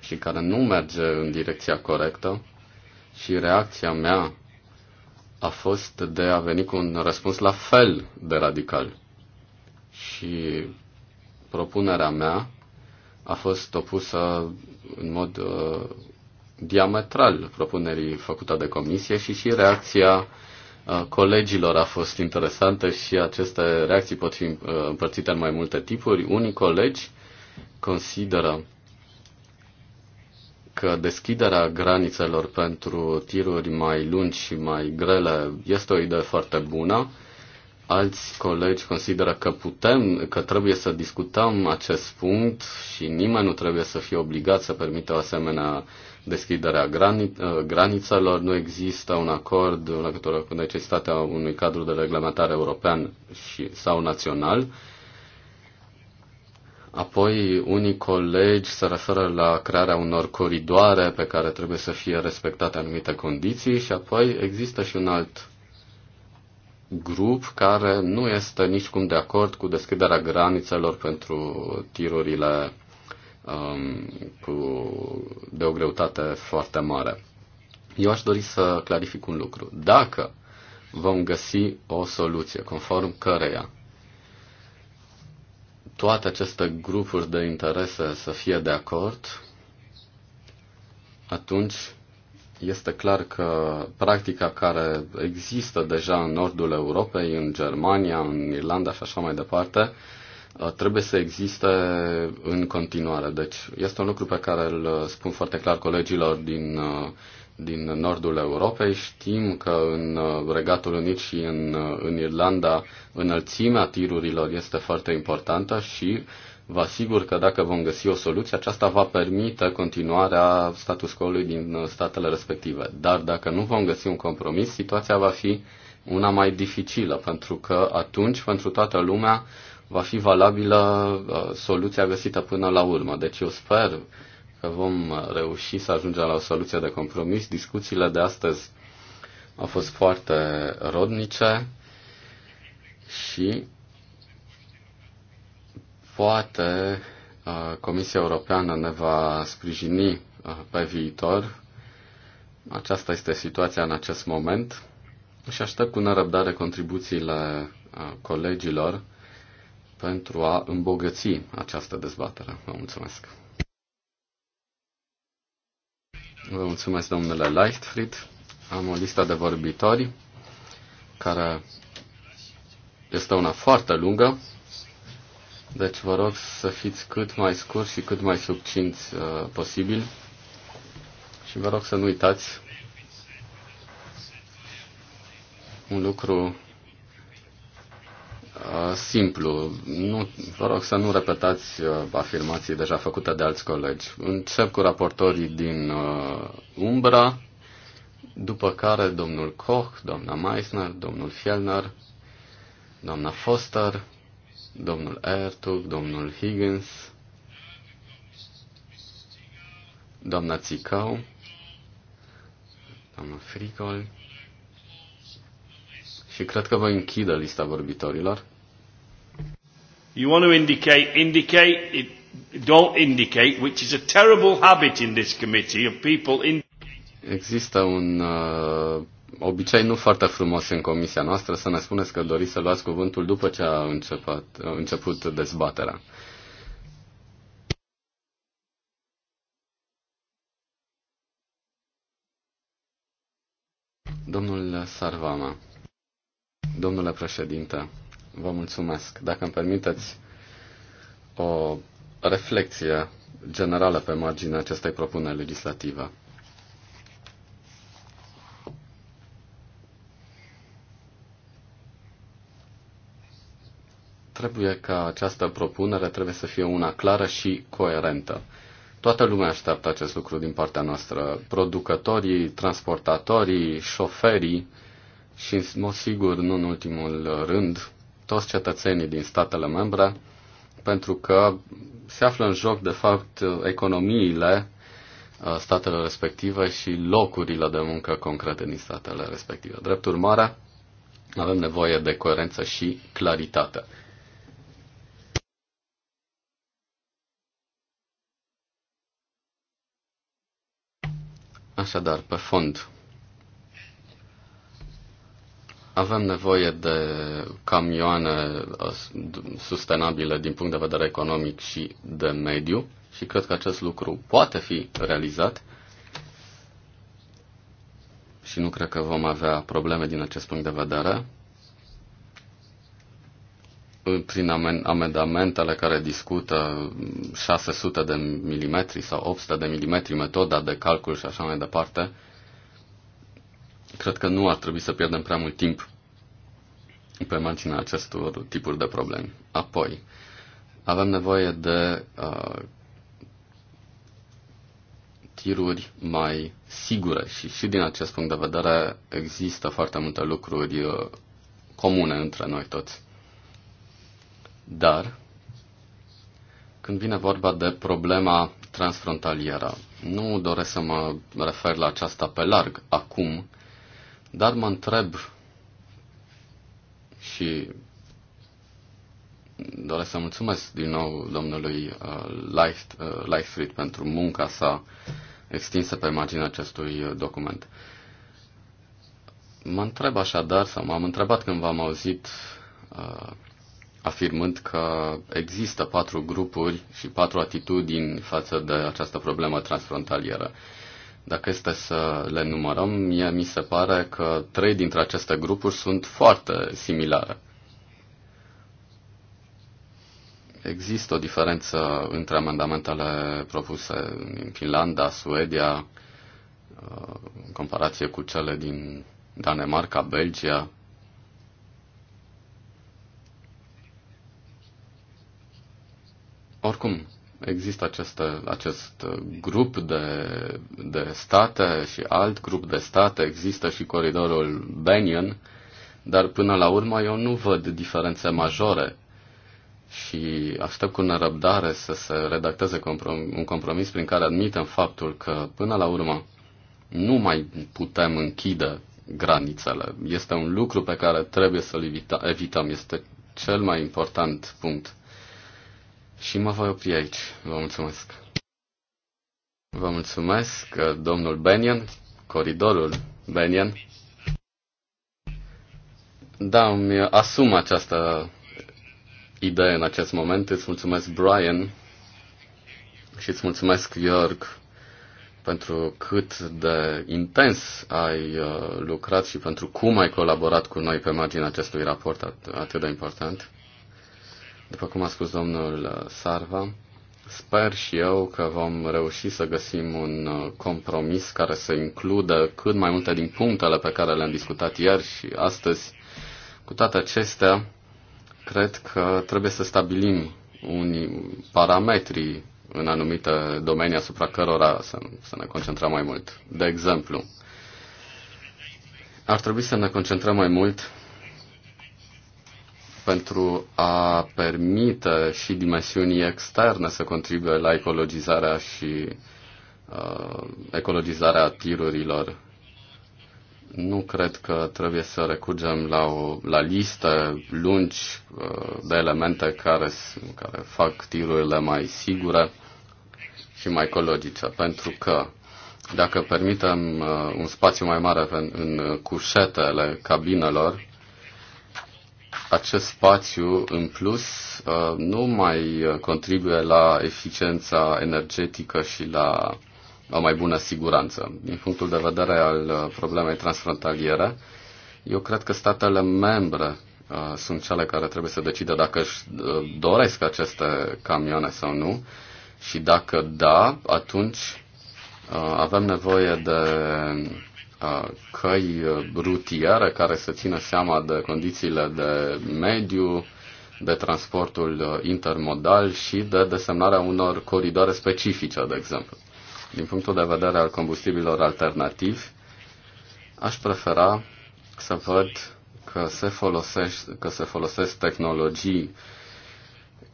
și care nu merge în direcția corectă și reacția mea a fost de a veni cu un răspuns la fel de radical. Și propunerea mea a fost opusă în mod uh, diametral propunerii făcute de comisie și și reacția colegilor a fost interesantă și aceste reacții pot fi uh, împărțite în mai multe tipuri. Unii colegi consideră că deschiderea granițelor pentru tiruri mai lungi și mai grele este o idee foarte bună, alți colegi consideră că putem, că trebuie să discutăm acest punct și nimeni nu trebuie să fie obligat să permită o asemenea deschidere a uh, granițelor. Nu există un acord în legătură cu necesitatea unui cadru de reglementare european și, sau național. Apoi, unii colegi se referă la crearea unor coridoare pe care trebuie să fie respectate anumite condiții și apoi există și un alt grup care nu este nicicum de acord cu deschiderea granițelor pentru tirurile um, cu, de o greutate foarte mare. Eu aș dori să clarific un lucru. Dacă vom găsi o soluție conform căreia toate aceste grupuri de interese să fie de acord, atunci este clar că practica care există deja în nordul Europei, în Germania, în Irlanda și așa mai departe, uh, trebuie să existe în continuare. Deci este un lucru pe care îl uh, spun foarte clar colegilor din, uh, din nordul Europei. Știm că în Regatul Unit și în, în Irlanda înălțimea tirurilor este foarte importantă și Vă asigur că dacă vom găsi o soluție, aceasta va permite continuarea status quo-ului din uh, statele respective. Dar dacă nu vom găsi un compromis, situația va fi una mai dificilă, pentru că atunci, pentru toată lumea, va fi valabilă uh, soluția găsită până la urmă. Deci eu sper că vom uh, reuși să ajungem la o soluție de compromis. Discuțiile de astăzi au fost foarte rodnice și poate uh, Comisia Europeană ne va sprijini uh, pe viitor. Aceasta este situația în acest moment și aștept cu nerăbdare contribuțiile uh, colegilor pentru a îmbogăți această dezbatere. Vă mulțumesc! Vă mulțumesc, domnule Leichtfried. Am o listă de vorbitori care este una foarte lungă. Deci vă rog să fiți cât mai scurți și cât mai subcinți uh, posibil. Și vă rog să nu uitați un lucru uh, simplu. Nu, vă rog să nu repetați uh, afirmații deja făcute de alți colegi. Încep cu raportorii din uh, Umbra, după care domnul Koch, doamna Meissner, domnul Fielner, doamna Foster, domnul Ertug, domnul Higgins, doamna Țicau, doamna Fricol și cred că voi închide lista vorbitorilor. You want to indicate, indicate, it, don't indicate, which is a terrible habit in this committee of people in Există un uh, obicei nu foarte frumos în comisia noastră să ne spuneți că doriți să luați cuvântul după ce a început, a început dezbaterea. Domnul Sarvama, domnule președinte, vă mulțumesc. Dacă îmi permiteți o reflexie generală pe marginea acestei propuneri legislative. trebuie ca această propunere trebuie să fie una clară și coerentă. Toată lumea așteaptă acest lucru din partea noastră. Producătorii, transportatorii, șoferii și, în mod sigur, nu în ultimul rând, toți cetățenii din statele membre, pentru că se află în joc, de fapt, economiile uh, statele respective și locurile de muncă concrete din statele respective. Drept urmare, avem nevoie de coerență și claritate. Așadar, pe fond, avem nevoie de camioane uh, sustenabile din punct de vedere economic și de mediu și cred că acest lucru poate fi realizat și nu cred că vom avea probleme din acest punct de vedere prin amendamentele care discută 600 de milimetri sau 800 de milimetri metoda de calcul și așa mai departe, cred că nu ar trebui să pierdem prea mult timp pe marginea acestor tipuri de probleme. Apoi, avem nevoie de uh, tiruri mai sigure și și din acest punct de vedere există foarte multe lucruri uh, comune între noi toți. Dar, când vine vorba de problema transfrontalieră, nu doresc să mă refer la aceasta pe larg acum, dar mă întreb și doresc să mulțumesc din nou domnului uh, Lightfried uh, pentru munca sa extinsă pe marginea acestui uh, document. Mă întreb așadar, sau m-am întrebat când v-am auzit afirmând că există patru grupuri și patru atitudini față de această problemă transfrontalieră. Dacă este să le numărăm, mie mi se pare că trei dintre aceste grupuri sunt foarte similare. Există o diferență între amendamentele propuse în Finlanda, Suedia, uh, în comparație cu cele din Danemarca, Belgia, Oricum, există acest acest grup de, de state și alt grup de state, există și coridorul Benyon, dar până la urmă eu nu văd diferențe majore și aștept cu nerăbdare să se redacteze comprom- un compromis prin care admitem faptul că până la urmă nu mai putem închide granițele. Este un lucru pe care trebuie să-l evităm. Este cel mai important punct și mă voi opri aici. Vă mulțumesc. Vă mulțumesc, uh, domnul Benian, coridorul Benian. Da, îmi asum această idee în acest moment. Îți mulțumesc, Brian, și îți mulțumesc, Jörg, pentru cât de intens ai uh, lucrat și pentru cum ai colaborat cu noi pe marginea acestui raport at- atât de important. După cum a spus domnul Sarva, sper și eu că vom reuși să găsim un uh, compromis care să includă cât mai multe din punctele pe care le-am discutat ieri și astăzi. Cu toate acestea, cred că trebuie să stabilim unii parametri în anumite domenii asupra cărora să, să ne concentrăm mai mult. De exemplu, ar trebui să ne concentrăm mai mult pentru a permite și dimensiunii externe să contribuie la ecologizarea și uh, ecologizarea tirurilor. Nu cred că trebuie să recurgem la, o, la liste lungi uh, de elemente care, care fac tirurile mai sigure și mai ecologice, pentru că dacă permitem uh, un spațiu mai mare în, în cușetele cabinelor, acest spațiu în plus uh, nu mai contribuie la eficiența energetică și la o mai bună siguranță. Din punctul de vedere al uh, problemei transfrontaliere, eu cred că statele membre uh, sunt cele care trebuie să decidă dacă își doresc aceste camioane sau nu și dacă da, atunci avem nevoie de Uh, căi uh, rutiere care să țină seama de condițiile de mediu, de transportul uh, intermodal și de desemnarea unor coridoare specifice, de exemplu. Din punctul de vedere al combustibilor alternativi, aș prefera să văd că se, folosește, că se folosesc tehnologii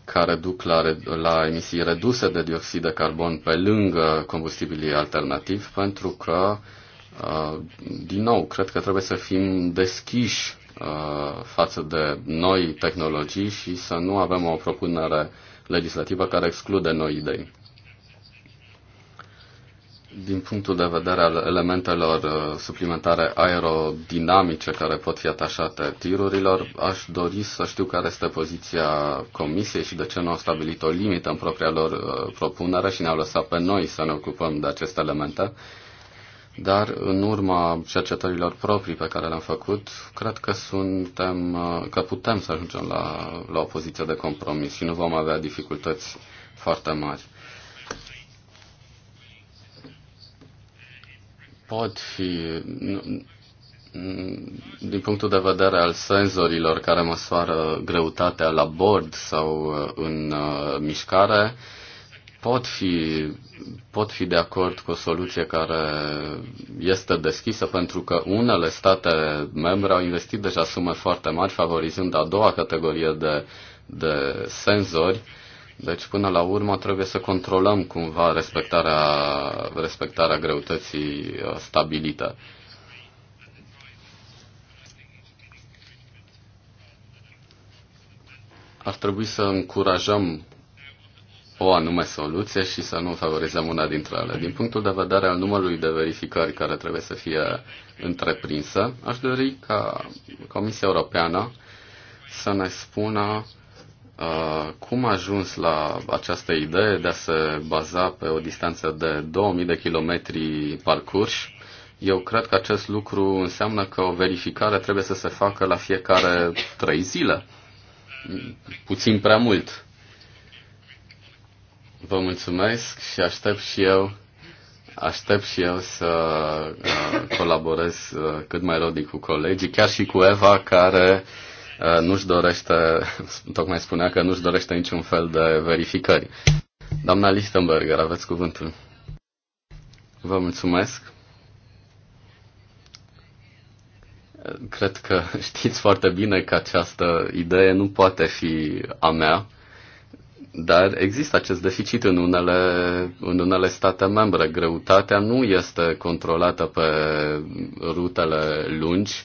care duc la, la emisii reduse de dioxid de carbon pe lângă combustibilii alternativi, pentru că uh, Uh, din nou, cred că trebuie să fim deschiși uh, față de noi tehnologii și să nu avem o propunere legislativă care exclude noi idei. Din punctul de vedere al elementelor uh, suplimentare aerodinamice care pot fi atașate tirurilor, aș dori să știu care este poziția Comisiei și de ce nu au stabilit o limită în propria lor propunere și ne-au lăsat pe noi să ne ocupăm de aceste elemente dar în urma cercetărilor proprii pe care le-am făcut, cred că suntem, că putem să ajungem la, la o poziție de compromis și nu vom avea dificultăți foarte mari. Pot fi, din punctul de vedere al senzorilor care măsoară greutatea la bord sau uh, în uh, mișcare, pot fi, pot fi de acord cu o soluție care este deschisă pentru că unele state membre au investit deja sume foarte mari favorizând a doua categorie de, de senzori. Deci până la urmă trebuie să controlăm cumva respectarea, respectarea greutății uh, stabilită. Ar trebui să încurajăm o anume soluție și să nu favorizăm una dintre ele. Din punctul de vedere al numărului de verificări care trebuie să fie întreprinsă, aș dori ca Comisia Europeană să ne spună uh, cum a ajuns la această idee de a se baza pe o distanță de 2000 de kilometri parcurși. Eu cred că acest lucru înseamnă că o verificare trebuie să se facă la fiecare trei zile. Puțin prea mult Vă mulțumesc și aștept și eu aștept și eu să uh, colaborez uh, cât mai rodic cu colegii, chiar și cu Eva, care uh, nu-și dorește, [laughs] tocmai spunea că nu-și dorește niciun fel de verificări. Doamna Lichtenberger, aveți cuvântul. Vă mulțumesc. Cred că [laughs] știți foarte bine că această idee nu poate fi a mea. Dar există acest deficit în unele, în unele state membre. Greutatea nu este controlată pe rutele lungi,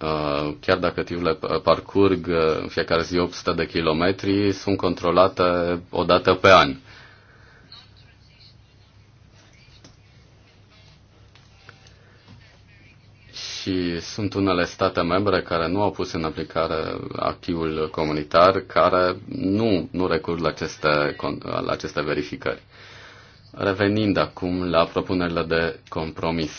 uh, chiar dacă tivurile parcurg uh, în fiecare zi 800 de kilometri, sunt controlate o dată pe an. și sunt unele state membre care nu au pus în aplicare activul comunitar, care nu, nu recurg la aceste, la aceste verificări. Revenind acum la propunerile de compromis.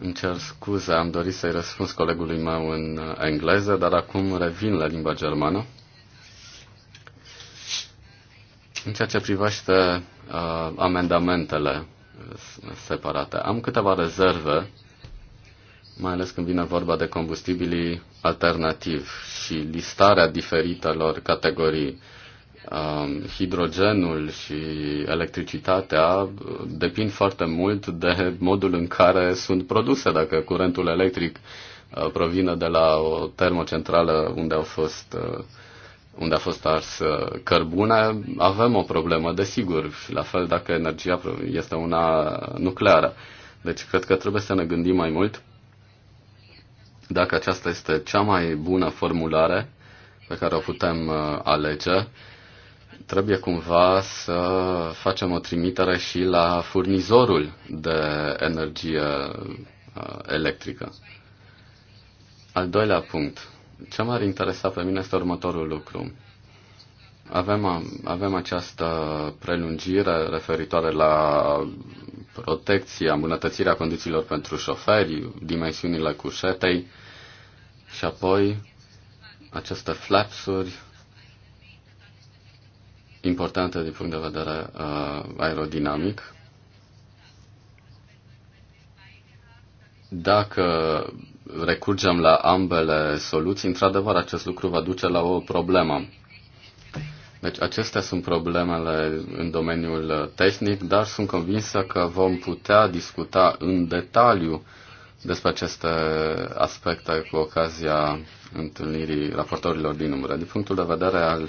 Îmi cer scuze, am dorit să-i răspuns colegului meu în engleză, dar acum revin la limba germană. În ceea ce privește uh, amendamentele separate. Am câteva rezerve, mai ales când vine vorba de combustibilii alternativi și listarea diferitelor categorii. Um, hidrogenul și electricitatea uh, depind foarte mult de modul în care sunt produse, dacă curentul electric uh, provine de la o termocentrală unde au fost uh, unde a fost ars uh, cărbune, avem o problemă, desigur, și la fel dacă energia este una nucleară. Deci cred că trebuie să ne gândim mai mult dacă aceasta este cea mai bună formulare pe care o putem uh, alege. Trebuie cumva să facem o trimitere și la furnizorul de energie uh, electrică. Al doilea punct ce m-ar interesa pe mine este următorul lucru. Avem, avem această prelungire referitoare la protecția, îmbunătățirea condițiilor pentru șoferi, dimensiunile cușetei și apoi aceste flapsuri importante din punct de vedere uh, aerodinamic. Dacă recurgem la ambele soluții, într-adevăr acest lucru va duce la o problemă. Deci acestea sunt problemele în domeniul tehnic, dar sunt convinsă că vom putea discuta în detaliu despre aceste aspecte cu ocazia întâlnirii raportorilor din umbră. Din punctul de vedere al,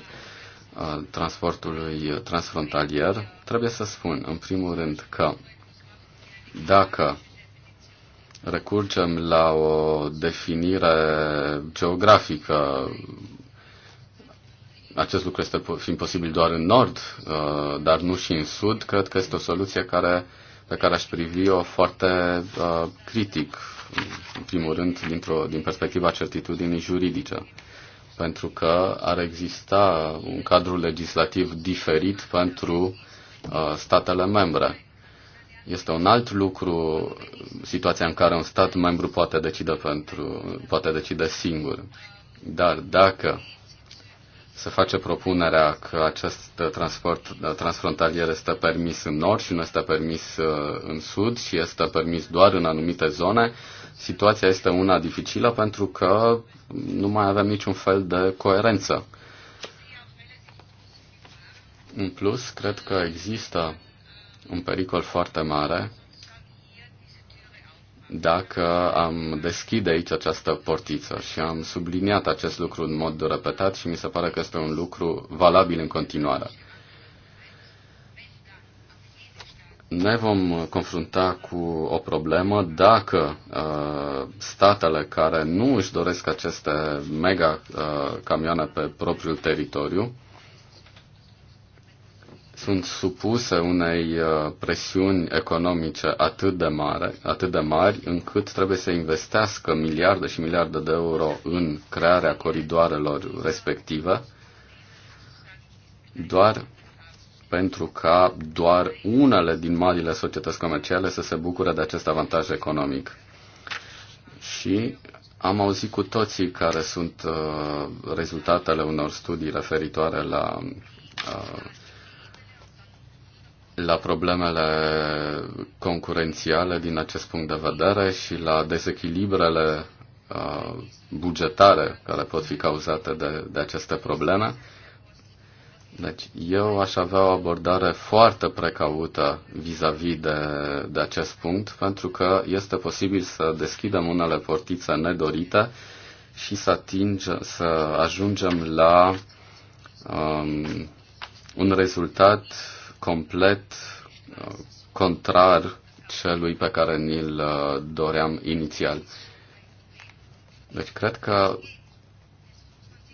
al transportului transfrontalier, trebuie să spun, în primul rând, că dacă recurgem la o definire geografică. Acest lucru este fiind posibil doar în nord, uh, dar nu și în sud. Cred că este o soluție care, pe care aș privi-o foarte uh, critic, în primul rând dintr-o, din perspectiva certitudinii juridice pentru că ar exista un cadru legislativ diferit pentru uh, statele membre. Este un alt lucru situația în care un stat membru poate decide, pentru, poate decide singur. Dar dacă se face propunerea că acest transport transfrontalier este permis în nord și nu este permis uh, în sud și este permis doar în anumite zone, situația este una dificilă pentru că nu mai avem niciun fel de coerență. În plus, cred că există un pericol foarte mare dacă am deschide aici această portiță și am subliniat acest lucru în mod repetat și mi se pare că este un lucru valabil în continuare. Ne vom confrunta cu o problemă dacă uh, statele care nu își doresc aceste mega uh, camioane pe propriul teritoriu sunt supuse unei uh, presiuni economice atât de, mare, atât de mari încât trebuie să investească miliarde și miliarde de euro în crearea coridoarelor respective, doar pentru ca doar unele din marile societăți comerciale să se bucure de acest avantaj economic. Și am auzit cu toții care sunt uh, rezultatele unor studii referitoare la uh, la problemele concurențiale din acest punct de vedere și la dezechilibrele uh, bugetare care pot fi cauzate de, de aceste probleme. Deci eu aș avea o abordare foarte precaută vis-a-vis -vis de, de acest punct, pentru că este posibil să deschidem unele portițe nedorite și să, atinge, să ajungem la um, un rezultat complet uh, contrar celui pe care ni-l uh, doream inițial. Deci cred că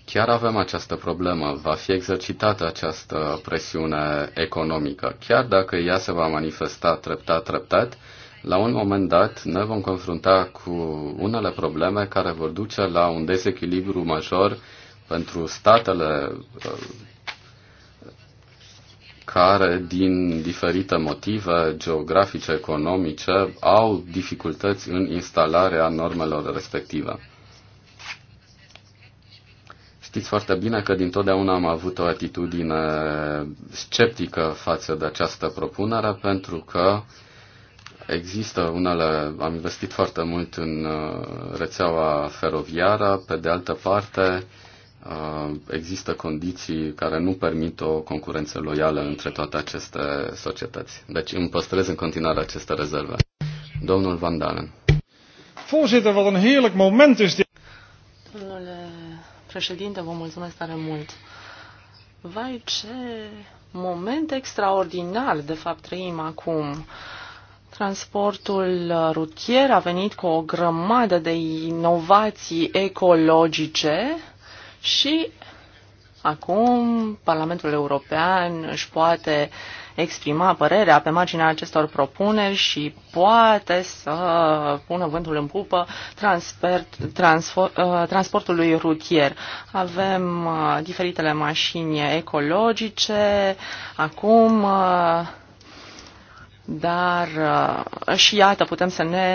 chiar avem această problemă, va fi exercitată această presiune economică. Chiar dacă ea se va manifesta treptat, treptat, la un moment dat ne vom confrunta cu unele probleme care vor duce la un dezechilibru major pentru statele uh, care, din diferite motive geografice, economice, au dificultăți în instalarea normelor respective. Știți foarte bine că dintotdeauna am avut o atitudine sceptică față de această propunere, pentru că există unele, am investit foarte mult în uh, rețeaua feroviară, pe de altă parte, Uh, există condiții care nu permit o concurență loială între toate aceste societăți. Deci îmi păstrez în continuare aceste rezerve. Domnul Van Dalen. Voorzitter, wat een heerlijk moment is dit. Domnule președinte, vă mulțumesc tare mult. Vai, ce moment extraordinar, de fapt, trăim acum. Transportul rutier a venit cu o grămadă de inovații ecologice, și acum Parlamentul European își poate exprima părerea pe marginea acestor propuneri și poate să pună vântul în pupă transfer, transfer, uh, transportului rutier. Avem uh, diferitele mașini ecologice, acum uh, dar uh, și iată, putem să ne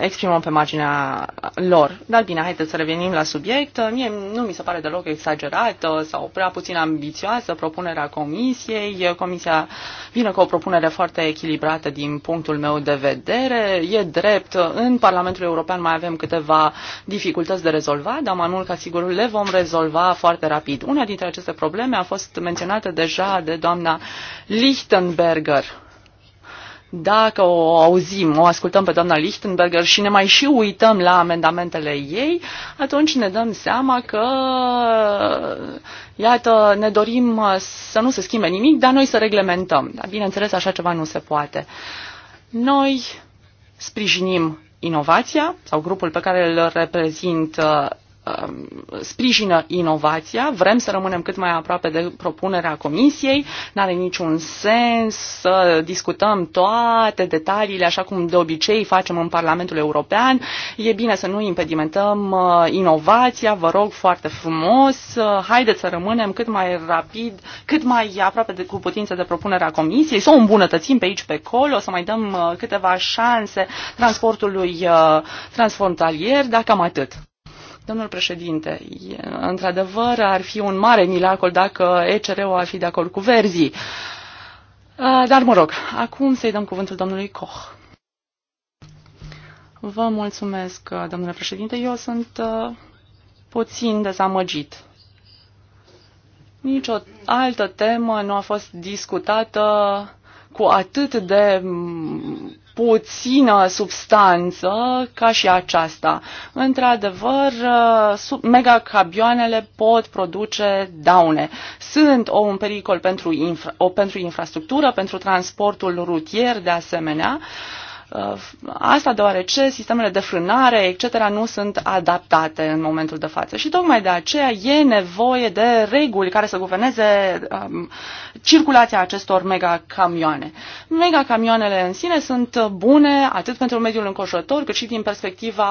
exprimăm pe marginea lor. Dar bine, haideți să revenim la subiect. Uh, mie nu mi se pare deloc exagerată uh, sau prea puțin ambițioasă propunerea comisiei. Comisia vine cu o propunere foarte echilibrată din punctul meu de vedere. E drept, în Parlamentul European mai avem câteva dificultăți de rezolvat, dar mai mult ca sigur le vom rezolva foarte rapid. Una dintre aceste probleme a fost menționată deja de doamna Lichtenberger dacă o auzim, o ascultăm pe doamna Lichtenberger și ne mai și uităm la amendamentele ei, atunci ne dăm seama că, iată, ne dorim să nu se schimbe nimic, dar noi să reglementăm. Dar, bineînțeles, așa ceva nu se poate. Noi sprijinim inovația sau grupul pe care îl reprezint Um, sprijină inovația, vrem să rămânem cât mai aproape de propunerea comisiei, n-are niciun sens să discutăm toate detaliile așa cum de obicei facem în Parlamentul European, e bine să nu impedimentăm uh, inovația, vă rog foarte frumos, uh, haideți să rămânem cât mai rapid, cât mai aproape de, cu putință de propunerea comisiei, să o îmbunătățim pe aici, pe acolo, să mai dăm uh, câteva șanse transportului transfrontalier, dacă am atât. Domnul președinte, într-adevăr ar fi un mare milacol dacă ECR-ul ar fi de acord cu verzii. Dar mă rog, acum să-i dăm cuvântul domnului Koch. Vă mulțumesc, domnule președinte. Eu sunt puțin dezamăgit. Nici o altă temă nu a fost discutată cu atât de puțină substanță ca și aceasta. Într-adevăr, uh, megacabioanele pot produce daune. Sunt o, un pericol pentru, infra, o, pentru infrastructură, pentru transportul rutier de asemenea. Uh, Uh, asta deoarece sistemele de frânare, etc., nu sunt adaptate în momentul de față. Și tocmai de aceea e nevoie de reguli care să guverneze um, circulația acestor megacamioane. Megacamioanele în sine sunt bune atât pentru mediul înconjurător, cât și din perspectiva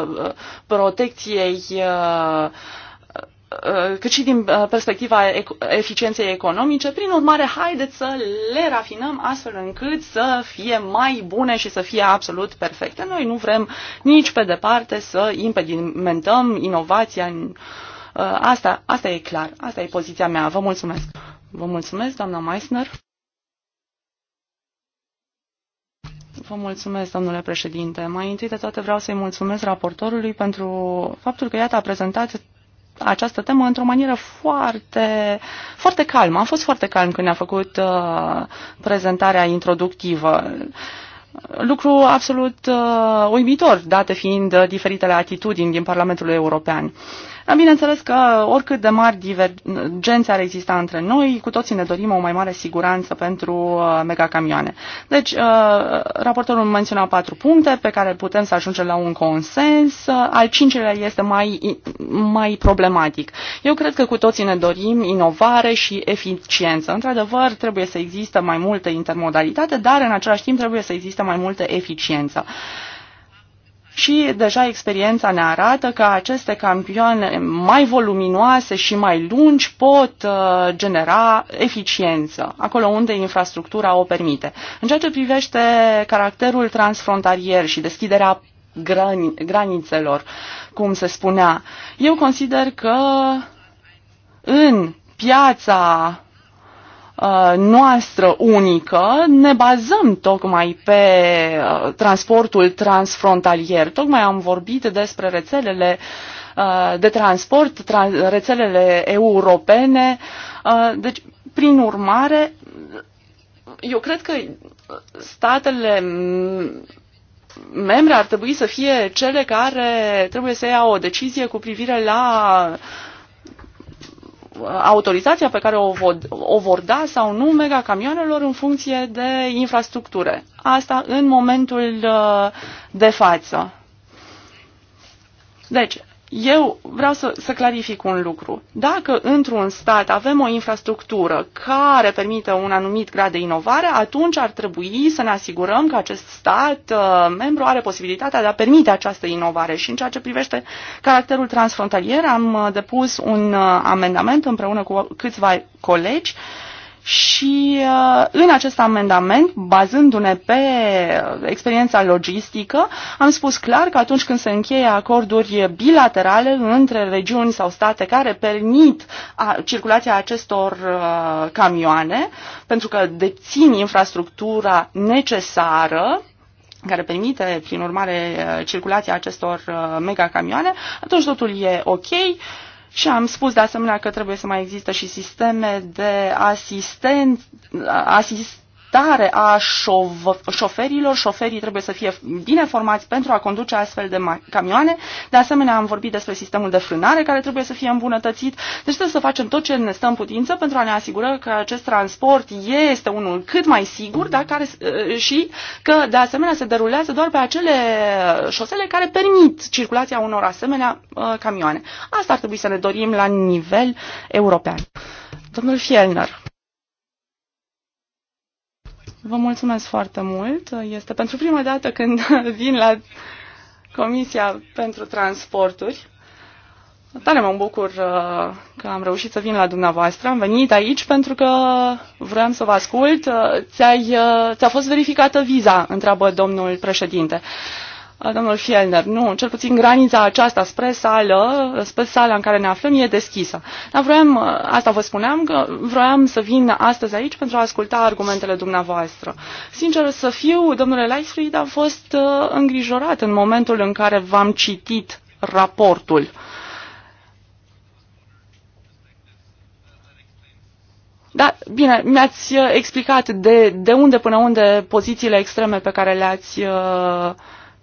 uh, protecției uh, Uh, cât și din uh, perspectiva eficienței economice. Prin urmare, haideți să le rafinăm astfel încât să fie mai bune și să fie absolut perfecte. Noi nu vrem nici pe departe să impedimentăm inovația. Uh, asta, asta e clar. Asta e poziția mea. Vă mulțumesc. Vă mulțumesc, doamna Meissner. Vă mulțumesc, domnule președinte. Mai întâi de toate vreau să-i mulțumesc raportorului pentru faptul că, iată, a prezentat această temă într-o manieră foarte, foarte calmă. Am fost foarte calm când ne-a făcut uh, prezentarea introductivă. Lucru absolut uh, uimitor, date fiind uh, diferitele atitudini din Parlamentul European. Uh, am bineînțeles că oricât de mari divergențe ar exista între noi, cu toții ne dorim o mai mare siguranță pentru uh, megacamioane. Deci, uh, raportorul menționa patru puncte pe care putem să ajungem la un consens. Uh, al cincilea este mai, mai problematic. Eu cred că cu toții ne dorim inovare și eficiență. Într-adevăr, trebuie să există mai multă intermodalitate, dar în același timp trebuie să existe mai multă eficiență. Uh, și deja experiența ne arată că aceste campioane mai voluminoase și mai lungi pot uh, genera eficiență, acolo unde infrastructura o permite. În ceea ce privește caracterul transfrontalier și deschiderea grani, granițelor, cum se spunea, eu consider că în piața Uh, noastră unică ne bazăm tocmai pe uh, transportul transfrontalier. Tocmai am vorbit despre rețelele uh, de transport, rețelele europene. Deci, prin urmare, eu cred că statele mm, membre ar trebui să fie cele care trebuie să ia o decizie cu privire la autorizația pe care o, vod, o vor da sau nu mega camioanelor în funcție de infrastructură. Asta în momentul uh, de față. Deci, eu vreau să, să clarific un lucru. Dacă într-un stat avem o infrastructură care permite un anumit grad de inovare, atunci ar trebui să ne asigurăm că acest stat uh, membru are posibilitatea de a permite această inovare. Și în ceea ce privește caracterul transfrontalier, am uh, depus un uh, amendament împreună cu câțiva colegi uh, și uh, în acest amendament, bazându-ne pe uh, experiența logistică, am spus clar că atunci când se încheie acorduri bilaterale între regiuni sau state care permit circulația acestor uh, camioane, pentru că dețin infrastructura necesară, care permite, prin urmare, circulația acestor mega camioane, atunci totul e ok și am spus de asemenea că trebuie să mai există și sisteme de asistență. asist, adaptare a șov- șoferilor. Șoferii trebuie să fie bine formați pentru a conduce astfel de camioane. De asemenea, am vorbit despre sistemul de frânare care trebuie să fie îmbunătățit. Deci trebuie să facem tot ce ne stă în putință pentru a ne asigura că acest transport este unul cât mai sigur dar care, uh, și că, de asemenea, se derulează doar pe acele șosele care permit circulația unor asemenea uh, camioane. Asta ar trebui să ne dorim la nivel european. Domnul Fielner. Vă mulțumesc foarte mult. Este pentru prima dată când [laughs] vin la Comisia pentru Transporturi. Tare mă bucur uh, că am reușit să vin la dumneavoastră. Am venit aici pentru că vreau să vă ascult. Uh, uh, ți-a ți fost verificată viza, întreabă domnul președinte. Uh, domnul Fielner. Nu, cel puțin granița aceasta spre sală, spre sala în care ne aflăm, e deschisă. Dar vroiam, asta vă spuneam, că vroiam să vin astăzi aici pentru a asculta argumentele dumneavoastră. Sincer să fiu, domnule Leisfried a fost uh, îngrijorat în momentul în care v-am citit raportul. Da, bine, mi-ați uh, explicat de, de unde până unde pozițiile extreme pe care le-ați uh,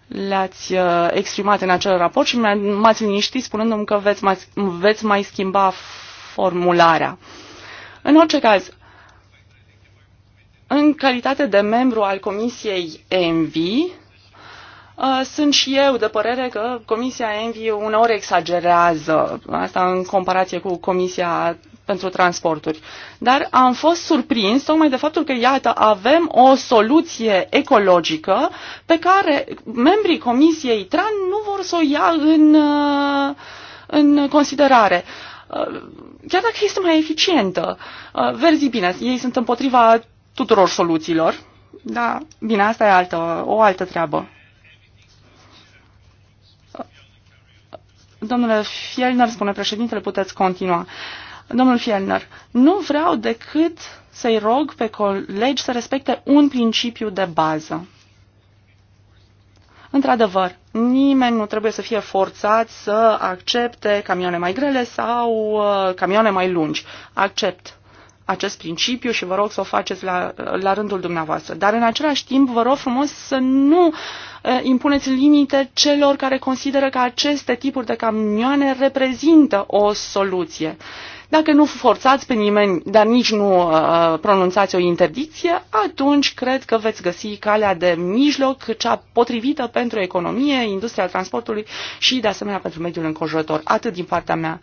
le-ați uh, exprimat în acel raport și m-ați liniștit spunându-mi că veți mai, veți mai schimba formularea. În orice caz, în calitate de membru al Comisiei ENVI, uh, sunt și eu de părere că Comisia ENVI uneori exagerează, asta în comparație cu Comisia pentru transporturi. Dar am fost surprins tocmai de faptul că, iată, avem o soluție ecologică pe care membrii Comisiei TRAN nu vor să o ia în, uh, în considerare uh, chiar dacă este mai eficientă. Uh, verzi, bine, ei sunt împotriva tuturor soluțiilor, dar bine, asta e altă, o altă treabă. Domnule Fielner, spune președintele, puteți continua. Uh, Domnul Fielner, nu vreau decât să-i rog pe colegi să respecte un principiu de bază. Într-adevăr, nimeni nu trebuie să fie forțat să accepte camioane mai grele sau uh, camioane mai lungi. Accept acest principiu și vă rog să o faceți la, la rândul dumneavoastră. Dar în același timp vă rog frumos să nu uh, impuneți limite celor care consideră că aceste tipuri de camioane reprezintă o soluție. Uh, dacă nu forțați pe nimeni, dar nici nu uh, pronunțați o interdicție, atunci cred că veți găsi calea de mijloc, cea potrivită pentru economie, industria transportului și, de asemenea, pentru mediul înconjurător. Atât din partea mea.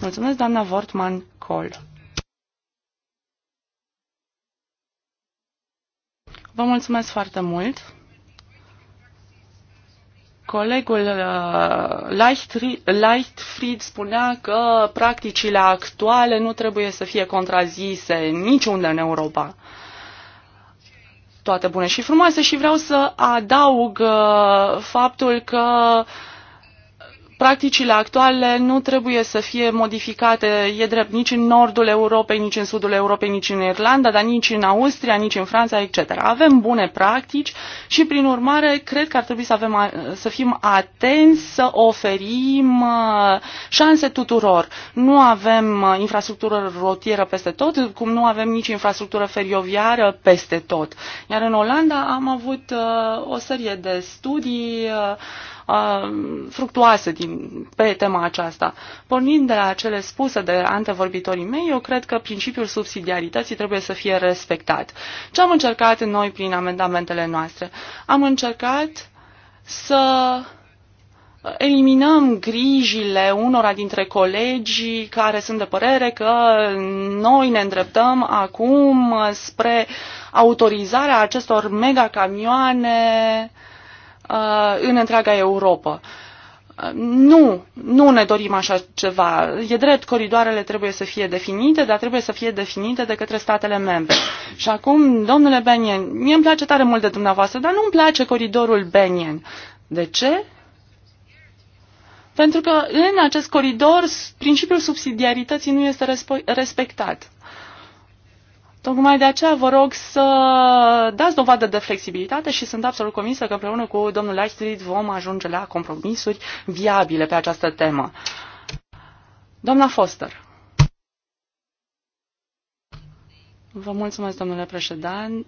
Mulțumesc, doamna Wortman Col. Vă mulțumesc foarte mult. Colegul uh, Lightfried spunea că practicile actuale nu trebuie să fie contrazise niciunde în Europa. Toate bune și frumoase și vreau să adaug uh, faptul că uh, Practicile actuale nu trebuie să fie modificate, e drept, nici în nordul Europei, nici în sudul Europei, nici în Irlanda, dar nici în Austria, nici în Franța, etc. Avem bune practici și, prin urmare, cred că ar trebui să, avem, să fim atenți să oferim uh, șanse tuturor. Nu avem uh, infrastructură rotieră peste tot, cum nu avem nici infrastructură feroviară peste tot. Iar în Olanda am avut uh, o serie de studii Um, fructuoase din, pe tema aceasta. Pornind de la cele spuse de antevorbitorii mei, eu cred că principiul subsidiarității trebuie să fie respectat. Ce am încercat noi prin amendamentele noastre? Am încercat să eliminăm grijile unora dintre colegii care sunt de părere că noi ne îndreptăm acum spre autorizarea acestor megacamioane Uh, în întreaga Europa. Uh, nu, nu ne dorim așa ceva. E drept, coridoarele trebuie să fie definite, dar trebuie să fie definite de către statele membre. Și acum, domnule Benien, mie îmi place tare mult de dumneavoastră, dar nu îmi place coridorul Benien. De ce? Pentru că în acest coridor principiul subsidiarității nu este respectat. Tocmai de aceea vă rog să dați dovadă de flexibilitate și sunt absolut convinsă că împreună cu domnul Lightstreet vom ajunge la compromisuri viabile pe această temă. Doamna Foster. Vă mulțumesc, domnule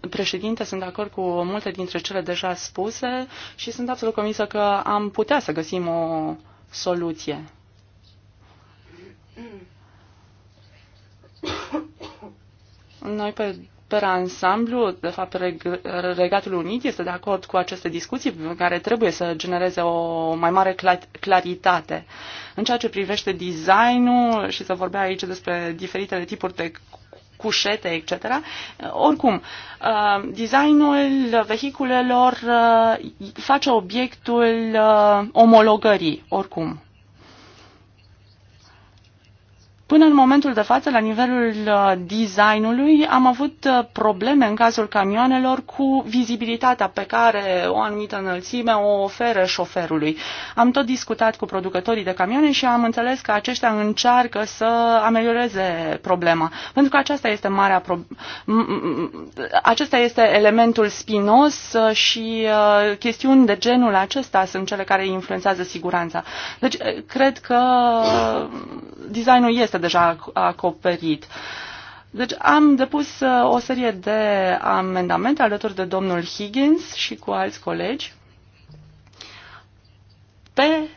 președinte. Sunt de acord cu multe dintre cele deja spuse și sunt absolut convinsă că am putea să găsim o soluție. Noi pe pe ansamblu, de fapt Regatul Unit este de acord cu aceste discuții care trebuie să genereze o mai mare claritate. În ceea ce privește designul și să vorbea aici despre diferitele tipuri de cușete, etc. Oricum, uh, designul vehiculelor uh, face obiectul uh, omologării, oricum. Până în momentul de față, la nivelul uh, designului, am avut uh, probleme în cazul camioanelor cu vizibilitatea pe care o anumită înălțime o oferă șoferului. Am tot discutat cu producătorii de camioane și am înțeles că aceștia încearcă să amelioreze problema, pentru că aceasta este marea pro... acesta este elementul spinos uh, și chestiuni de genul acesta sunt cele care influențează siguranța. Deci, cred că designul este deja acoperit. Deci am depus uh, o serie de amendamente alături de domnul Higgins și cu alți colegi pe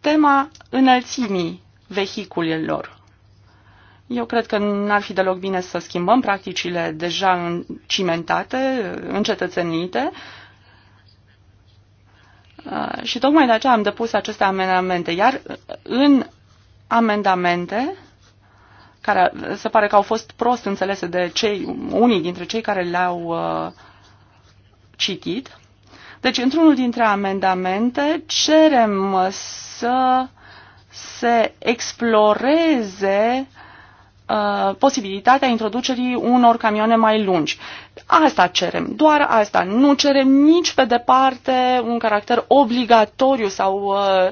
tema înălțimii vehiculelor. Eu cred că n-ar fi deloc bine să schimbăm practicile deja cimentate, încetățenite, uh, și tocmai de aceea am depus aceste amendamente. Iar în amendamente care se pare că au fost prost înțelese de cei, unii dintre cei care le-au uh, citit. Deci, într-unul dintre amendamente, cerem să se exploreze uh, posibilitatea introducerii unor camioane mai lungi. Asta cerem, doar asta. Nu cerem nici pe departe un caracter obligatoriu sau uh,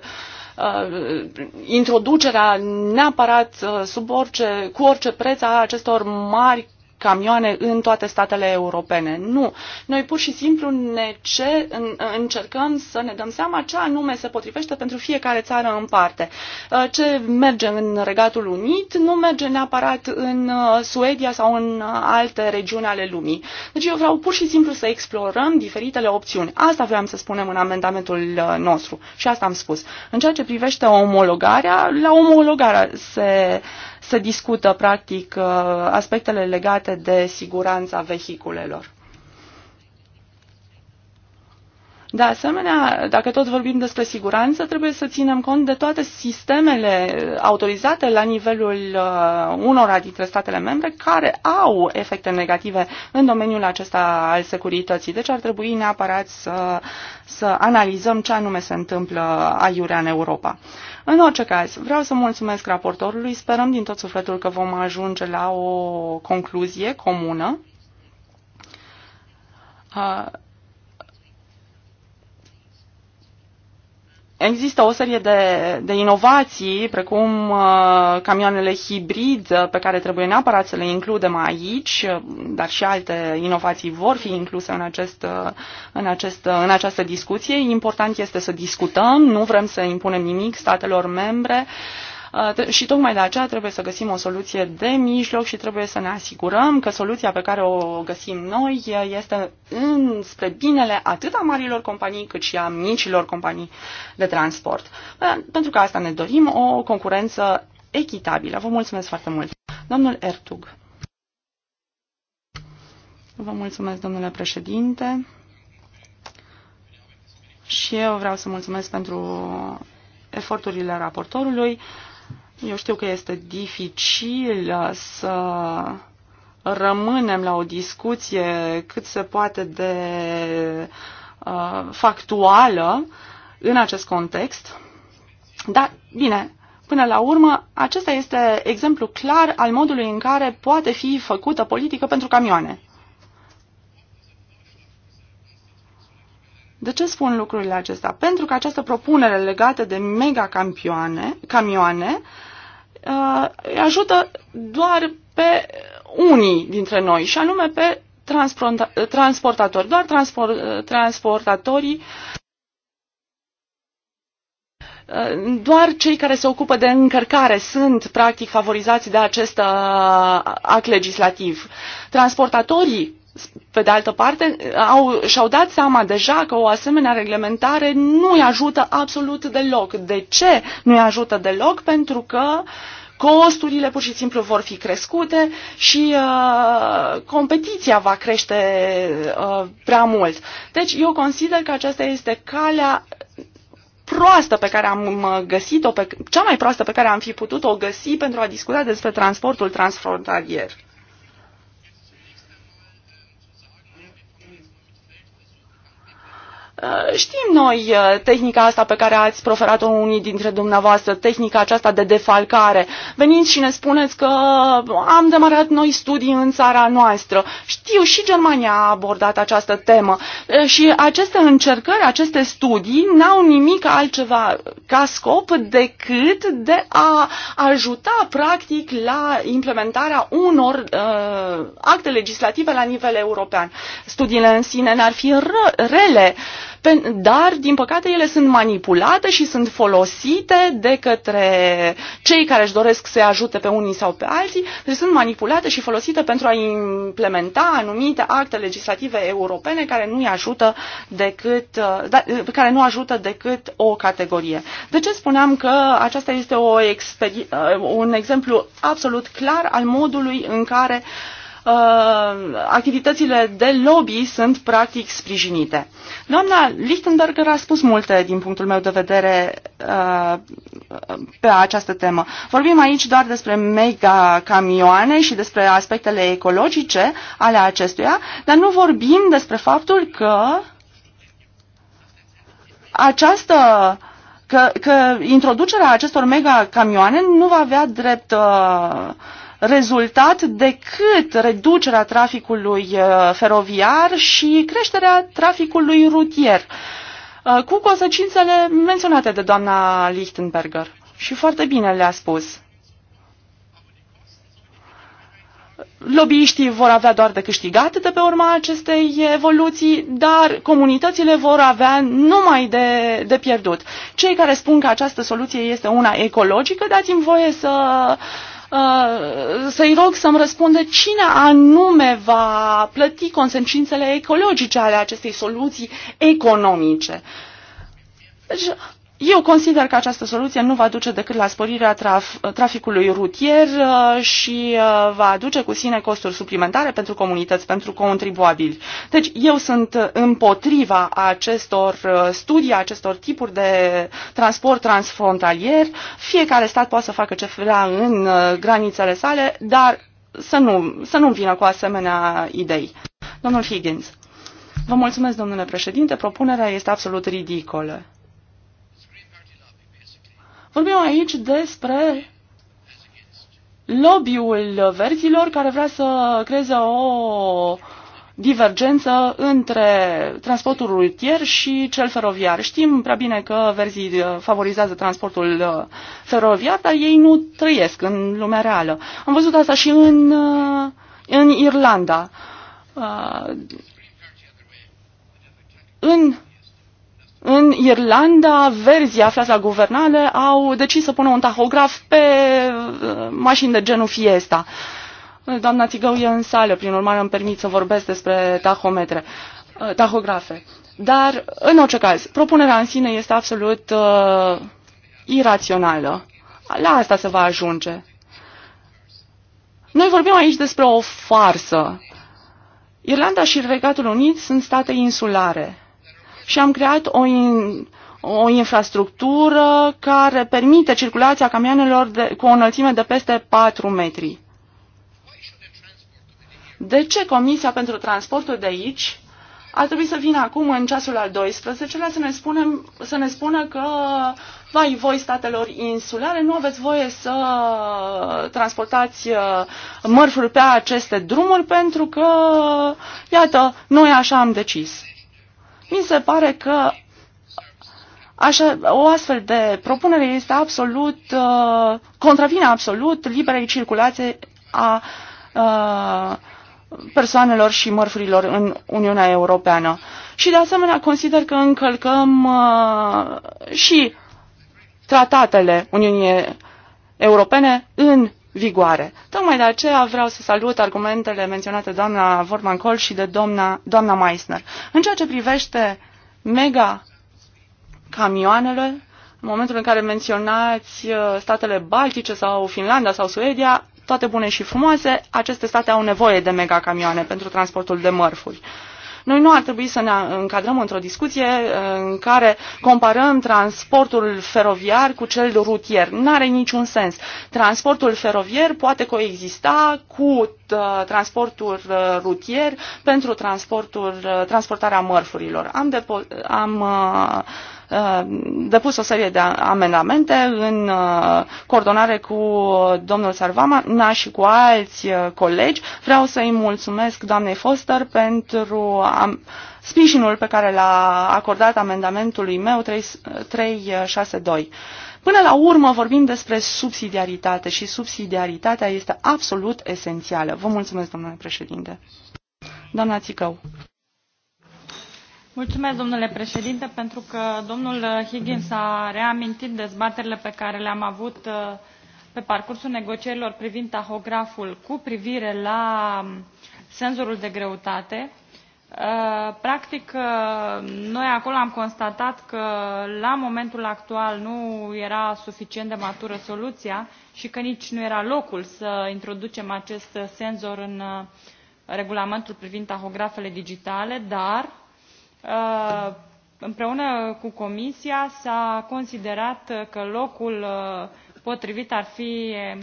introducerea neapărat uh, sub orice, cu orice preț a acestor mari camioane în toate statele europene. Nu. Noi pur și simplu ne ce, în, încercăm să ne dăm seama ce anume se potrivește pentru fiecare țară în parte. Uh, ce merge în Regatul Unit nu merge neapărat în uh, Suedia sau în uh, alte regiuni ale lumii. Deci eu vreau pur și simplu să explorăm diferitele opțiuni. Asta vreau să spunem în amendamentul nostru și asta am spus. În ceea ce privește omologarea, la omologarea se uh, se discută, practic, uh, aspectele legate de siguranța vehiculelor. De asemenea, dacă tot vorbim despre siguranță, trebuie să ținem cont de toate sistemele autorizate la nivelul uh, unora dintre statele membre care au efecte negative în domeniul acesta al securității. Deci ar trebui neapărat să, să analizăm ce anume se întâmplă aiurea în Europa. În orice caz, vreau să mulțumesc raportorului, sperăm din tot sufletul că vom ajunge la o concluzie comună. Uh, Există o serie de, de inovații, precum uh, camioanele hibrid, uh, pe care trebuie neapărat să le includem aici, uh, dar și alte inovații vor fi incluse în, acest, uh, în, acest, în această discuție. Important este să discutăm, nu vrem să impunem nimic statelor membre. Uh, Uh, și tocmai de aceea trebuie să găsim o soluție de mijloc și trebuie să ne asigurăm că soluția pe care o găsim noi este înspre binele atât a marilor companii cât și a micilor companii de transport. Uh, pentru că asta ne dorim o concurență echitabilă. Vă mulțumesc foarte mult. Domnul Ertug. Vă mulțumesc, domnule președinte. Și eu vreau să mulțumesc pentru eforturile raportorului. Eu știu că este dificil uh, să rămânem la o discuție cât se poate de uh, factuală în acest context, dar bine, Până la urmă, acesta este exemplu clar al modului în care poate fi făcută politică pentru camioane. De ce spun lucrurile acestea? Pentru că această propunere legată de mega camioane, camioane uh, uh, ajută doar pe unii dintre noi, și anume pe transportatori. Doar transport, transportatorii uh, doar cei care se ocupă de încărcare sunt practic favorizați de acest uh, act legislativ. Transportatorii pe de altă parte, au, și-au dat seama deja că o asemenea reglementare nu îi ajută absolut deloc. De ce nu îi ajută deloc? Pentru că costurile pur și simplu vor fi crescute și uh, competiția va crește uh, prea mult. Deci eu consider că aceasta este calea proastă pe care am uh, găsit-o, cea mai proastă pe care am fi putut-o găsi pentru a discuta despre transportul transfrontalier. Uh, știm noi uh, tehnica asta pe care ați proferat-o unii dintre dumneavoastră, tehnica aceasta de defalcare. Veniți și ne spuneți că am demarat noi studii în țara noastră. Știu, și Germania a abordat această temă. Uh, și aceste încercări, aceste studii n-au nimic altceva ca scop decât de a ajuta practic la implementarea unor uh, acte legislative la nivel european. Studiile în sine n-ar fi rele. Uh, dar, din păcate, ele sunt manipulate și sunt folosite de către cei care își doresc să ajute pe unii sau pe alții, deci sunt manipulate și folosite pentru a implementa anumite acte legislative europene care nu ajută decât, uh, da, uh, care nu ajută decât o categorie. De ce spuneam că aceasta este o uh, un exemplu absolut clar al modului în care uh, Uh, activitățile de lobby sunt practic sprijinite. Doamna Lichtenberger a spus multe din punctul meu de vedere uh, pe această temă. Vorbim aici doar despre mega camioane și despre aspectele ecologice ale acestuia, dar nu vorbim despre faptul că această că, că introducerea acestor mega camioane nu va avea drept uh, rezultat decât reducerea traficului uh, feroviar și creșterea traficului rutier, uh, cu consecințele menționate de doamna Lichtenberger. Și foarte bine le-a spus. Lobiștii vor avea doar de câștigat de pe urma acestei evoluții, dar comunitățile vor avea numai de, de pierdut. Cei care spun că această soluție este una ecologică, dați-mi voie să uh, Uh, să-i rog să-mi răspundă cine anume va plăti consecințele ecologice ale acestei soluții economice. Deci, eu consider că această soluție nu va duce decât la sporirea traf- traficului rutier uh, și uh, va aduce cu sine costuri suplimentare pentru comunități, pentru contribuabili. Deci eu sunt împotriva acestor uh, studii, acestor tipuri de transport transfrontalier. Fiecare stat poate să facă ce vrea în granițele sale, dar să nu, să nu vină cu asemenea idei. Domnul Higgins. Vă mulțumesc, domnule președinte. Propunerea este absolut ridicolă Vorbim aici despre lobby-ul verzilor care vrea să creeze o divergență între transportul rutier și cel feroviar. Știm prea bine că verzii favorizează transportul uh, feroviar, dar ei nu trăiesc în lumea reală. Am văzut asta și în, uh, în Irlanda. Uh, în în Irlanda, verzii aflați la guvernare au decis să pună un tahograf pe uh, mașini de genul Fiesta. Uh, doamna Țigău e în sală, prin urmare îmi permit să vorbesc despre tahometre, uh, tahografe. Dar, în orice caz, propunerea în sine este absolut uh, irațională. La asta se va ajunge. Noi vorbim aici despre o farsă. Irlanda și Regatul Unit sunt state insulare și am creat o, in, o infrastructură care permite circulația camioanelor de, cu o înălțime de peste 4 metri. De ce Comisia pentru Transportul de aici ar trebui să vină acum în ceasul al 12-lea să ne, să ne spună că vai voi statelor insulare nu aveți voie să transportați uh, mărfuri pe aceste drumuri pentru că iată noi așa am decis. Mi se pare că Așa, o astfel de propunere este absolut, uh, contravine absolut liberei circulații a uh, persoanelor și mărfurilor în Uniunea Europeană. Și de asemenea consider că încălcăm uh, și tratatele Uniunii Europene în vigoare. Tocmai de aceea vreau să salut argumentele menționate doamna Vorman Col și de doamna, doamna Meissner. În ceea ce privește mega camioanele, în momentul în care menționați uh, statele Baltice sau Finlanda sau Suedia, toate bune și frumoase, aceste state au nevoie de mega camioane pentru transportul de mărfuri. Uh, noi nu ar trebui să ne încadrăm într-o discuție uh, în care comparăm transportul feroviar cu cel rutier. Nu are niciun sens. Transportul feroviar poate coexista cu uh, transportul uh, rutier pentru transportul, transportarea mărfurilor. Am, depo- am uh, Uh, depus o serie de amendamente în uh, coordonare cu domnul Sarvama, na și cu alți uh, colegi. Vreau să-i mulțumesc doamnei Foster pentru sprijinul pe care l-a acordat amendamentului meu 362. Până la urmă vorbim despre subsidiaritate și subsidiaritatea este absolut esențială. Vă mulțumesc, domnule președinte. Doamna Țicău. Mulțumesc, domnule președinte, pentru că domnul Higgins a reamintit dezbaterile pe care le-am avut uh, pe parcursul negocierilor privind tahograful cu privire la um, senzorul de greutate. Uh, practic, uh, noi acolo am constatat că la momentul actual nu era suficient de matură soluția și că nici nu era locul să introducem acest senzor în regulamentul privind tahografele digitale, dar Uh, împreună cu comisia s a considerat că locul uh, potrivit ar fi uh,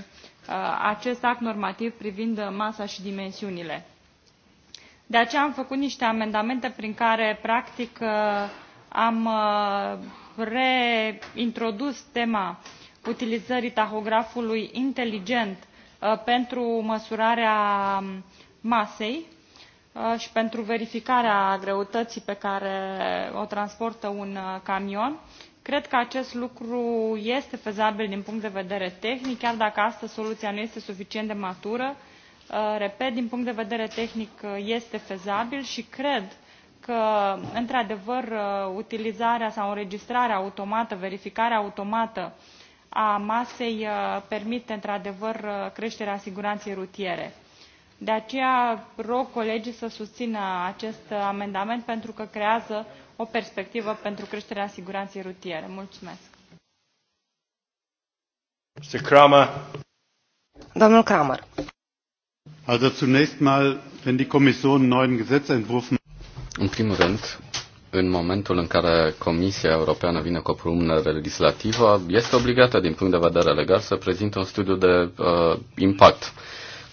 acest act normativ privind masa și dimensiunile. de aceea am făcut niște amendamente prin care practic am reintrodus tema utilizării tahografului inteligent pentru măsurarea masei Uh, și pentru verificarea greutății pe care o transportă un uh, camion. Cred că acest lucru este fezabil din punct de vedere tehnic, chiar dacă astăzi soluția nu este suficient de matură. Uh, repet, din punct de vedere tehnic este fezabil și cred că, într-adevăr, utilizarea sau înregistrarea automată, verificarea automată a masei permite, într-adevăr, creșterea siguranței rutiere de aceea rog colegii să susțină acest amendament pentru că creează o perspectivă pentru creșterea siguranței rutiere. Mulțumesc. Domnul Kramer. Also zunächst mal, wenn die Kommission einen neuen Gesetzentwurf În primul rând, în momentul în care Comisia Europeană vine cu o propunere legislativă, este obligată din punct de vedere legal să prezinte un studiu de uh, impact. Uh,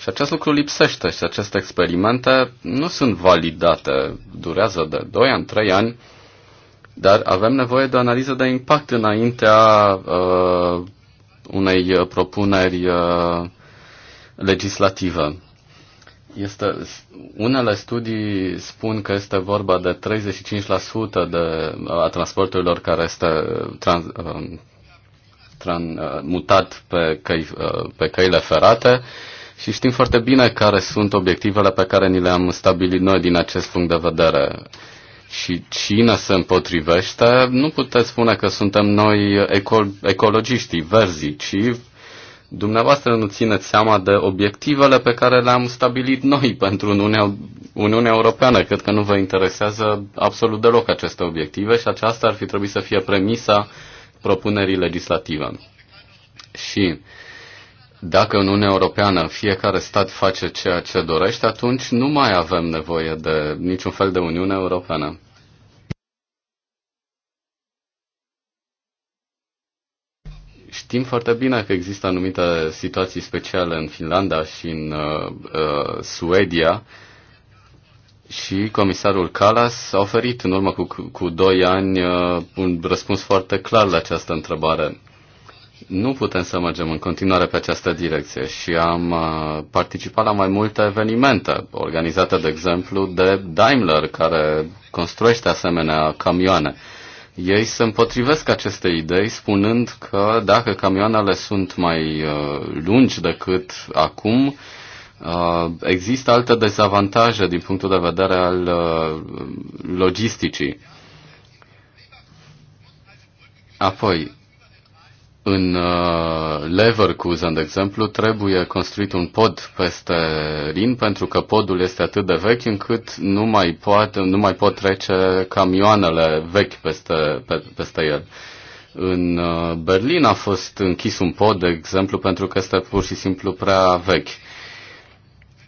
și acest lucru lipsește și aceste experimente nu sunt validate, durează de 2 ani, 3 ani, dar avem nevoie de o analiză de impact înaintea uh, unei uh, propuneri uh, legislative. Este, unele studii spun că este vorba de 35% de, uh, a transporturilor care este uh, trans, uh, tran, uh, mutat pe, căi, uh, pe căile ferate. Uh, și știm foarte bine care sunt obiectivele pe care ni le-am stabilit noi din acest punct de vedere. Și cine se împotrivește, nu puteți spune că suntem noi eco- ecologiștii, verzi, ci dumneavoastră nu țineți seama de obiectivele pe care le-am stabilit noi [laughs] pentru Uniunea, Uniunea Europeană. Cred că nu vă interesează absolut deloc aceste obiective și aceasta ar fi trebuit să fie premisa propunerii legislative. Și dacă în Uniunea Europeană fiecare stat face ceea ce dorește, atunci nu mai avem nevoie de niciun fel de Uniune Europeană. Știm foarte bine că există anumite situații speciale în Finlanda și în uh, uh, Suedia și comisarul Calas a oferit în urmă cu, cu doi ani uh, un răspuns foarte clar la această întrebare. Nu putem să mergem în continuare pe această direcție și am uh, participat la mai multe evenimente organizate, de exemplu, de Daimler, care construiește asemenea camioane. Ei se împotrivesc acestei idei spunând că dacă camioanele sunt mai uh, lungi decât acum, uh, există alte dezavantaje din punctul de vedere al logisticii. Apoi, în uh, Leverkusen, de exemplu, trebuie construit un pod peste Rin pentru că podul este atât de vechi încât nu mai, poate, nu mai pot trece camioanele vechi peste, pe, peste el. În uh, Berlin a fost închis un pod, de exemplu, pentru că este pur și simplu prea vechi.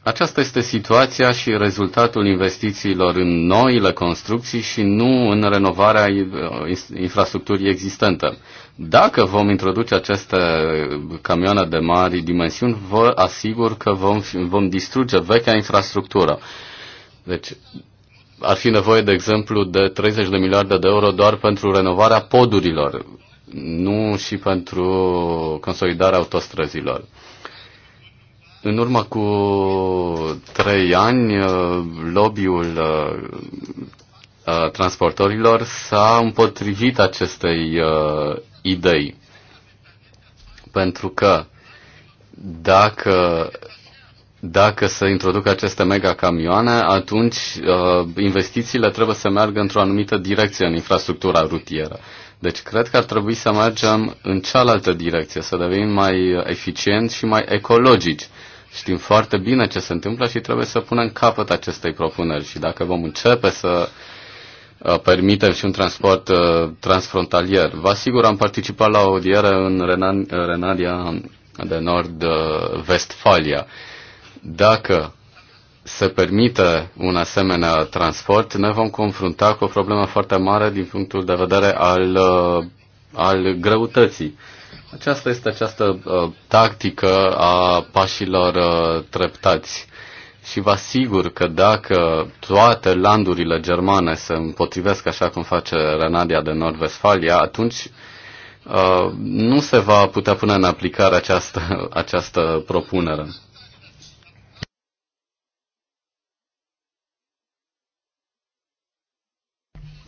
Aceasta este situația și rezultatul investițiilor în noile construcții și nu în renovarea uh, infrastructurii existente. Dacă vom introduce aceste camioane de mari dimensiuni, vă asigur că vom, vom distruge vechea infrastructură. Deci, ar fi nevoie, de exemplu, de 30 de miliarde de euro doar pentru renovarea podurilor, nu și pentru consolidarea autostrăzilor. În urmă cu trei ani, lobby-ul uh, uh, transportorilor s-a împotrivit acestei uh, idei. Pentru că dacă, dacă se introduc aceste mega camioane, atunci uh, investițiile trebuie să meargă într-o anumită direcție în infrastructura rutieră. Deci cred că ar trebui să mergem în cealaltă direcție, să devenim mai eficienți și mai ecologici. Știm foarte bine ce se întâmplă și trebuie să punem capăt acestei propuneri și dacă vom începe să Uh, permitem și un transport uh, transfrontalier. Vă asigur, am participat la o audieră în Renan, Renania de Nord-Vestfalia. Uh, Dacă se permite un asemenea transport, ne vom confrunta cu o problemă foarte mare din punctul de vedere al, al greutății. Aceasta este această uh, tactică a pașilor uh, treptați și vă asigur că dacă toate landurile germane se împotrivesc așa cum face Renadia de Nord-Vestfalia, atunci uh, nu se va putea pune în aplicare această, [laughs] această propunere.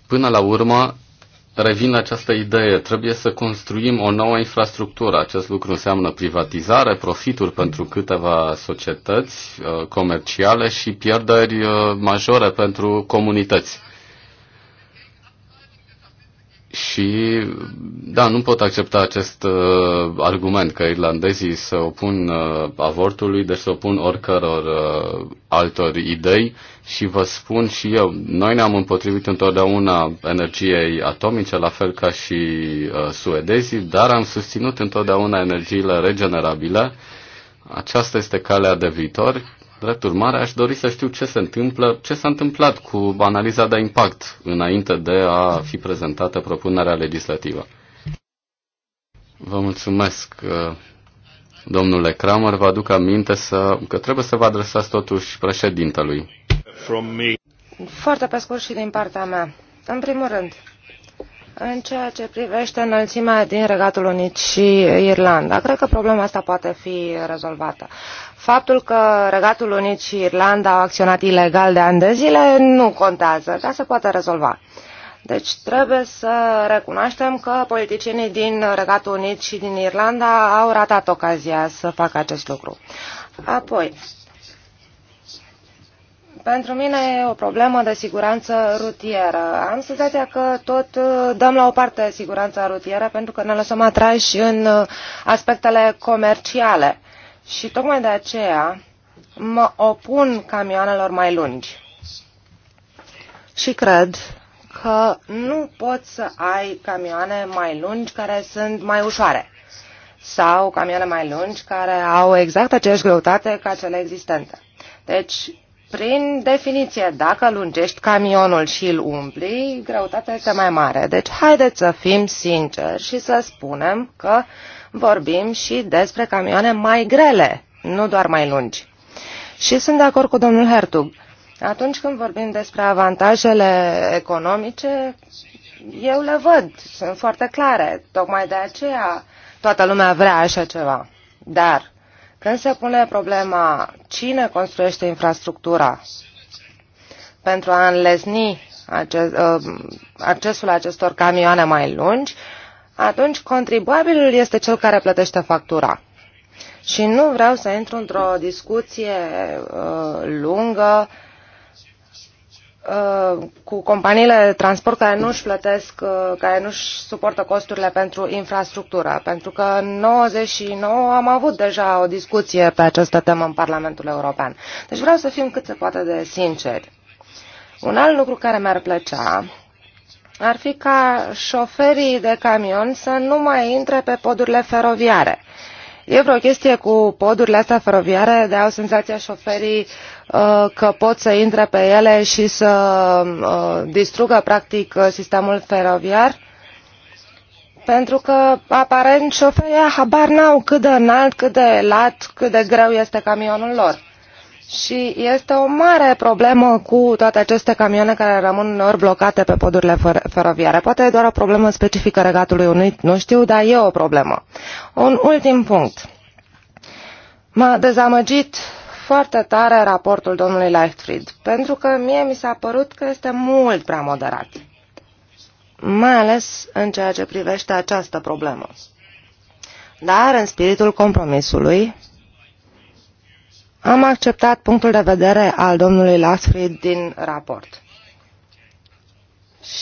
Până la urmă, revin această idee. Trebuie să construim o nouă infrastructură. Acest lucru înseamnă privatizare, profituri pentru câteva societăți uh, comerciale și pierderi uh, majore pentru comunități. Și, da, nu pot accepta acest uh, argument că irlandezii se opun uh, avortului, deci se opun oricăror uh, altor idei și vă spun și eu, noi ne-am împotrivit întotdeauna energiei atomice, la fel ca și uh, suedezii, dar am susținut întotdeauna energiile regenerabile. Aceasta este calea de viitor Drept urmare, aș dori să știu ce se întâmplă, ce s-a întâmplat cu analiza de impact înainte de a fi prezentată propunerea legislativă. Vă mulțumesc, uh, domnule Kramer. Vă aduc aminte să, că trebuie să vă adresați totuși președintelui. Foarte pe scurt și din partea mea. În primul rând, în ceea ce privește înălțimea din Regatul Unit și Irlanda, cred că problema asta poate fi rezolvată. Faptul că Regatul Unit și Irlanda au acționat ilegal de ani de zile nu contează, dar se poate rezolva. Deci trebuie să recunoaștem că politicienii din Regatul Unit și din Irlanda au ratat ocazia să facă acest lucru. Apoi, pentru mine e o problemă de siguranță rutieră. Am senzația că tot uh, dăm la o parte siguranța rutieră pentru că ne lăsăm atrași în uh, aspectele comerciale. Și tocmai de aceea mă opun camioanelor mai lungi. Și cred că nu poți să ai camioane mai lungi care sunt mai ușoare sau camioane mai lungi care au exact aceeași greutate ca cele existente. Deci, prin definiție, dacă lungești camionul și îl umpli, greutatea este mai mare. Deci haideți să fim sinceri și să spunem că vorbim și despre camioane mai grele, nu doar mai lungi. Și sunt de acord cu domnul Hertug. Atunci când vorbim despre avantajele economice, eu le văd, sunt foarte clare. Tocmai de aceea toată lumea vrea așa ceva. Dar când se pune problema cine construiește infrastructura pentru a înlesni acest, ă, accesul acestor camioane mai lungi, atunci contribuabilul este cel care plătește factura. Și nu vreau să intru într-o discuție uh, lungă uh, Uh, cu companiile de transport care nu își plătesc, uh, care nu își suportă costurile pentru infrastructură. Pentru că în 99 am avut deja o discuție pe această temă în Parlamentul European. Deci vreau să fim cât se poate de sinceri. Un alt lucru care mi-ar plăcea ar fi ca șoferii de camion să nu mai intre pe podurile feroviare. E vreo chestie cu podurile astea feroviare, de au senzația șoferii uh, Uh, că pot să intre pe ele și să uh, distrugă practic uh, sistemul feroviar? Pentru că aparent șoferii habar n-au cât de înalt, cât de lat, cât de greu este camionul lor. Și este o mare problemă cu toate aceste camioane care rămân uneori blocate pe podurile feroviare. Poate e doar o problemă specifică Regatului Unit, nu știu, dar e o problemă. Un ultim punct. M-a dezamăgit foarte tare raportul domnului Lightfried, pentru că mie mi s-a părut că este mult prea moderat, mai ales în ceea ce privește această problemă. Dar, în spiritul compromisului, am acceptat punctul de vedere al domnului Lightfried din raport.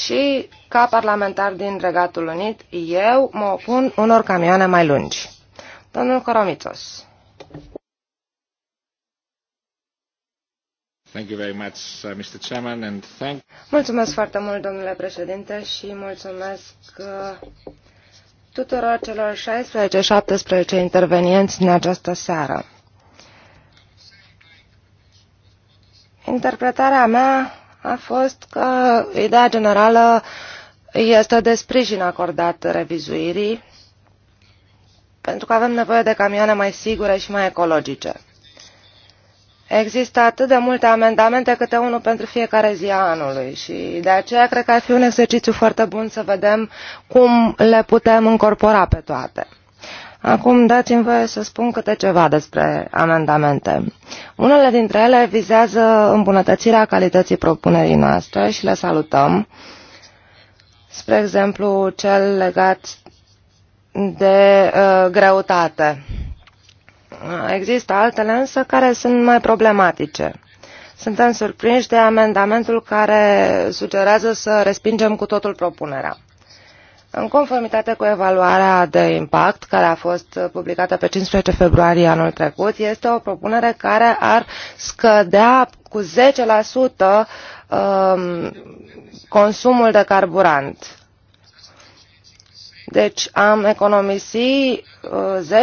Și, ca parlamentar din Regatul Unit, eu mă opun unor camioane mai lungi. Domnul Coromitos. Thank you very much, uh, Mr. Chairman, and thank... Mulțumesc foarte mult, domnule președinte, și mulțumesc uh, tuturor celor 16-17 intervenienți în această seară. Interpretarea mea a fost că ideea generală este de sprijin acordat revizuirii, pentru că avem nevoie de camioane mai sigure și mai ecologice. Există atât de multe amendamente câte unul pentru fiecare zi a anului și de aceea cred că ar fi un exercițiu foarte bun să vedem cum le putem încorpora pe toate. Acum dați-mi voie să spun câte ceva despre amendamente. Unele dintre ele vizează îmbunătățirea calității propunerii noastre și le salutăm. Spre exemplu, cel legat de uh, greutate. Există altele însă care sunt mai problematice. Suntem surprinși de amendamentul care sugerează să respingem cu totul propunerea. În conformitate cu evaluarea de impact care a fost publicată pe 15 februarie anul trecut, este o propunere care ar scădea cu 10% um, consumul de carburant deci am economisit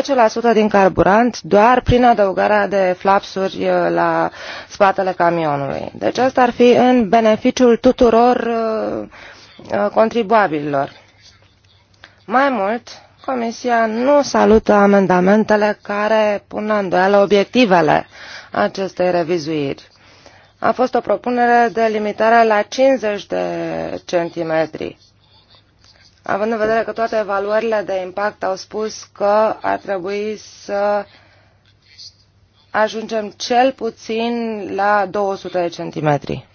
uh, 10% din carburant doar prin adăugarea de flapsuri uh, la spatele camionului. Deci asta ar fi în beneficiul tuturor uh, contribuabililor. Mai mult, Comisia nu salută amendamentele care pun la îndoială obiectivele acestei revizuiri. A fost o propunere de limitare la 50 de centimetri având în vedere că toate evaluările de impact au spus că ar trebui să ajungem cel puțin la 200 de centimetri.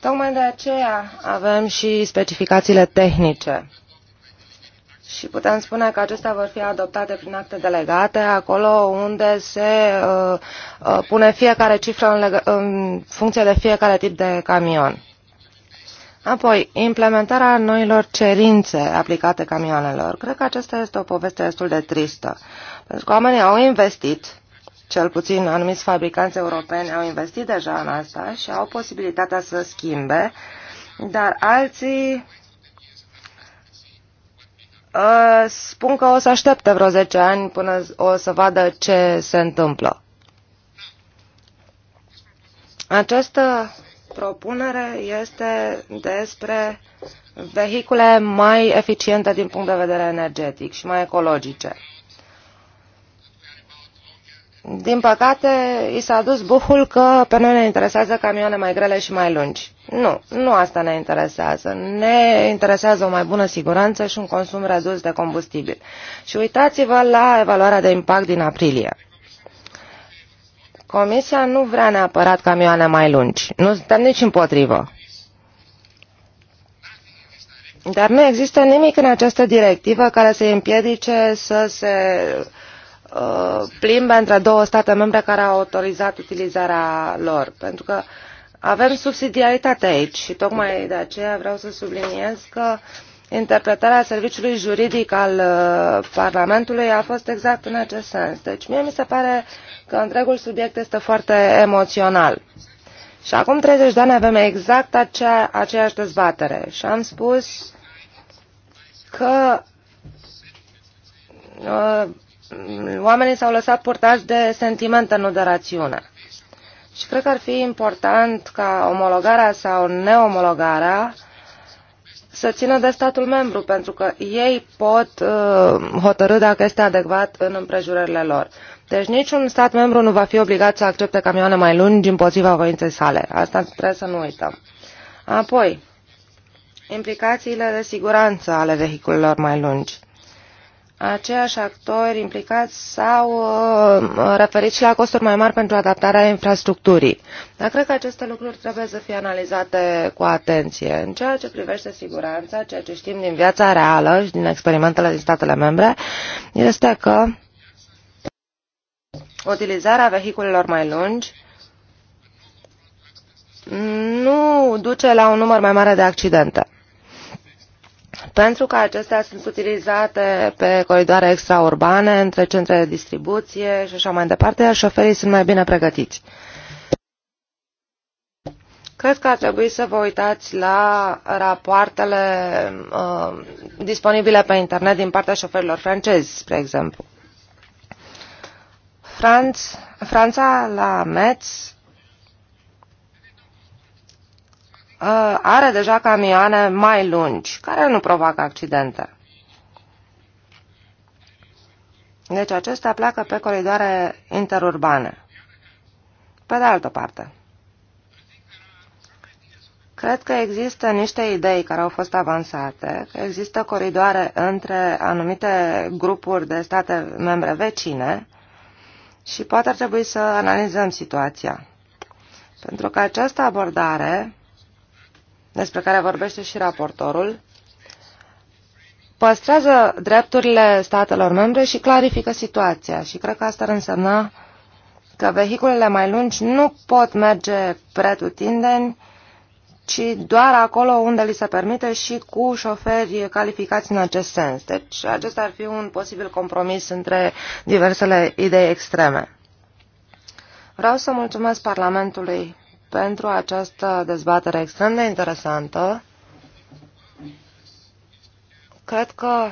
Tocmai de aceea avem și specificațiile tehnice. Și putem spune că acestea vor fi adoptate prin acte delegate, acolo unde se uh, uh, pune fiecare cifră în, în funcție de fiecare tip de camion. Apoi, implementarea noilor cerințe aplicate camioanelor. Cred că aceasta este o poveste destul de tristă, pentru că oamenii au investit, cel puțin anumiți fabricanți europeni au investit deja în asta și au posibilitatea să schimbe, dar alții uh, spun că o să aștepte vreo 10 ani până o să vadă ce se întâmplă. Această propunere este despre vehicule mai eficiente din punct de vedere energetic și mai ecologice. Din păcate, i s-a dus buhul că pe noi ne interesează camioane mai grele și mai lungi. Nu, nu asta ne interesează. Ne interesează o mai bună siguranță și un consum redus de combustibil. Și uitați-vă la evaluarea de impact din aprilie. Comisia nu vrea neapărat camioane mai lungi. Nu suntem nici împotrivă. Dar nu există nimic în această directivă care să împiedice să se uh, plimbe între două state membre care au autorizat utilizarea lor. Pentru că avem subsidiaritate aici și tocmai de aceea vreau să subliniez că uh, interpretarea serviciului juridic al uh, Parlamentului a fost exact în acest sens. Deci mie mi se pare că întregul subiect este foarte emoțional. Și acum 30 de ani avem exact acea, aceeași dezbatere și am spus că uh, oamenii s-au lăsat purtați de sentimente, nu de rațiune. Și cred că ar fi important ca omologarea sau neomologarea uh, să țină de statul membru, pentru că ei pot uh, hotărâ dacă este adecvat în împrejurările lor. Deci niciun stat membru nu va fi obligat să accepte camioane mai lungi împotriva voinței sale. Asta trebuie să nu uităm. Apoi, implicațiile de siguranță ale vehiculelor mai lungi aceiași actori implicați s-au uh, referit și la costuri mai mari pentru adaptarea infrastructurii. Dar cred că aceste lucruri trebuie să fie analizate cu atenție. În ceea ce privește siguranța, ceea ce știm din viața reală și din experimentele din statele membre, este că utilizarea vehiculelor mai lungi nu duce la un număr mai mare de accidente pentru că acestea sunt utilizate pe coridoare extraurbane, între centre de distribuție și așa mai departe, iar șoferii sunt mai bine pregătiți. Cred că ar trebui să vă uitați la rapoartele uh, disponibile pe internet din partea șoferilor francezi, spre exemplu. Franț, Franța, la Metz, Uh, are deja camioane mai lungi, care nu provoacă accidente. Deci acestea pleacă pe coridoare interurbane. Pe de altă parte, cred că există niște idei care au fost avansate, că există coridoare între anumite grupuri de state membre vecine și poate ar trebui să analizăm situația. Pentru că această abordare despre care vorbește și raportorul, păstrează drepturile statelor membre și clarifică situația. Și cred că asta ar însemna că vehiculele mai lungi nu pot merge pretutindeni, ci doar acolo unde li se permite și cu șoferi calificați în acest sens. Deci acesta ar fi un posibil compromis între diversele idei extreme. Vreau să mulțumesc Parlamentului pentru această dezbatere extrem de interesantă. Cred că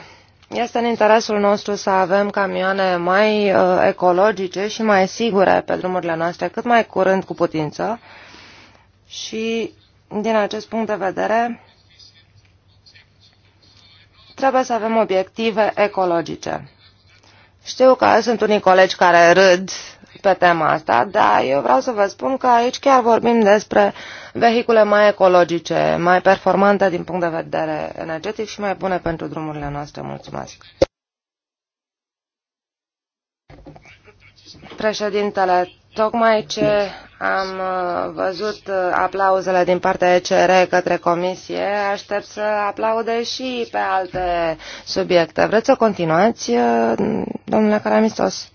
este în interesul nostru să avem camioane mai uh, ecologice și mai sigure pe drumurile noastre cât mai curând cu putință și din acest punct de vedere trebuie să avem obiective ecologice. Știu că sunt unii colegi care râd pe tema asta, dar eu vreau să vă spun că aici chiar vorbim despre vehicule mai ecologice, mai performante din punct de vedere energetic și mai bune pentru drumurile noastre. Mulțumesc! Președintele, tocmai ce am uh, văzut uh, aplauzele din partea ECR către comisie, aștept să aplaude și pe alte subiecte. Vreți să continuați, uh, domnule Caramistos?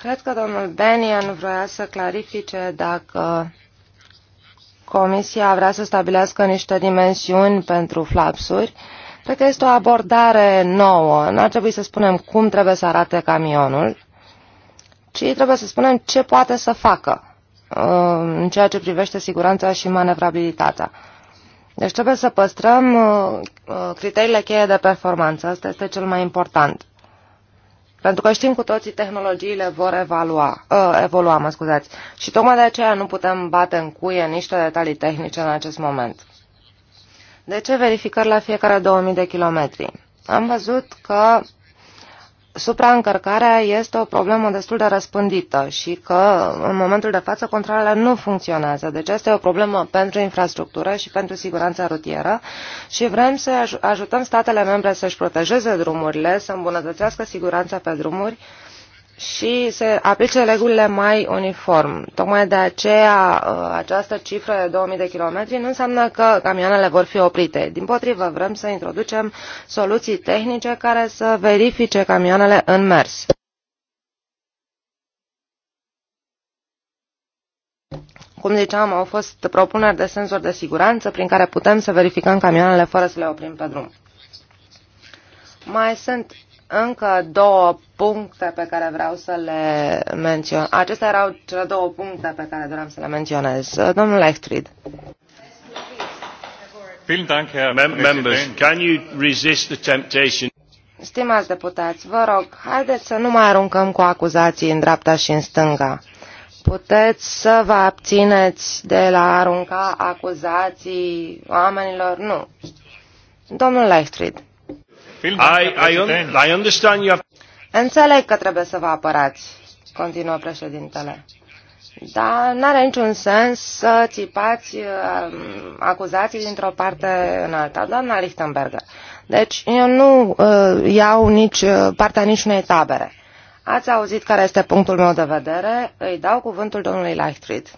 Cred că domnul Benian vrea să clarifice dacă Comisia vrea să stabilească niște dimensiuni pentru flapsuri. Cred că este o abordare nouă. Nu ar trebui să spunem cum trebuie să arate camionul, ci trebuie să spunem ce poate să facă uh, în ceea ce privește siguranța și manevrabilitatea. Deci trebuie să păstrăm uh, criteriile cheie de performanță. Asta este cel mai important. Pentru că știm cu toții tehnologiile vor evalua, uh, evolua, mă scuzați. Și tocmai de aceea nu putem bate în cuie niște detalii tehnice în acest moment. De ce verificări la fiecare 2000 de kilometri? Am văzut că supraîncărcarea este o problemă destul de răspândită și că în momentul de față controlele nu funcționează. Deci asta e o problemă pentru infrastructură și pentru siguranța rutieră și vrem să ajutăm statele membre să-și protejeze drumurile, să îmbunătățească siguranța pe drumuri, și se aplice regulile mai uniform. Tocmai de aceea uh, această cifră de 2000 de kilometri nu înseamnă că camioanele vor fi oprite. Din potrivă, vrem să introducem soluții tehnice care să verifice camioanele în mers. Cum ziceam, au fost propuneri de senzori de siguranță prin care putem să verificăm camioanele fără să le oprim pe drum. Mai sunt încă două puncte pe care vreau să le menționez. Acestea erau cele două puncte pe care doream să le menționez. Domnul Lechtrid. Members, can you resist the temptation? Stimați deputați, vă rog, haideți să nu mai aruncăm cu acuzații în dreapta și în stânga. Puteți să vă abțineți de la arunca acuzații oamenilor? Nu. Domnul Lechtrid. I, I, I understand you have... Înțeleg că trebuie să vă apărați, continuă președintele. Dar nu are niciun sens să țipați um, acuzații dintr-o parte în alta. Doamna Lichtenberger, deci eu nu uh, iau nici uh, partea unei tabere. Ați auzit care este punctul meu de vedere. Îi dau cuvântul domnului Lightfried.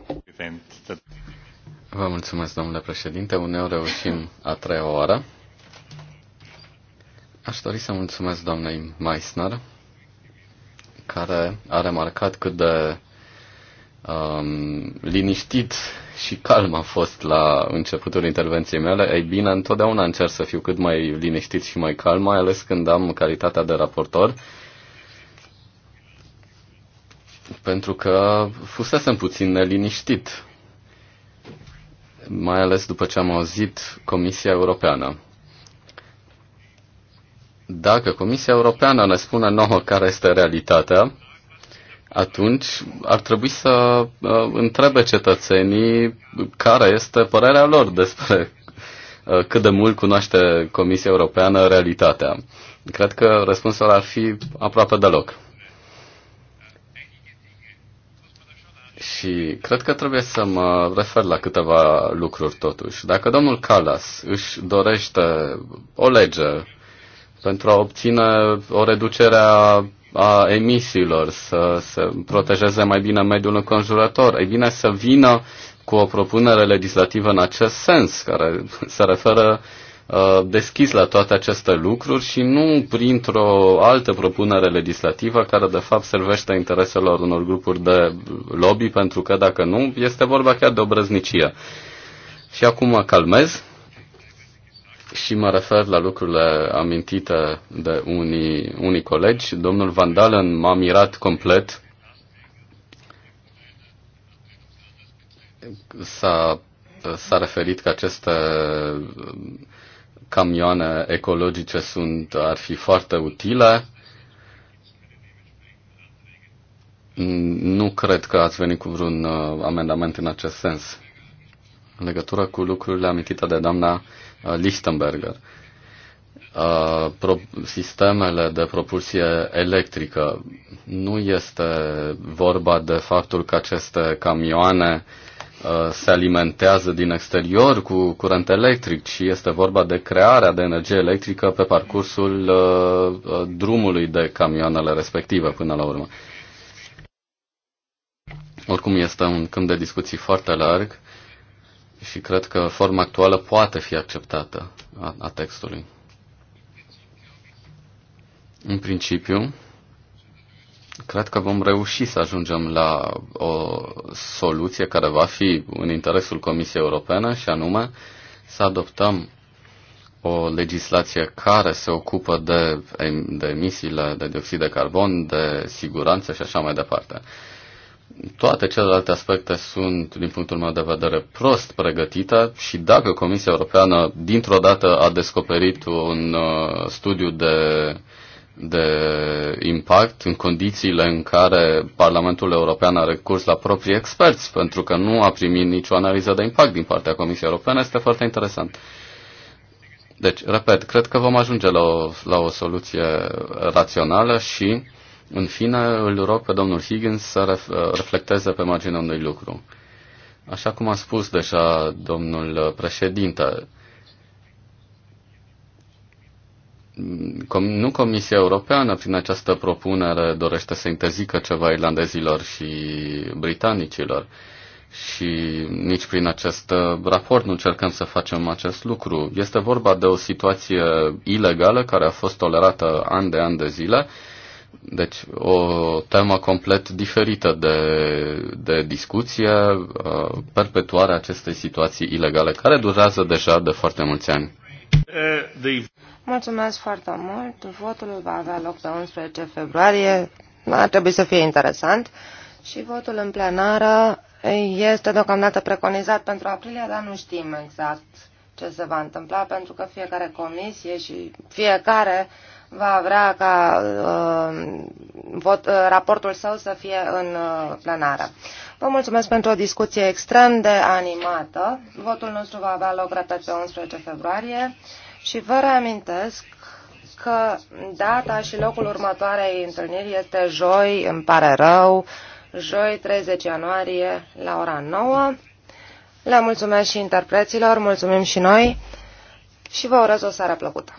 Vă mulțumesc, domnule președinte. Uneori reușim a treia oară. Aș dori să mulțumesc doamnei Meissner, care a remarcat cât de um, liniștit și calm a fost la începutul intervenției mele. Ei bine, întotdeauna încerc să fiu cât mai liniștit și mai calm, mai ales când am calitatea de raportor pentru că fusesem puțin neliniștit, mai ales după ce am auzit Comisia Europeană. Dacă Comisia Europeană ne spune nouă care este realitatea, atunci ar trebui să uh, întrebe cetățenii care este părerea lor despre uh, cât de mult cunoaște Comisia Europeană realitatea. Cred că răspunsul ar fi aproape deloc. Și cred că trebuie să mă refer la câteva lucruri totuși. Dacă domnul Calas își dorește o lege pentru a obține o reducere a, a emisiilor, să, să protejeze mai bine mediul înconjurător. Ei bine, să vină cu o propunere legislativă în acest sens, care se referă ă, deschis la toate aceste lucruri și nu printr-o altă propunere legislativă care de fapt servește intereselor unor grupuri de lobby, pentru că dacă nu, este vorba chiar de obrăznicie. Și acum mă calmez și mă refer la lucrurile amintite de unii, unii colegi. Domnul Van Dalen m-a mirat complet. S-a, s-a referit că aceste camioane ecologice sunt, ar fi foarte utile. Nu cred că ați venit cu vreun uh, amendament în acest sens. În legătură cu lucrurile amintite de doamna Uh, Lichtenberger. Uh, sistemele de propulsie electrică. Nu este vorba de faptul că aceste camioane uh, se alimentează din exterior cu curent electric, ci este vorba de crearea de energie electrică pe parcursul drumului de camioanele respective până la urmă. Oricum este un câmp de discuții foarte larg și cred că forma actuală poate fi acceptată a, a textului. În principiu, cred că vom reuși să ajungem la o soluție care va fi în interesul Comisiei Europene și anume să adoptăm o legislație care se ocupă de, de emisiile de dioxid de carbon, de siguranță și așa mai departe toate celelalte aspecte sunt, din punctul meu de vedere, prost pregătite și dacă Comisia Europeană dintr-o dată a descoperit un uh, studiu de, de impact în condițiile în care Parlamentul European a recurs la proprii experți, pentru că nu a primit nicio analiză de impact din partea Comisiei Europene, este foarte interesant. Deci, repet, cred că vom ajunge la o, la o soluție rațională și în fine, îl rog pe domnul Higgins să uh, reflecteze pe marginea unui lucru. Așa cum a spus deja domnul președinte, nu Comisia Europeană prin această propunere dorește să interzică ceva irlandezilor și britanicilor și nici prin acest raport nu încercăm să facem acest lucru. Este vorba de o situație ilegală care a fost tolerată an de an de zile deci o temă complet diferită de, de discuție, uh, perpetuarea acestei situații ilegale, care durează deja de foarte mulți ani. Mulțumesc foarte mult. Votul va avea loc pe 11 februarie. Ar trebui să fie interesant. Și votul în plenară este deocamdată preconizat pentru aprilie, dar nu știm exact ce se va întâmpla, pentru că fiecare comisie și fiecare va vrea ca uh, vot, uh, raportul său să fie în uh, plenară. Vă mulțumesc pentru o discuție extrem de animată. Votul nostru va avea loc ratat pe 11 februarie și vă reamintesc că data și locul următoarei întâlniri este joi, îmi pare rău, joi 30 ianuarie la ora 9. Le mulțumesc și interpreților, mulțumim și noi și vă urez o seară plăcută.